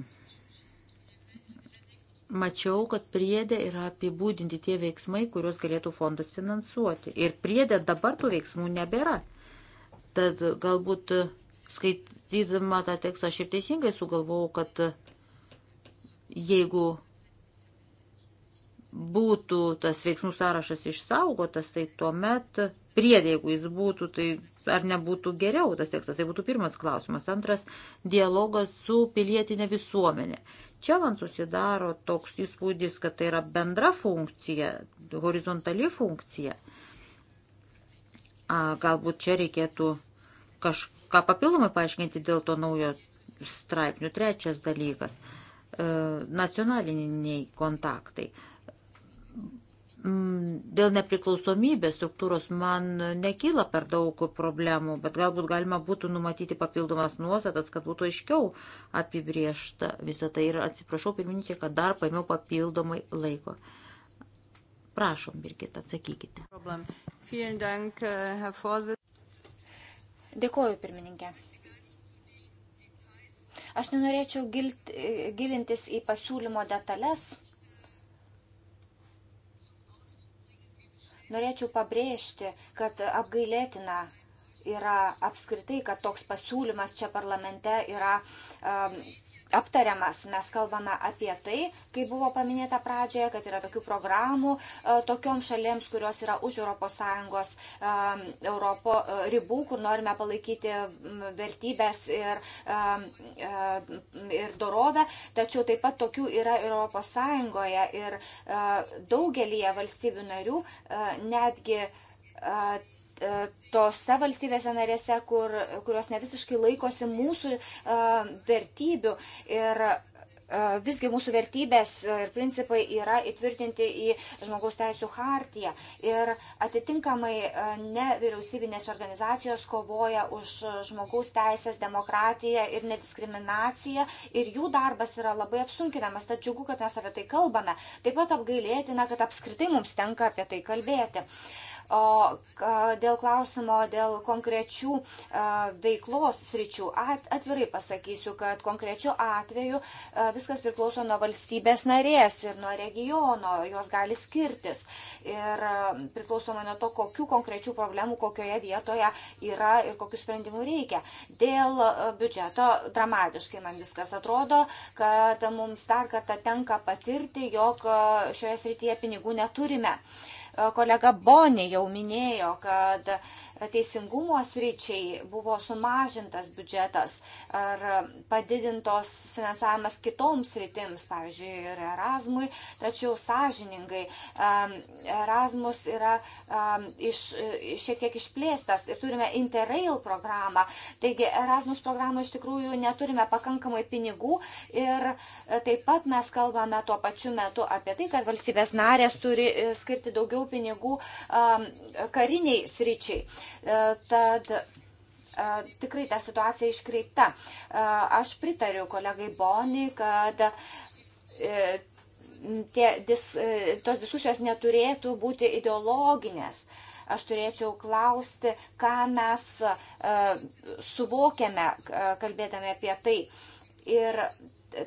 mačiau, kad priedė yra apibūdinti tie veiksmai, kuriuos galėtų fondas finansuoti. Ir priedė dabar tų veiksmų nebėra. Tad galbūt skaitydama tą tekstą aš ir teisingai sugalvojau, kad jeigu būtų tas veiksmų sąrašas išsaugotas, tai tuomet priedė, jeigu jis būtų, tai ar nebūtų geriau tas tekstas, tai būtų pirmas klausimas. Antras - dialogas su pilietinė visuomenė. Čia man susidaro toks įspūdis, kad tai yra bendra funkcija, horizontali funkcija. Galbūt čia reikėtų kažką papildomai paaiškinti dėl to naujo straipsnių. Trečias dalykas e, - nacionaliniai kontaktai. Dėl nepriklausomybės struktūros man nekyla per daug problemų, bet galbūt galima būtų numatyti papildomas nuostatas, kad būtų aiškiau apibriešta visą tai. Ir atsiprašau, pirmininkė, kad dar paėmiau papildomai laiko. Prašom, Birgit, atsakykite. Äh, Dėkuoju, pirmininkė. Aš nenorėčiau gilintis į pasiūlymo detalės Norėčiau pabrėžti, kad apgailėtina yra apskritai, kad toks pasiūlymas čia parlamente yra um, aptariamas. Mes kalbame apie tai, kaip buvo paminėta pradžioje, kad yra tokių programų e, tokiom šalėms, kurios yra už ES e, Europo e, ribų, kur norime palaikyti vertybės ir, ir dorovę, tačiau taip pat tokių yra ir ES ir daugelį valstybių narių netgi E, tose valstybėse narėse, kur, kurios ne visiškai laikosi mūsų e, vertybių. Ir e, visgi mūsų vertybės ir principai yra įtvirtinti į žmogaus teisų hartiją. Ir atitinkamai nevyriausybinės organizacijos kovoja už žmogaus teisės, demokratiją ir nediskriminaciją. Ir jų darbas yra labai apsunkinamas, tad džiugu, kad mes apie tai kalbame. Taip pat apgailėtina, kad apskritai mums tenka apie tai kalbėti. Uh, O dėl klausimo, dėl konkrečių e, veiklos sričių, atvirai pasakysiu, kad konkrečiu atveju e, viskas priklauso nuo valstybės narės ir nuo regiono, jos gali skirtis. Ir e, priklausomai nuo to, kokių konkrečių problemų, kokioje vietoje yra ir kokius sprendimų reikia. Dėl biudžeto dramatiškai man viskas atrodo, kad mums dar kartą tenka patirti, jog šioje srityje pinigų neturime. Uh, Kolega Boni jau minėjo, kad teisingumo sryčiai buvo sumažintas biudžetas ar padidintos finansavimas kitoms sritims, pavyzdžiui, ir Erasmui, tačiau sąžiningai Erasmus yra iš, šiek tiek išplėstas ir turime Interrail programą. Taigi Erasmus programą iš tikrųjų neturime pakankamai pinigų ir taip pat mes kalbame tuo pačiu metu apie tai, kad valstybės narės turi e, skirti daugiau pinigų kariniai sryčiai. E, tad e, tikrai ta situacija iškreipta. E, aš pritariu kolegai Boni, kad tie, dis, tos diskusijos neturėtų būti ideologinės. Aš turėčiau klausti, ką mes suvokiame, kalbėdami apie tai. Ir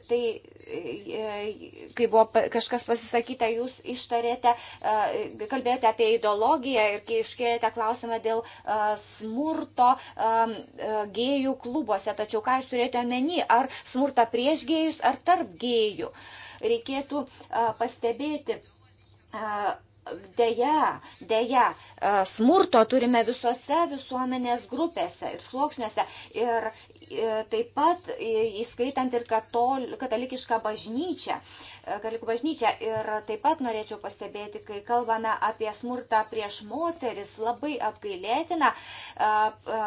tai, e, kai buvo kažkas pasisakyta, jūs ištarėte, e, kalbėjote apie ideologiją ir kai iškėlėte klausimą dėl e, smurto gėjų klubuose, tačiau ką jūs turėjote omeny, ar smurta prieš gėjus, ar tarp gėjų, reikėtų pastebėti. Deja, deja, smurto turime visose visuomenės grupėse ir sluoksniuose. Ir E, taip pat e, įskaitant ir katol, katalikišką bažnyčią. E, katalikų bažnyčią. Ir taip pat norėčiau pastebėti, kai kalbame apie smurtą prieš moteris, labai apgailėtina,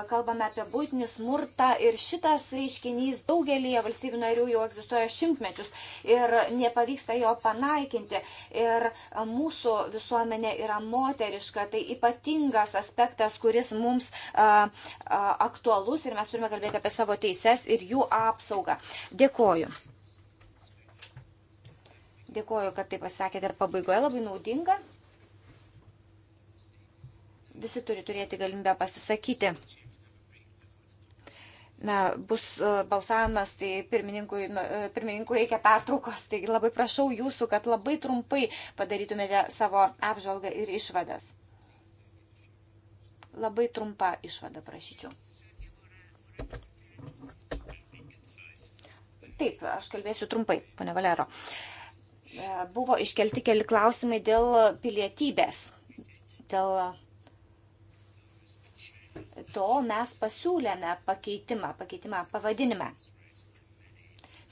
kalbame apie būtinį smurtą ir šitas reiškinys daugelį valstybių narių jau egzistuoja šimtmečius ir nepavyksta jo panaikinti. Ir mūsų visuomenė yra moteriška, tai ypatingas aspektas, kuris mums aktualus ir mes turime kalbėti apie savo savo teises ir jų apsaugą. Dėkoju. Dėkoju, kad tai pasakėte ir pabaigoje labai naudinga. Visi turi turėti galimybę pasisakyti. Na, bus e, balsavimas, tai pirmininkui, nu, e, pirmininkui reikia pertraukos, taigi labai prašau jūsų, kad labai trumpai padarytumėte savo apžvalgą ir išvadas. Labai trumpa išvada prašyčiau. Taip, aš kalbėsiu trumpai, pane Valero. E, buvo iškelti keli klausimai dėl pilietybės. Dėl to mes pasiūlėme pakeitimą, pakeitimą pavadinime.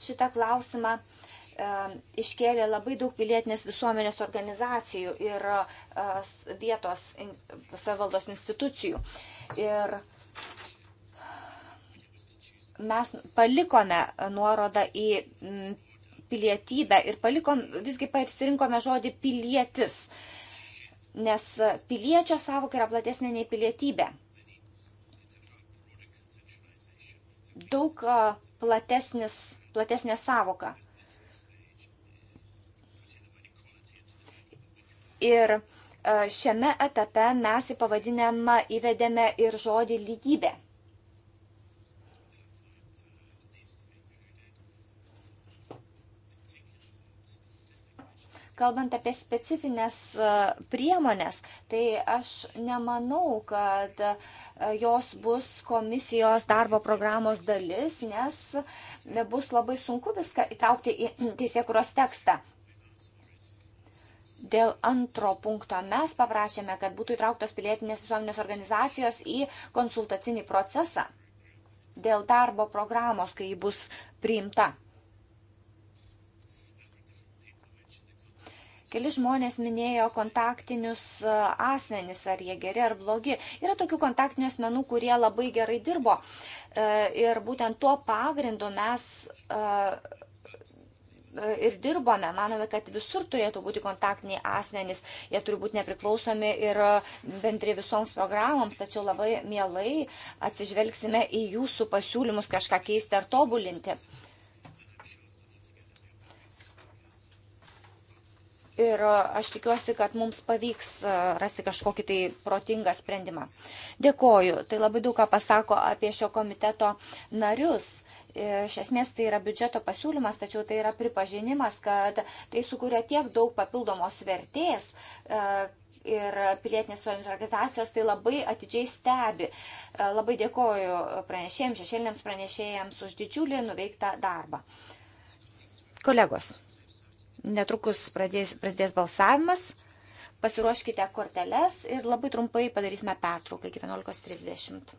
Šitą klausimą e, iškėlė labai daug pilietinės visuomenės organizacijų ir e, vietos savaldos institucijų. Ir mes palikome nuorodą į pilietybę ir palikom, visgi pasirinkome žodį pilietis, nes piliečio savoka yra platesnė nei pilietybė. Daug platesnis, platesnė savoka. Ir šiame etape mes į pavadinimą įvedėme ir žodį lygybė. Kalbant apie specifines e, priemonės, tai aš nemanau, kad e, jos bus komisijos darbo programos dalis, nes bus labai sunku viską įtraukti į [clears throat] teisėkuros tekstą. Dėl antro punkto mes paprašėme, kad būtų įtrauktos pilietinės visuomenės organizacijos į konsultacinį procesą dėl darbo programos, kai ji bus priimta. Keli žmonės minėjo kontaktinius e, asmenis, ar jie geri ar blogi. Yra tokių kontaktinių asmenų, kurie labai gerai dirbo. E, ir būtent tuo pagrindu mes e, ir dirbame. Manome, kad visur turėtų būti kontaktiniai asmenys. Jie turi būti nepriklausomi ir bendri visoms programoms, tačiau labai mielai atsižvelgsime į jūsų pasiūlymus kažką keisti ar tobulinti. ir aš tikiuosi, kad mums pavyks rasti kažkokį tai protingą sprendimą. Dėkoju, tai labai daug ką pasako apie šio komiteto narius. Iš esmės tai yra biudžeto pasiūlymas, tačiau tai yra pripažinimas, kad tai sukuria tiek daug papildomos vertės ir pilietinės organizacijos tai labai atidžiai stebi. Labai dėkoju pranešėjams, šešėliniams pranešėjams už didžiulį nuveiktą darbą. Kolegos. Netrukus pradės, prasidės balsavimas. Pasiruoškite korteles ir labai trumpai padarysime pertrauką iki 11.30.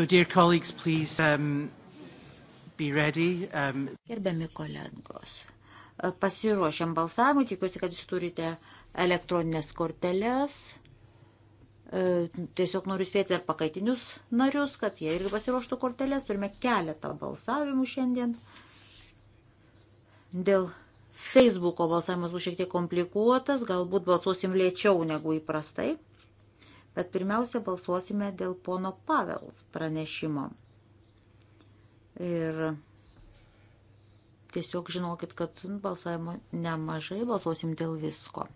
So, dear colleagues, please um, be ready. Um... Gerbiami kolegos, e, pasiruošiam balsavimui, tikiuosi, kad jūs turite elektroninės korteles. E, tiesiog noriu spėti ir pakaitinius narius, kad jie irgi pasiruoštų korteles. Turime keletą balsavimų šiandien. Dėl Facebook'o balsavimas bus šiek tiek komplikuotas, galbūt balsuosim lėčiau negu įprastai. Bet pirmiausia, balsuosime dėl pono Pavels pranešimo. Ir tiesiog žinokit, kad balsavimo nemažai, balsuosim dėl visko.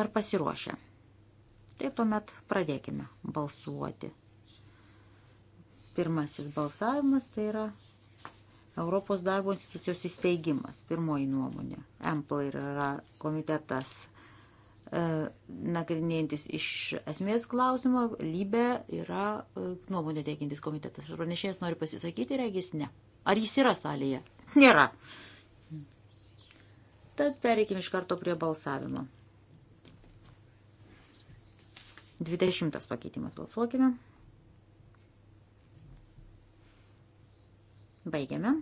Ar pasiruošę? Tai tuomet pradėkime balsuoti. Pirmasis balsavimas tai yra Europos darbo institucijos įsteigimas, pirmoji nuomonė. EMPL yra komitetas E, nagrinėjantis iš esmės klausimo, lybė yra e, nuomonė teikintis komitetas. Ar pranešėjas nori pasisakyti, regis ne. Ar jis yra salėje? Nėra. Tad pereikime iš karto prie balsavimo. 20 pakeitimas balsuokime. Baigiame.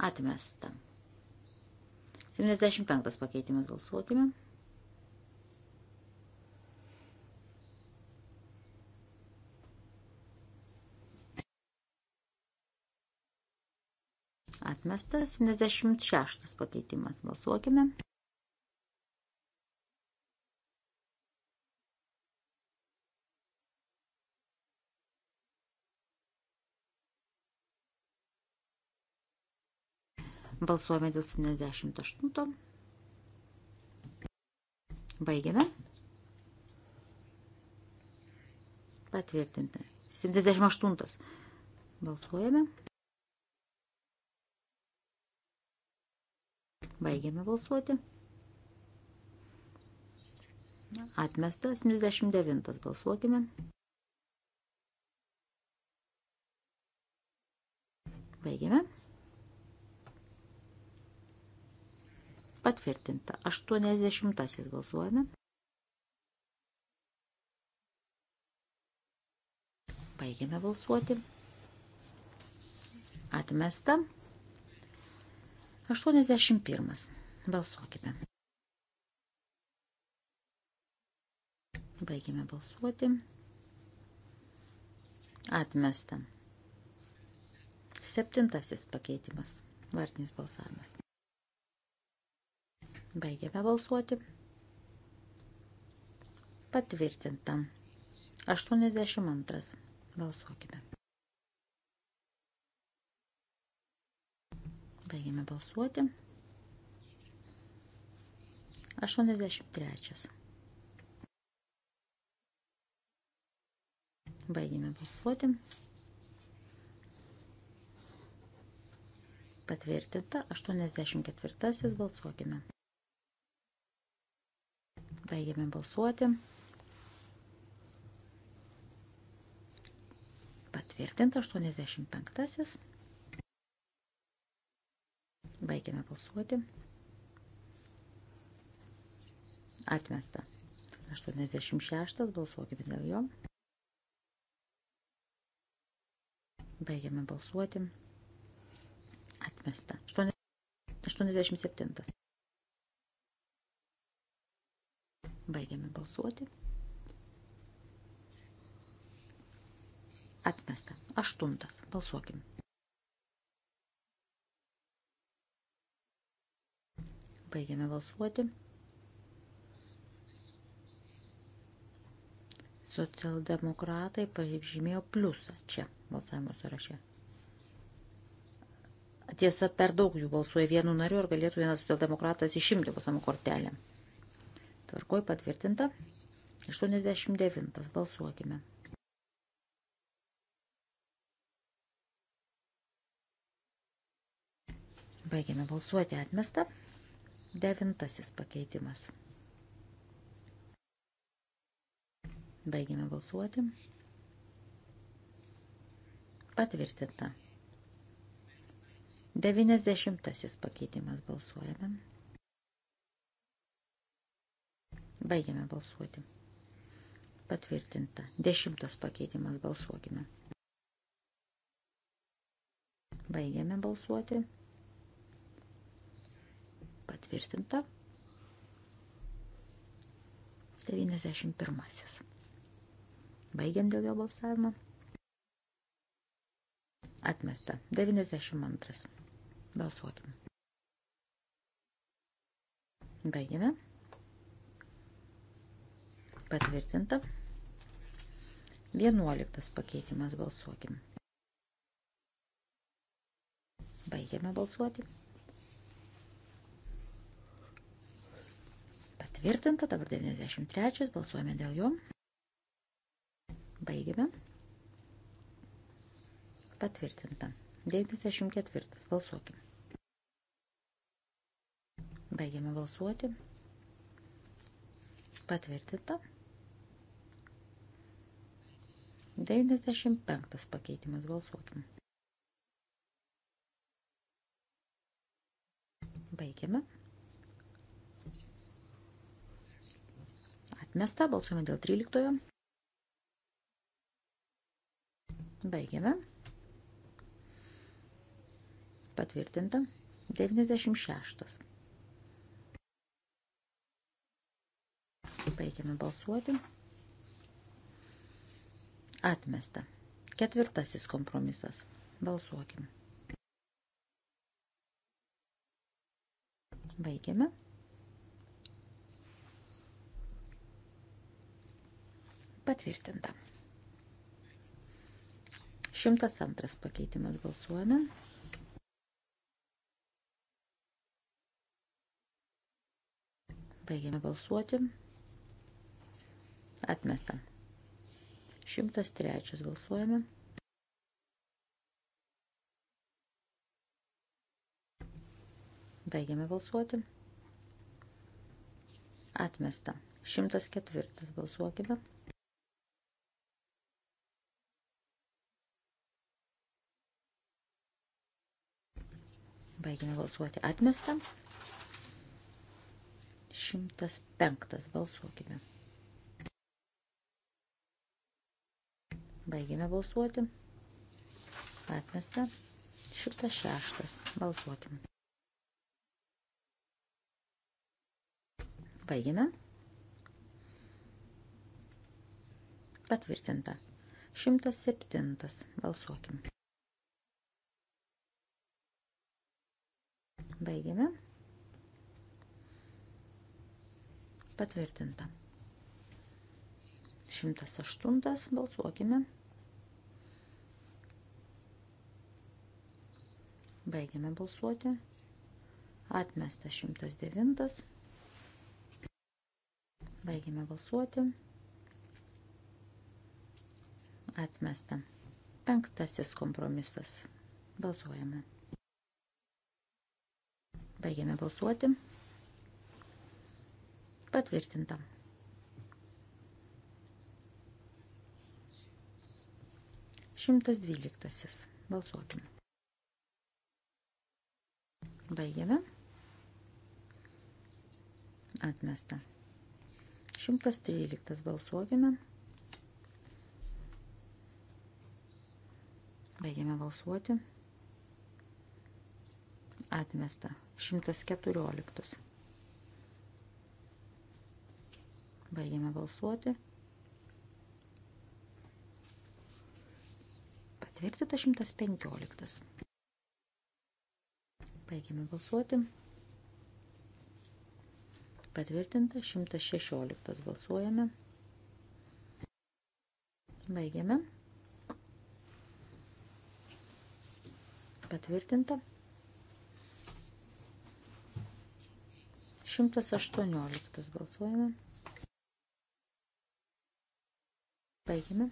Atmesta. 75 pakeitimas balsuokime. Atmestas 76 pakeitimas. Balsuokime. Balsuojame dėl 78. Baigiame. Patvirtinta. 78. Balsuojame. Baigiame balsuoti. Atmesta. 79. Balsuokime. Baigiame. Patvirtinta. 80 balsuojame. Baigiame balsuoti. Atmesta. 81. Balsuokime. Baigiame balsuoti. Atmesta. Septintasis pakeitimas. Vartinis balsavimas. Baigėme balsuoti. Patvirtinta. 82. Balsuokime. Baigėme balsuoti. 83. Baigėme balsuoti. Patvirtinta. 84. Balsuokime. Baigiame balsuoti. Patvirtinta 85. Baigiame balsuoti. Atmesta. 86. Balsuokime dėl jo. Baigiame balsuoti. Atmesta. 87. Baigiame balsuoti. Atmesta. Aštuntas. Balsuokim. Baigiame balsuoti. Socialdemokratai pažymėjo pliusą čia balsavimo sąraše. Tiesa, per daug jų balsuoja vienu nariu ir galėtų vienas socialdemokratas išimti balsavimo kortelę. Tvarkoj patvirtinta. 89. Balsuokime. Baigiame balsuoti atmestą. Devintasis pakeitimas. Baigiame balsuoti. Patvirtinta. Devinesdešimtasis pakeitimas balsuojame. Baigiame balsuoti. Patvirtinta. Dešimtas pakeitimas balsuokime. Baigiame balsuoti. Patvirtinta. 91. Baigiam dėl jo balsavimo. Atmesta. 92. Balsuokim. Baigiame. Patvirtinta. Vienuoliktas pakeitimas balsuokim. Baigiame balsuoti. Patvirtinta, dabar 93, balsuojame dėl jo. Baigiame. Patvirtinta. 94, balsuokim. Baigiame balsuoti. Patvirtinta. 95 pakeitimas balsuokim. Baigiame. Atmesta, balsuojame dėl 13. Baigiame. Patvirtinta. 96. Baigiame balsuoti. Atmesta. Ketvirtasis kompromisas. Balsuokim. Baigiame. Patvirtinta. 102 pakeitimas balsuojame. Baigiame balsuoti. Atmesta. 103 balsuojame. Baigiame balsuoti. Atmesta. 104 balsuokime. Baigime balsuoti atmestą. 105 balsuokime. Baigėme balsuoti. Atmesta. 106. Balsuokim. Baigėme. Patvirtinta. 107. Balsuokim. Baigėme. Patvirtinta. 108 balsuokime. Baigiame balsuoti. Atmestas 109. Baigiame balsuoti. Atmesta. Penktasis kompromisas. Balsuojame. Baigiame balsuoti. Patvirtinta. Šimtas dvyliktasis. Balsuokime. Baigiame. Atmesta. 113 balsuokime. Baigiame balsuoti. Atmesta. 114. Baigiame balsuoti. Patvirtita 115. Baigiame balsuoti. Patvirtinta 116 balsuojame. Baigiame. Patvirtinta 118 balsuojame. Baigiame.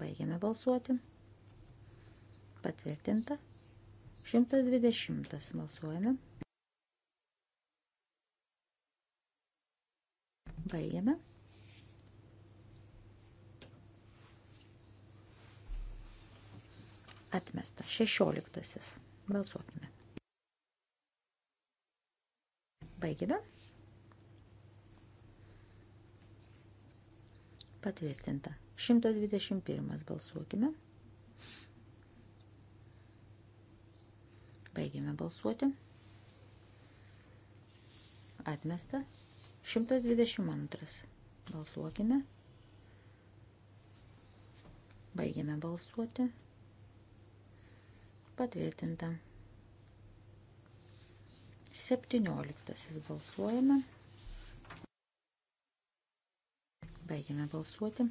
Baigiame balsuoti. Patvirtinta. 120 balsuojame. Baigiame. Atmesta. 16. Balsuokime. Baigiame. Patvirtinta. 121 balsuokime. Baigėme balsuoti. Atmesta. 122 balsuokime. Baigėme balsuoti. Patvirtinta. 17 balsuojame. Baigėme balsuoti.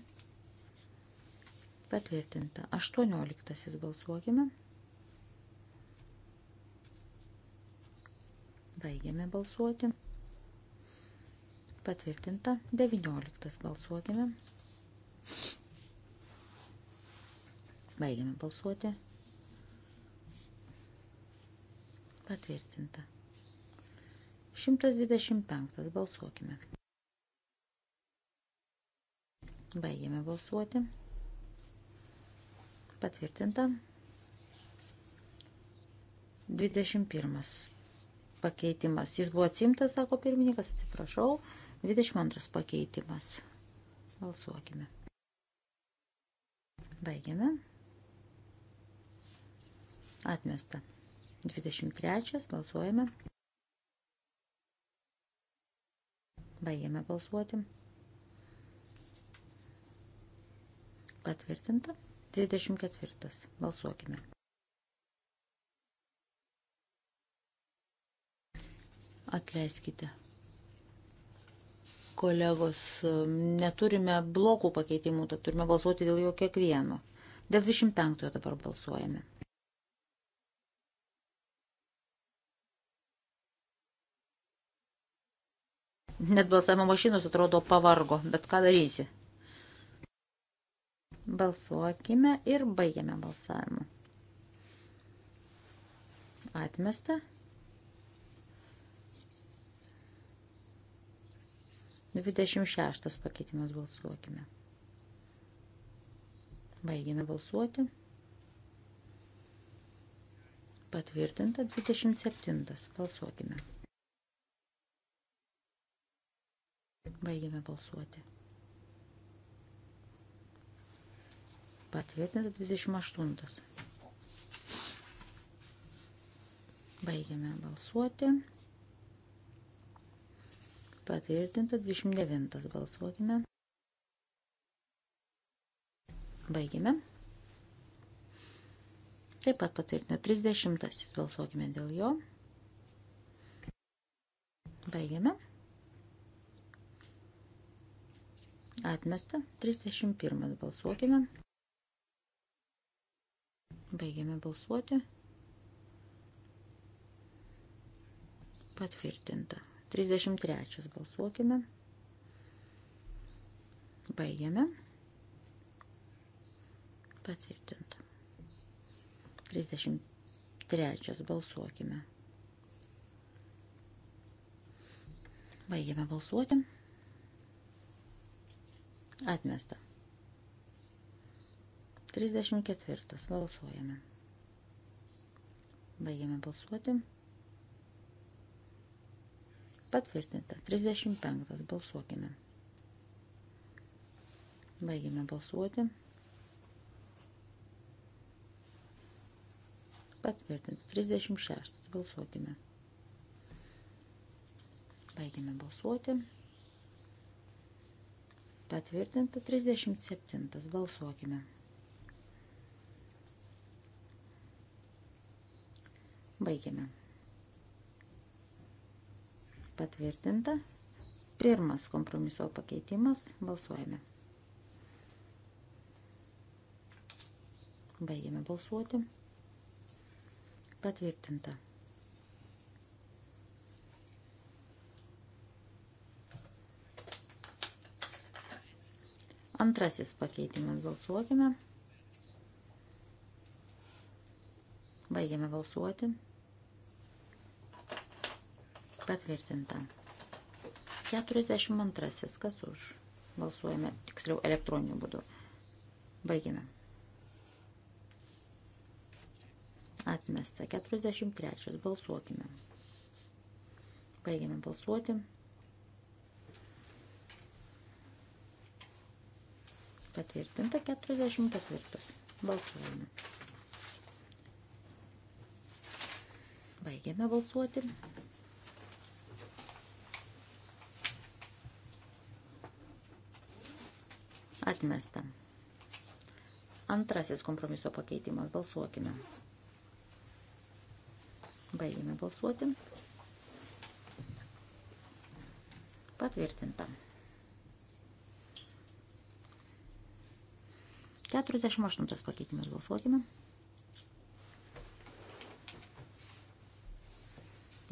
Patvirtinta. 18. Balsuokime. Baigiame balsuoti. Patvirtinta. 19. Balsuokime. Baigiame balsuoti. Patvirtinta. 125. Balsuokime. Baigiame balsuoti. Patvirtinta. 21. Pakeitimas. Jis buvo atsimtas, sako pirmininkas, atsiprašau. 22. Pakeitimas. Balsuokime. Baigiame. Atmesta. 23. Balsuojame. Baigiame balsuoti. Patvirtinta. 24. Balsuokime. Atleiskite. Kolegos, neturime blokų pakeitimų, tad turime balsuoti dėl jo kiekvieno. Dėl 25 dabar balsuojame. Net balsavimo mašinos atrodo pavargo, bet ką darysi? Balsuokime ir baigiame balsavimą. Atmesta. 26 pakeitimas balsuokime. Baigiame balsuoti. Patvirtinta 27. Balsuokime. Baigiame balsuoti. Patvirtinta 28. Baigiame balsuoti. Patvirtinta 29. Balsuokime. Baigiame. Taip pat patvirtina 30. Balsuokime dėl jo. Baigiame. Atmesta. 31. Balsuokime. Baigiame balsuoti. Patvirtinta. 33 balsuokime. Baigiame. Patvirtinta. 33 balsuokime. Baigiame balsuoti. Atmesta. 34. Balsuojame. Baigiame balsuoti. Patvirtinta. 35. Balsuokime. Baigiame balsuoti. Patvirtinta. 36. Balsuokime. Baigiame balsuoti. Patvirtinta. 37. Balsuokime. Baigiame. Patvirtinta. Pirmas kompromiso pakeitimas. Balsuojame. Baigiame balsuoti. Patvirtinta. Antrasis pakeitimas balsuokime. Baigiame balsuoti. Patvirtinta. 42. Kas už? Balsuojame tiksliau elektroniniu būdu. Baigime. Atmesta. 43. Balsuokime. Baigime balsuoti. Patvirtinta 44. Balsuojame. Baigėme balsuoti. Atmesta. Antrasis kompromiso pakeitimas. Balsuokime. Baigime balsuoti. Patvirtinta. 48 pakeitimas. Balsuokime.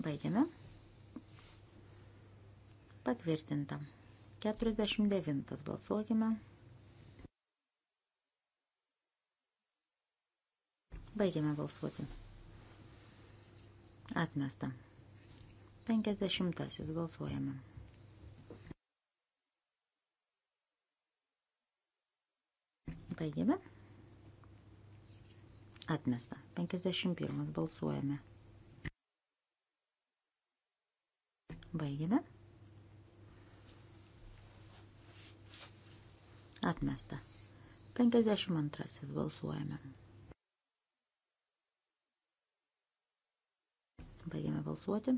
Baigiame. Patvirtinta. 49 balsuokime. Baigiame balsuoti. Atmesta. 50. Balsuojame. Baigiame. Atmesta. 51. Balsuojame. Baigiame. Atmesta. 52. Balsuojame. Baigiame balsuoti.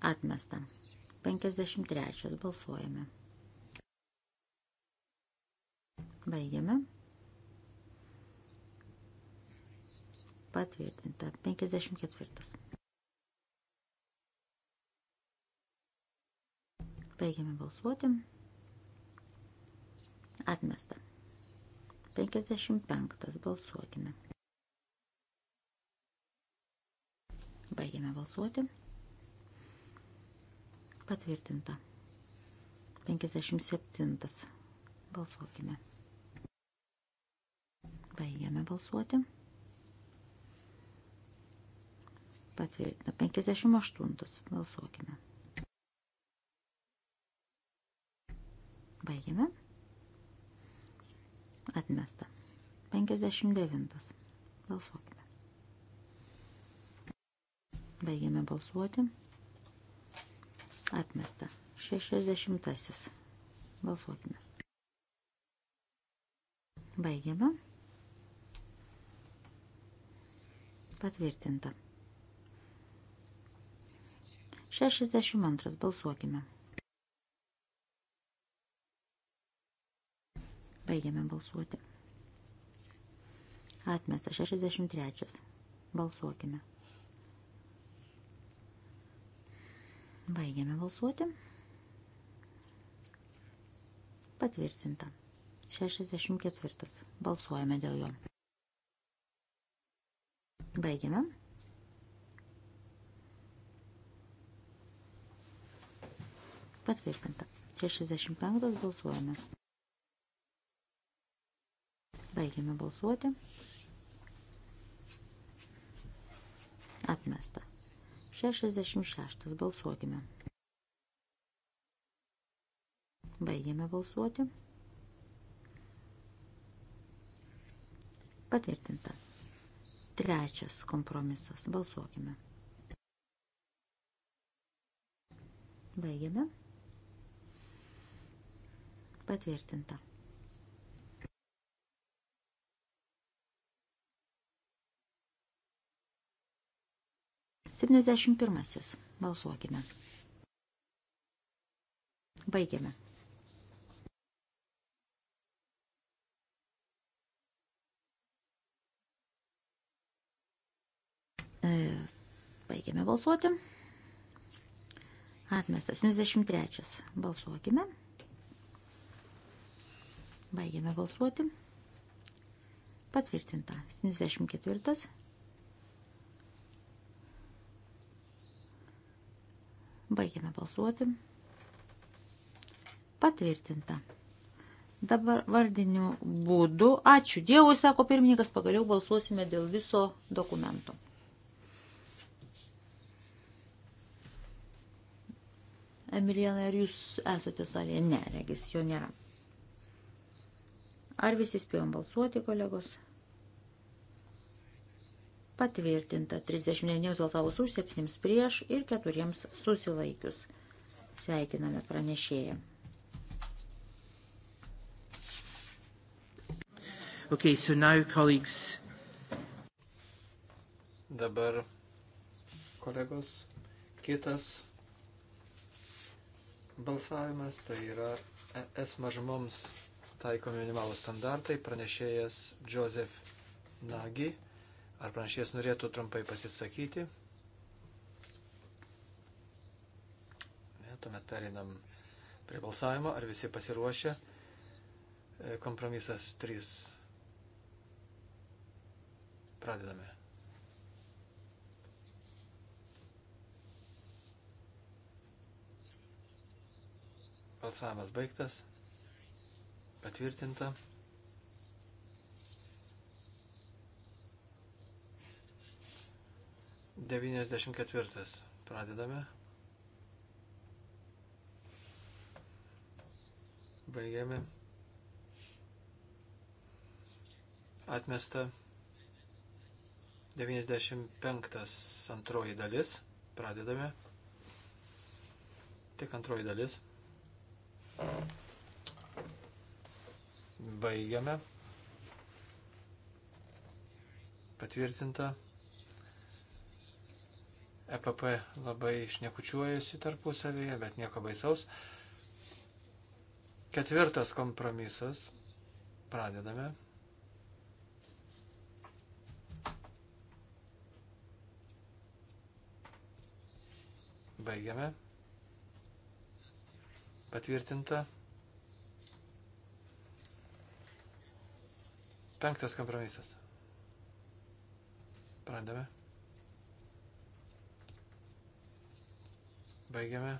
Atmesta. 53. Balsuojame. Baigiame. Patvirtinta. 54. Baigiame balsuoti. Atmesta. 55. Balsuokime. Baigiame balsuoti. Patvirtinta. 57. Balsuokime. Baigiame balsuoti. Patvirtina. 58. Balsuokime. Baigiame. Atmesta. 59. Balsuokime. Baigiame balsuoti. Atmesta. 60. Balsuokime. Baigiame. Patvirtinta. 62. Balsuokime. Baigiame balsuoti. Atmesta 63. Balsuokime. Baigiame balsuoti. Patvirtinta. 64. Balsuojame dėl jo. Baigiame. Patvirtinta. 65. Balsuojame. Baigiame balsuoti. Atmesta. 66. Balsuokime. Baigiame balsuoti. Patvirtinta. Trečias kompromisas. Balsuokime. Baigiame. Patvirtinta. 71. Balsuokime. Baigiame. E, baigiame balsuoti. Atmestas 73. Balsuokime. Baigiame balsuoti. Patvirtinta 74. Baigiame balsuoti. Patvirtinta. Dabar vardiniu būdu. Ačiū Dievui, sako pirmininkas, pagaliau balsuosime dėl viso dokumento. Emilijanai, ar jūs esate salėje? Ne, regis jo nėra. Ar visi spėjom balsuoti, kolegos? patvirtinta 39 balsavus už, 7 prieš ir 4 susilaikius. Sveikiname pranešėją. Okay, so now, colleagues. Dabar, kolegos, kitas balsavimas tai yra ES mažumoms taikomi minimalų standartai, pranešėjas Joseph Nagy. Ar pranešės norėtų trumpai pasisakyti? Ne, tuomet perinam prie balsavimo. Ar visi pasiruošę? E, kompromisas 3. Pradedame. Balsavimas baigtas. Patvirtinta. 94. Pradedame. Baigiame. Atmesta 95. Antroji dalis. Pradedame. Tik antroji dalis. Baigiame. Patvirtinta. EPP labai išnekučiuojasi tarpusavėje, bet nieko baisaus. Ketvirtas kompromisas. Pradedame. Baigiame. Patvirtinta. Penktas kompromisas. Pradame. Baigiame.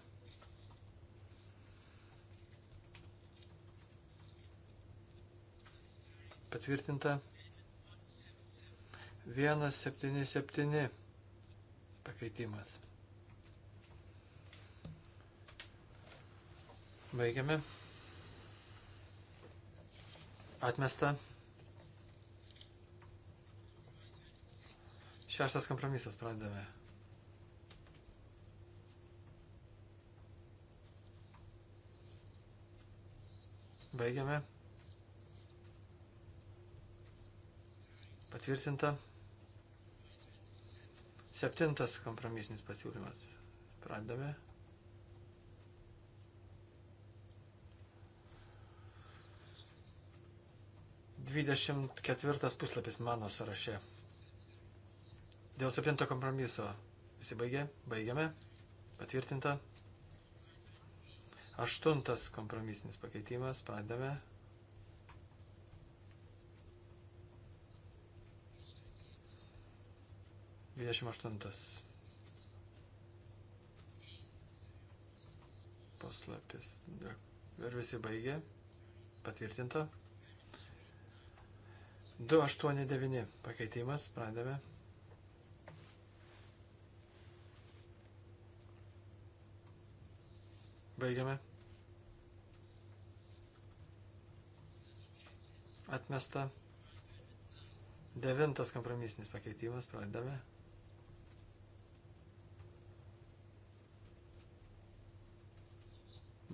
Patvirtinta. 177 pakeitimas. Baigiame. Atmesta. Šeštas kompromisas pradedame. Baigiame. Patvirtinta. Septintas kompromisinis pasiūlymas. Pradame. Dvidešimt ketvirtas puslapis mano sąraše. Dėl septinto kompromiso visi baigė, baigiame, patvirtinta. Aštuntas kompromisinis pakeitimas, pradame. Dvidešimt aštuntas. Puslapis. Ir visi baigė. Patvirtinta. 289 pakeitimas, pradame. Baigiame. Atmesta. Devintas kompromisinis pakeitimas. Pradedame.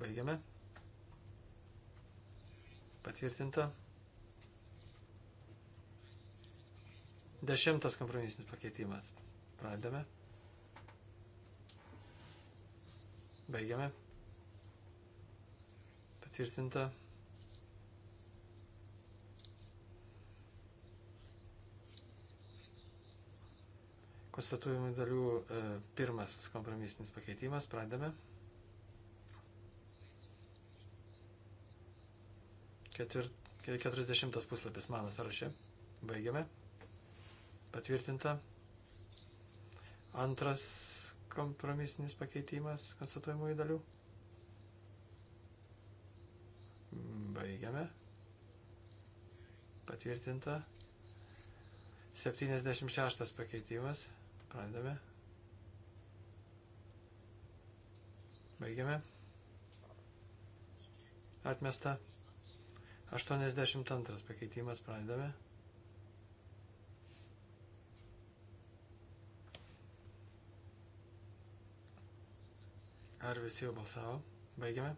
Baigiame. Patvirtinta. Dešimtas kompromisinis pakeitimas. Pradedame. Baigiame. Patvirtinta. konstatuojamų dalių e, pirmas kompromisinis pakeitimas. Pradame. Ketvirt, 40 puslapis mano sąraše. Baigiame. Patvirtinta. Antras kompromisinis pakeitimas konstatuojamųjų dalių. Baigiame. Patvirtinta. 76 pakeitimas. Pradedame. Baigiame. Atmesta. 82 pakeitimas. Pradedame. Ar visi jau balsavo? Baigiame.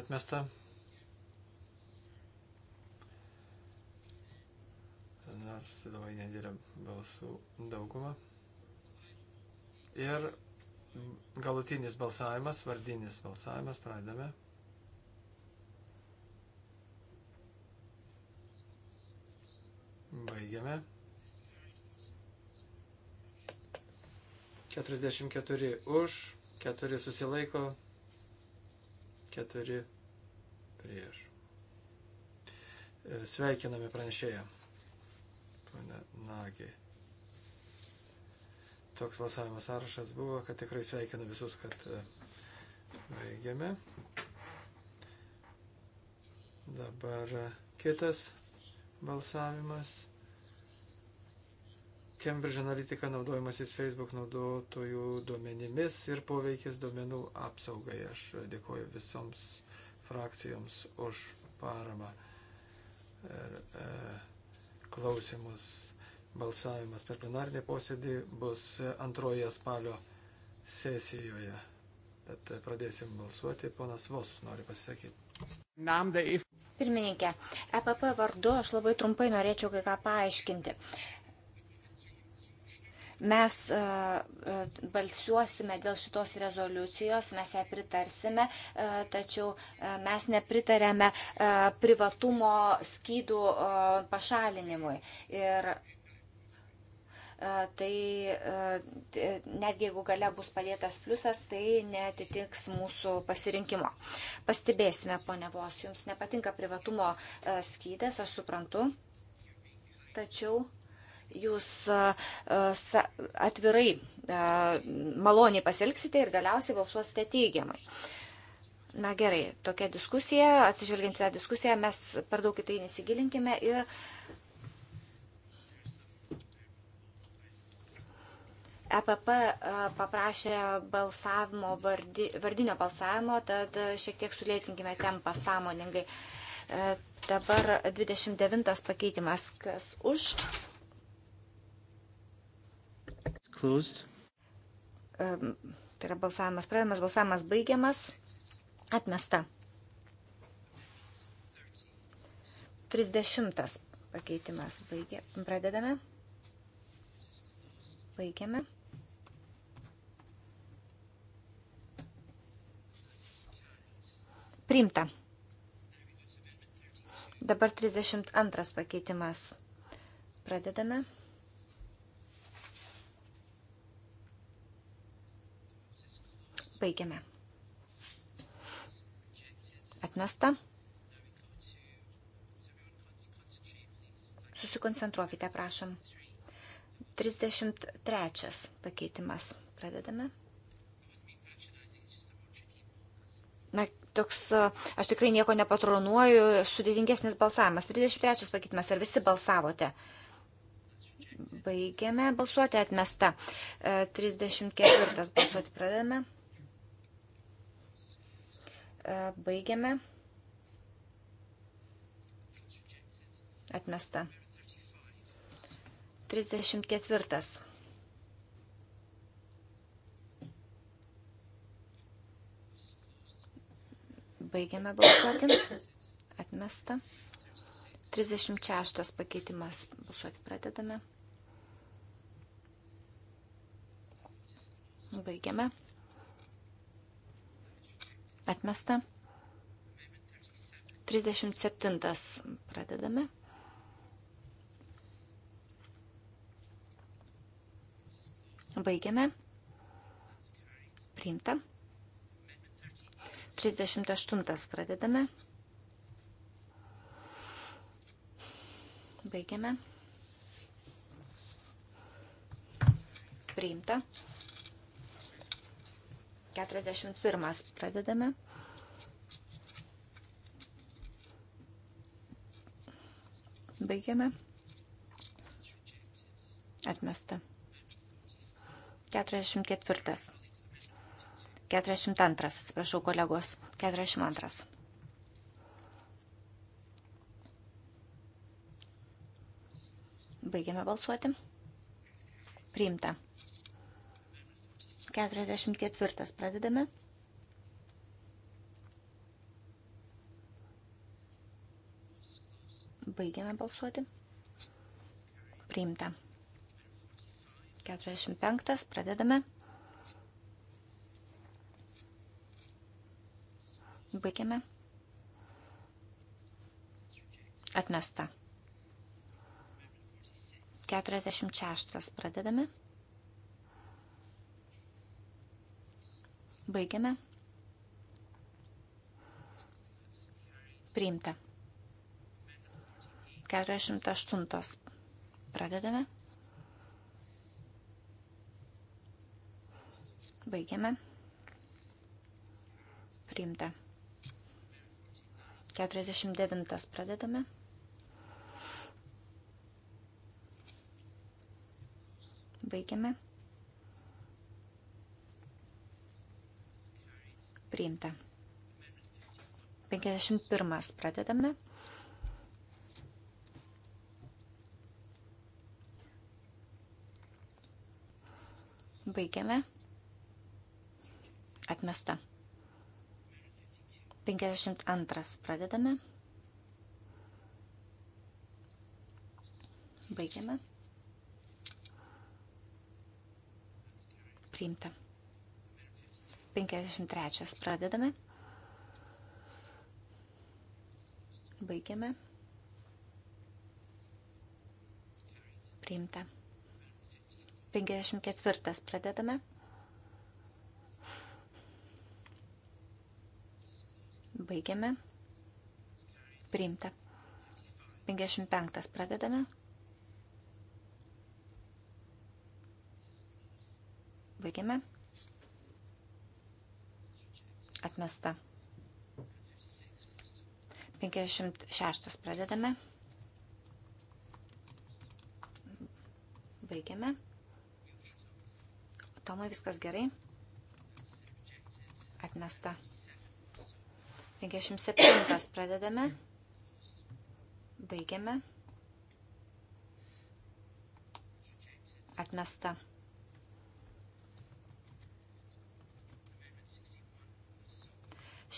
Atmesta. nes labai nedėlė balsų dauguma. Ir galutinis balsavimas, vardinis balsavimas, pradedame. Baigiame. 44 už, 4 susilaiko, 4 prieš. E, Sveikiname pranešėją. Pane Nagi. Toks balsavimo sąrašas buvo, kad tikrai sveikinu visus, kad e, baigiame. Dabar e, kitas balsavimas. Cambridge Analytica naudojimasis Facebook naudotojų duomenimis ir poveikis duomenų apsaugai. Aš dėkoju visoms frakcijoms už paramą. Ir, e, klausimus. Balsavimas per plenarinį posėdį bus antroje spalio sesijoje. Tad pradėsim balsuoti. Ponas Vos nori pasisakyti. Pirmininkė, EPP vardu aš labai trumpai norėčiau kai ką paaiškinti. Mes e, e, balsuosime dėl šitos rezoliucijos, mes ją pritarsime, e, tačiau mes nepritarėme privatumo skydų pašalinimui. Ir tai netgi jeigu gale bus padėtas pliusas, tai netitiks mūsų pasirinkimo. Pastebėsime, ponė Vos, jums nepatinka privatumo skydas, aš suprantu, tačiau jūs atvirai maloniai pasielgsite ir galiausiai balsuosite teigiamai. Na gerai, tokia diskusija, atsižvelgiant į tą diskusiją, mes per daug į tai nesigilinkime ir EPP paprašė balsavimo, vardi, vardinio balsavimo, tad šiek tiek sulėtinkime tempą sąmoningai. E, dabar 29 pakeitimas, kas už closed. Um, tai yra balsavimas pradedamas, balsavimas baigiamas, atmesta. 30 pakeitimas baigė. Pradedame. Baigiame. Priimta. Dabar 32 pakeitimas. Pradedame. baigiame. Atmesta. Susikoncentruokite, prašom. 33 pakeitimas. Pradedame. Na, toks, aš tikrai nieko nepatronuoju, sudėtingesnis balsavimas. 33 pakeitimas, ar visi balsavote? Baigiame balsuoti atmesta. 34 balsuoti pradedame. E, baigiame. Atmesta. 34. Baigiame balsuoti. Atmesta. 36 pakeitimas. Balsuoti pradedame. Baigiame. Atmesta. 37. Pradedame. Baigiame. Priimta. 38 pradedame. Baigiame. Priimta. 41. Pradedame. Baigiame. Atmesta. 44. 42. Atsiprašau, kolegos. 42. Baigiame balsuoti. Priimta. 44 pradedame. Baigiame balsuoti. Priimta. 45 pradedame. Baigiame. Atmesta. 46 pradedame. Baigiame. Priimta. 48. Pradedame. Baigiame. Priimta. 49 pradedame. Baigiame. Priimta. 51. Pradedame. Baigiame. Atmesta. 52. Pradedame. Baigiame. Priimta. 53 pradedame. Baigiame. Priimta. 54 pradedame. Baigiame. Priimta. 55 pradedame. Baigiame atmesta. 56 pradedame. Baigiame. Tomai viskas gerai. Atmesta. 57 pradedame. Baigiame. Atmesta.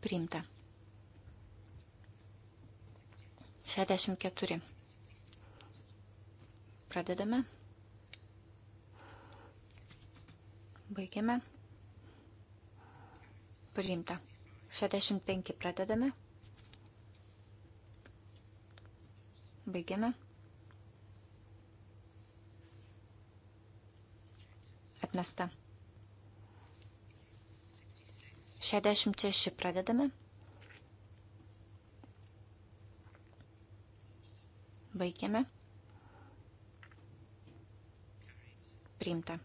Priimta. 64. Pradedame. Baigiame. Priimta. 65 pradedame. Baigiame. Atmesta. 66 pradedame. Baigiame. Priimta.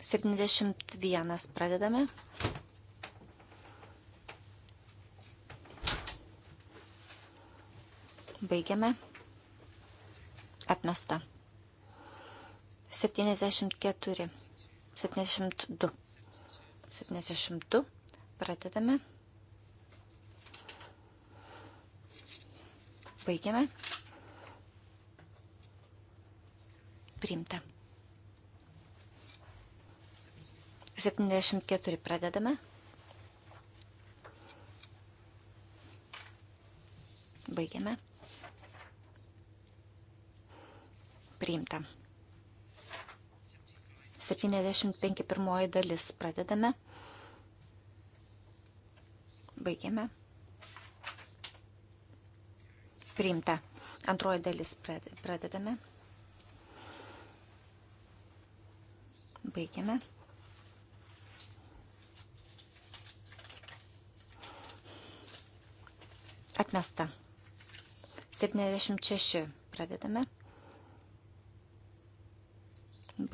71 pradedame. Baigiame. Atmesta. 74, 72. 72. Pradedame. Baigiame. Priimta. 74 pradedame. Baigiame. Priimta. 75 dalis. Pradedame. Baigėme. Priimta. Antroji dalis pradedame. Baigėme. Atmesta. 76 pradedame.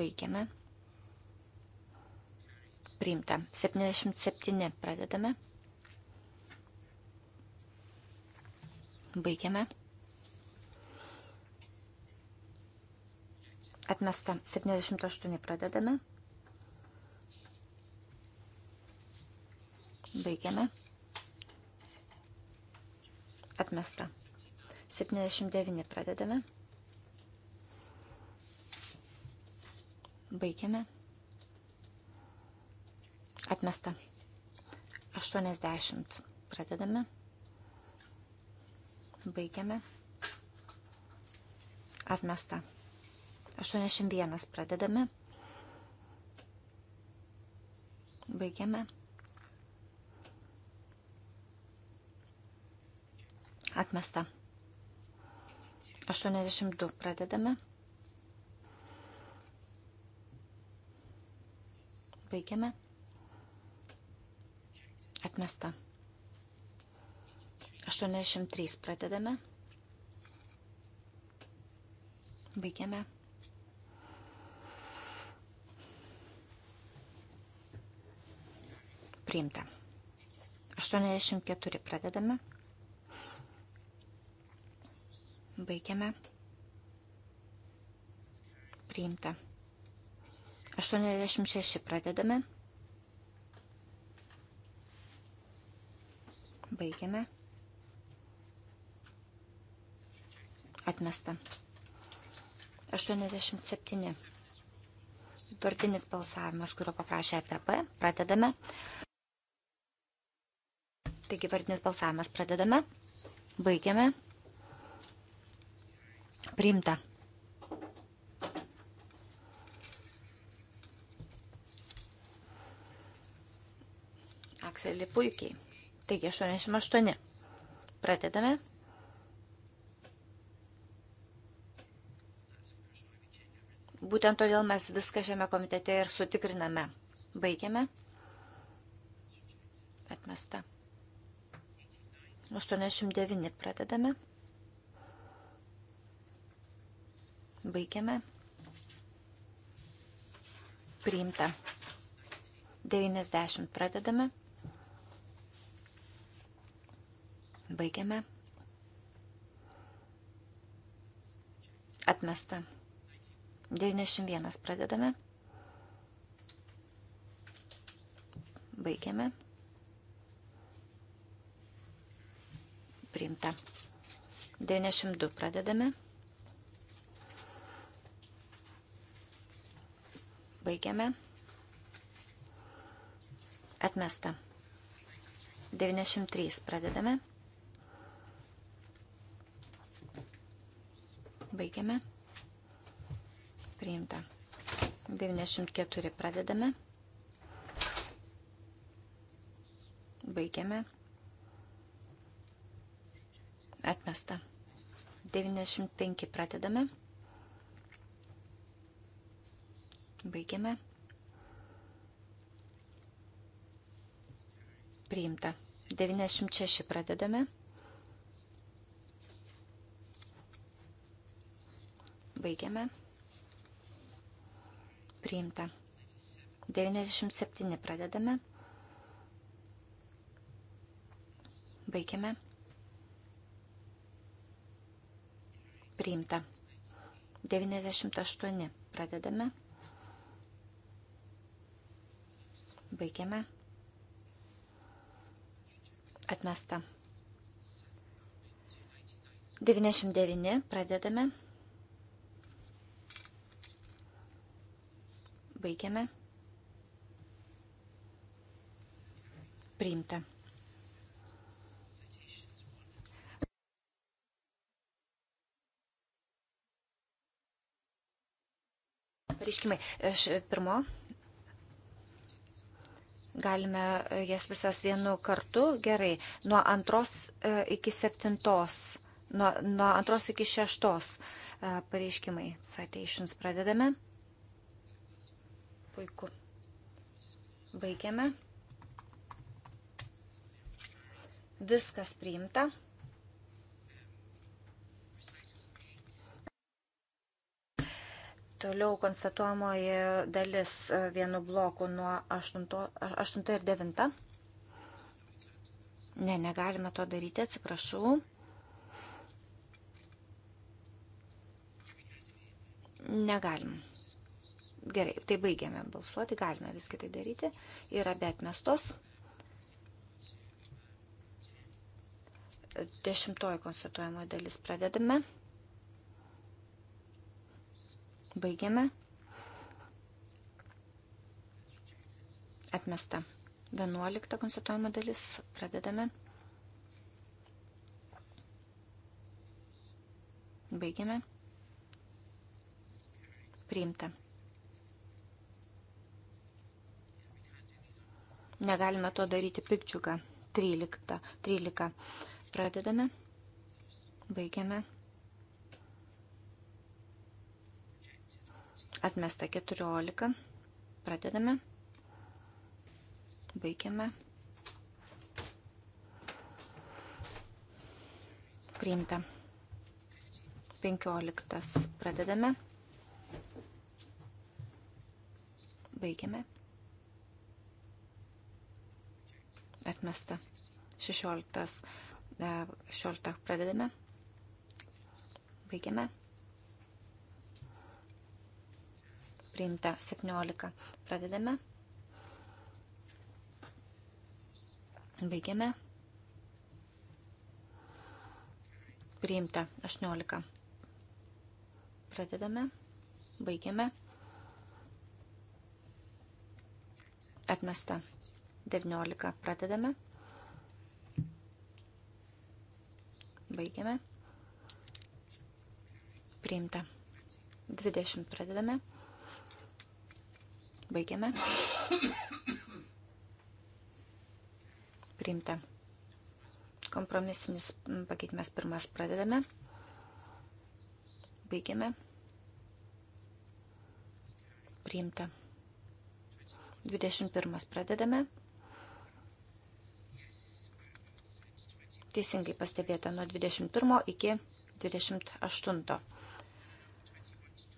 Baigiame priimta. 77 pradedame. Baigiame. Atmesta. 78 pradedame. Baigiame. Atmesta. 79 pradedame. Baigiame. Atmesta. 80. Pradedame. Baigiame. Atmesta. 81. Pradedame. Baigiame. Atmesta. 82 pradedame. Baigiame. Atmesta. 83 pradedame. Baigiame. Priimta. 84 pradedame. Baigiame. Priimta. 86 pradedame. Baigiame. Atmesta. 87. Vardinis balsavimas, kurio paprašė EPP. Pradedame. Taigi vardinis balsavimas pradedame. Baigiame. Priimta. Akselį puikiai. Taigi 88. Pradedame. Būtent todėl mes viską šiame komitete ir sutikriname. Baigiame. Atmesta. 89 pradedame. Baigiame. Priimta. 90 pradedame. Baigiame. Atmesta. 91 pradedame. Baigiame. Priimta. 92 pradedame. Baigiame. Atmesta. 93 pradedame. Baigiame. Priimta. 94 pradedame. Baigiame. Atmesta. 95 pradedame. Baigiame. Priimta. 96 pradedame. Baigiame. Baigiame. Priimta. 97 pradedame. Baigiame. Priimta. 98 pradedame. Baigiame. Atmesta. 99 pradedame. Baigiame. Priimta. Pareiškimai. Iš e, pirmo galime e, jas visas vienu kartu, gerai, nuo antros e, iki septintos, nuo, nuo antros iki šeštos pareiškimai, citations pradedame. Puiku. Baigiame. Viskas priimta. Toliau konstatuojamoji dalis e, vienu bloku nuo 8, 8 ir 9. Ne, negalime to daryti, atsiprašau. Negalim. Gerai, tai baigiame balsuoti, galime viską tai daryti. Yra bet mestos. Dešimtoji konstatuojamoji dalis pradedame. Baigiame. Atmesta. Vienuolikta konstatuojama dalis pradedame. Baigiame. Priimta. Negalime to daryti pikčiuką. 13. 13. Pradedame. Baigiame. Atmesta 14. Pradedame. Baigiame. Priimta. 15. Pradedame. Baigiame. atmesta. 16. 16 e, pradedame. Baigiame. Priimta 17. Pradedame. Baigiame. Priimta 18. Pradedame. Baigiame. Atmesta 19 pradedame. Baigiame. Priimta. 20 pradedame. Baigiame. Priimta. Kompromisinis pakeitimas pirmas pradedame. Baigiame. Priimta. 21 pradedame. Teisingai pastebėta nuo 21 iki 28.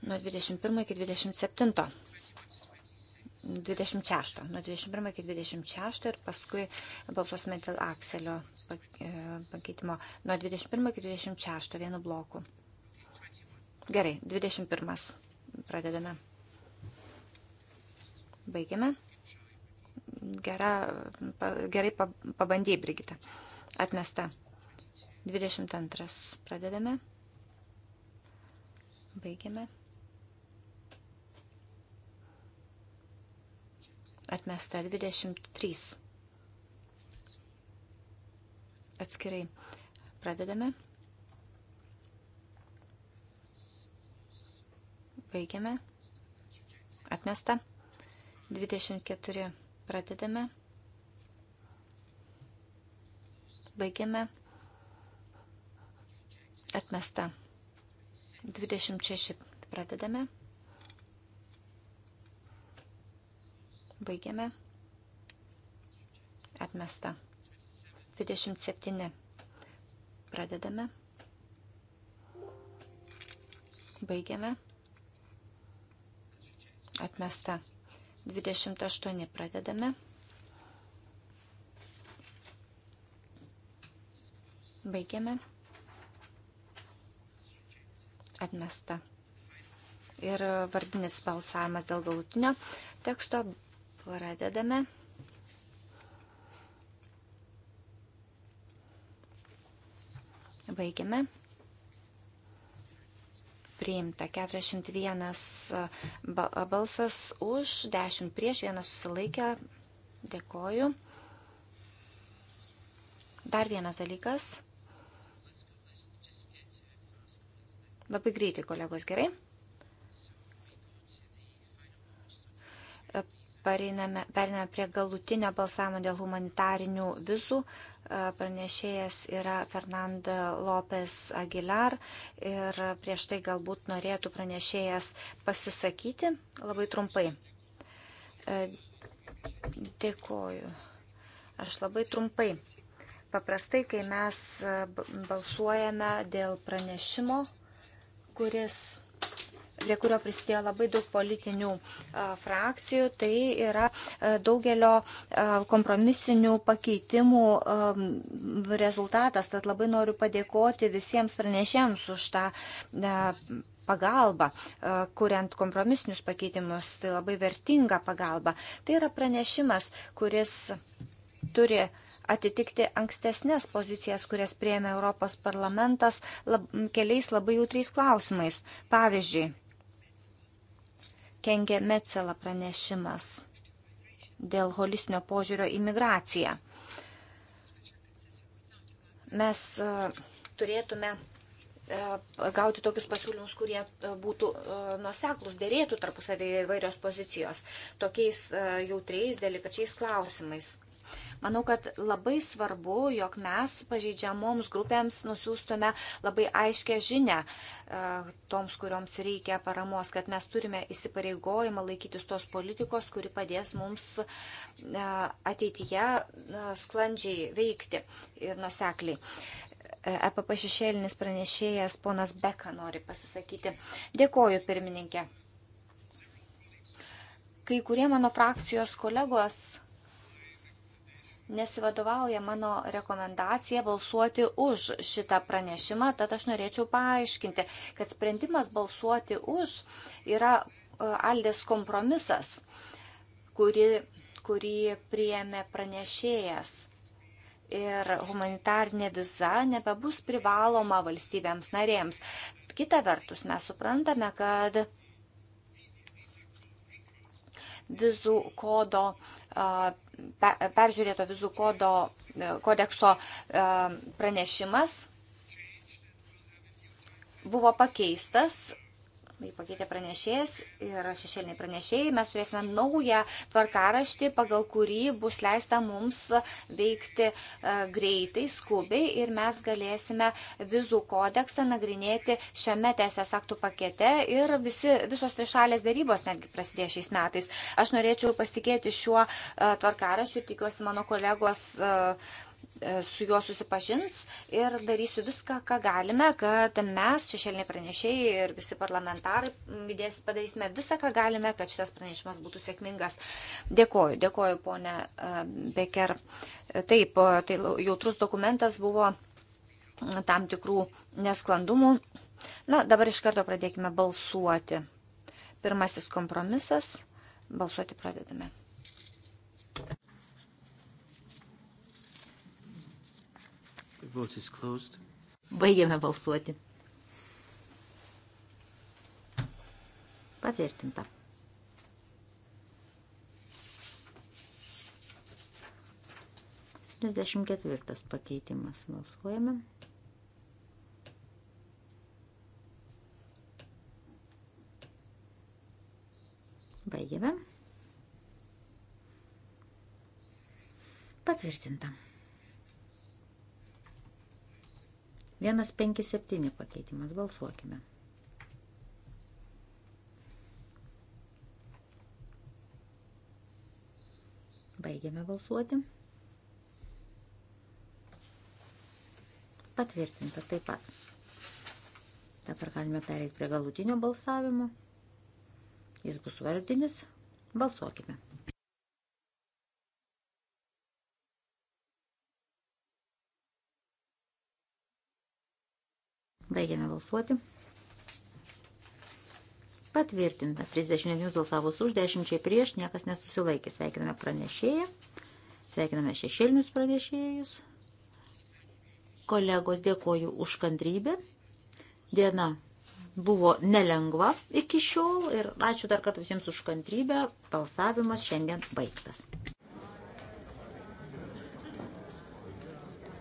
Nuo 21 iki 27. 26. Nuo 21 iki 26 ir paskui balsuosime dėl akselio e, pakeitimo. Nuo 21 iki 26 vienu bloku. Gerai, 21. Pradedame. Baigiame. Gera, pa, gerai pabandėjai, Brigita. Atmesta. 22. Pradedame. Baigiame. Atmesta 23. Atskirai pradedame. Baigiame. Atmesta. 24. Pradedame. Baigiame. Atmesta. 26 pradedame. Baigiame. Atmesta. 27 pradedame. Baigiame. Atmesta. 28 pradedame. Baigiame. Atmesta. Ir vardinis balsavimas dėl galutinio teksto. Pradedame. Baigiame. Priimta 41 e, balsas už, 10 prieš, vienas susilaikė. Dėkoju. Dar vienas dalykas. Labai greitai, kolegos, gerai? Pereiname, pereiname prie galutinio balsavimo dėl humanitarinių vizų. Pranešėjas yra Fernanda Lopes Aguilar ir prieš tai galbūt norėtų pranešėjas pasisakyti labai trumpai. E, dėkoju. Aš labai trumpai. Paprastai, kai mes balsuojame dėl pranešimo, kuris prie kurio prisidėjo labai daug politinių frakcijų, tai yra daugelio kompromisinių pakeitimų rezultatas. Tad labai noriu padėkoti visiems pranešėms už tą pagalbą, kuriant kompromisinius pakeitimus. Tai labai vertinga pagalba. Tai yra pranešimas, kuris turi atitikti ankstesnės pozicijas, kurias prieėmė Europos parlamentas lab, keliais labai jautriais klausimais. Pavyzdžiui, Kengė Metsela pranešimas dėl holistinio požiūrio į migraciją. Mes e, turėtume e, gauti tokius pasiūlymus, kurie e, būtų nuoseklus, dėrėtų tarpusavėje įvairios pozicijos tokiais jautriais, delikačiais klausimais. Manau, kad labai svarbu, jog mes pažeidžiamoms grupėms nusiųstume labai aiškę žinę e, toms, kurioms reikia paramos, kad mes turime įsipareigojimą laikytis tos politikos, kuri padės mums e, ateityje e, sklandžiai veikti ir nusekliai. EPP šešėlinis pranešėjas ponas Beka nori pasisakyti. Dėkoju, pirmininkė. Kai kurie mano frakcijos kolegos nesivadovauja mano rekomendacija balsuoti už šitą pranešimą, tad aš norėčiau paaiškinti, kad sprendimas balsuoti už yra e, Aldės kompromisas, kuri, kurį priėmė pranešėjas. Ir humanitarnė viza nebebus privaloma valstybėms narėms. Kita vertus, mes suprantame, kad vizų kodo, peržiūrėto vizų kodo, e, kodekso e, pranešimas buvo pakeistas pakeitė pranešėjas ir šešėliniai pranešėjai, mes turėsime naują tvarkaraštį, pagal kurį bus leista mums veikti e, greitai, skubiai ir mes galėsime vizų kodeksą nagrinėti šiame teisės aktų pakete ir visi, visos trišalės darybos netgi prasidėjo šiais metais. Aš norėčiau pasitikėti šiuo e, tvarkaraščiu ir tikiuosi mano kolegos e, E, su juo susipažins ir darysiu viską, ką galime, kad mes, šešėliniai pranešėjai ir visi parlamentarai, dės, padarysime visą, ką galime, kad šitas pranešimas būtų sėkmingas. Dėkoju, dėkoju, ponė e, Becker. E, taip, tai jautrus dokumentas buvo tam tikrų nesklandumų. Na, dabar iš karto pradėkime balsuoti. Pirmasis kompromisas. Balsuoti pradedame. Baigėme balsuoti. Patvirtinta. Septyniasdešimt ketvirtas pakeitimas. Balsuojame. Baigėme. Patvirtinta. 157 pakeitimas. Balsuokime. Baigiame balsuoti. Patvirtinta taip pat. Dabar galime pereiti prie galutinio balsavimo. Jis bus vardinis. Balsuokime. Baigiame balsuoti. Patvirtinta. 39 balsavus už, 10 prieš, niekas nesusilaikė. Sveikiname pranešėją, sveikiname šešėlinius pranešėjus. Kolegos, dėkoju už kantrybę. Diena buvo nelengva iki šiol ir ačiū dar kartą visiems už kantrybę. Balsavimas šiandien baigtas.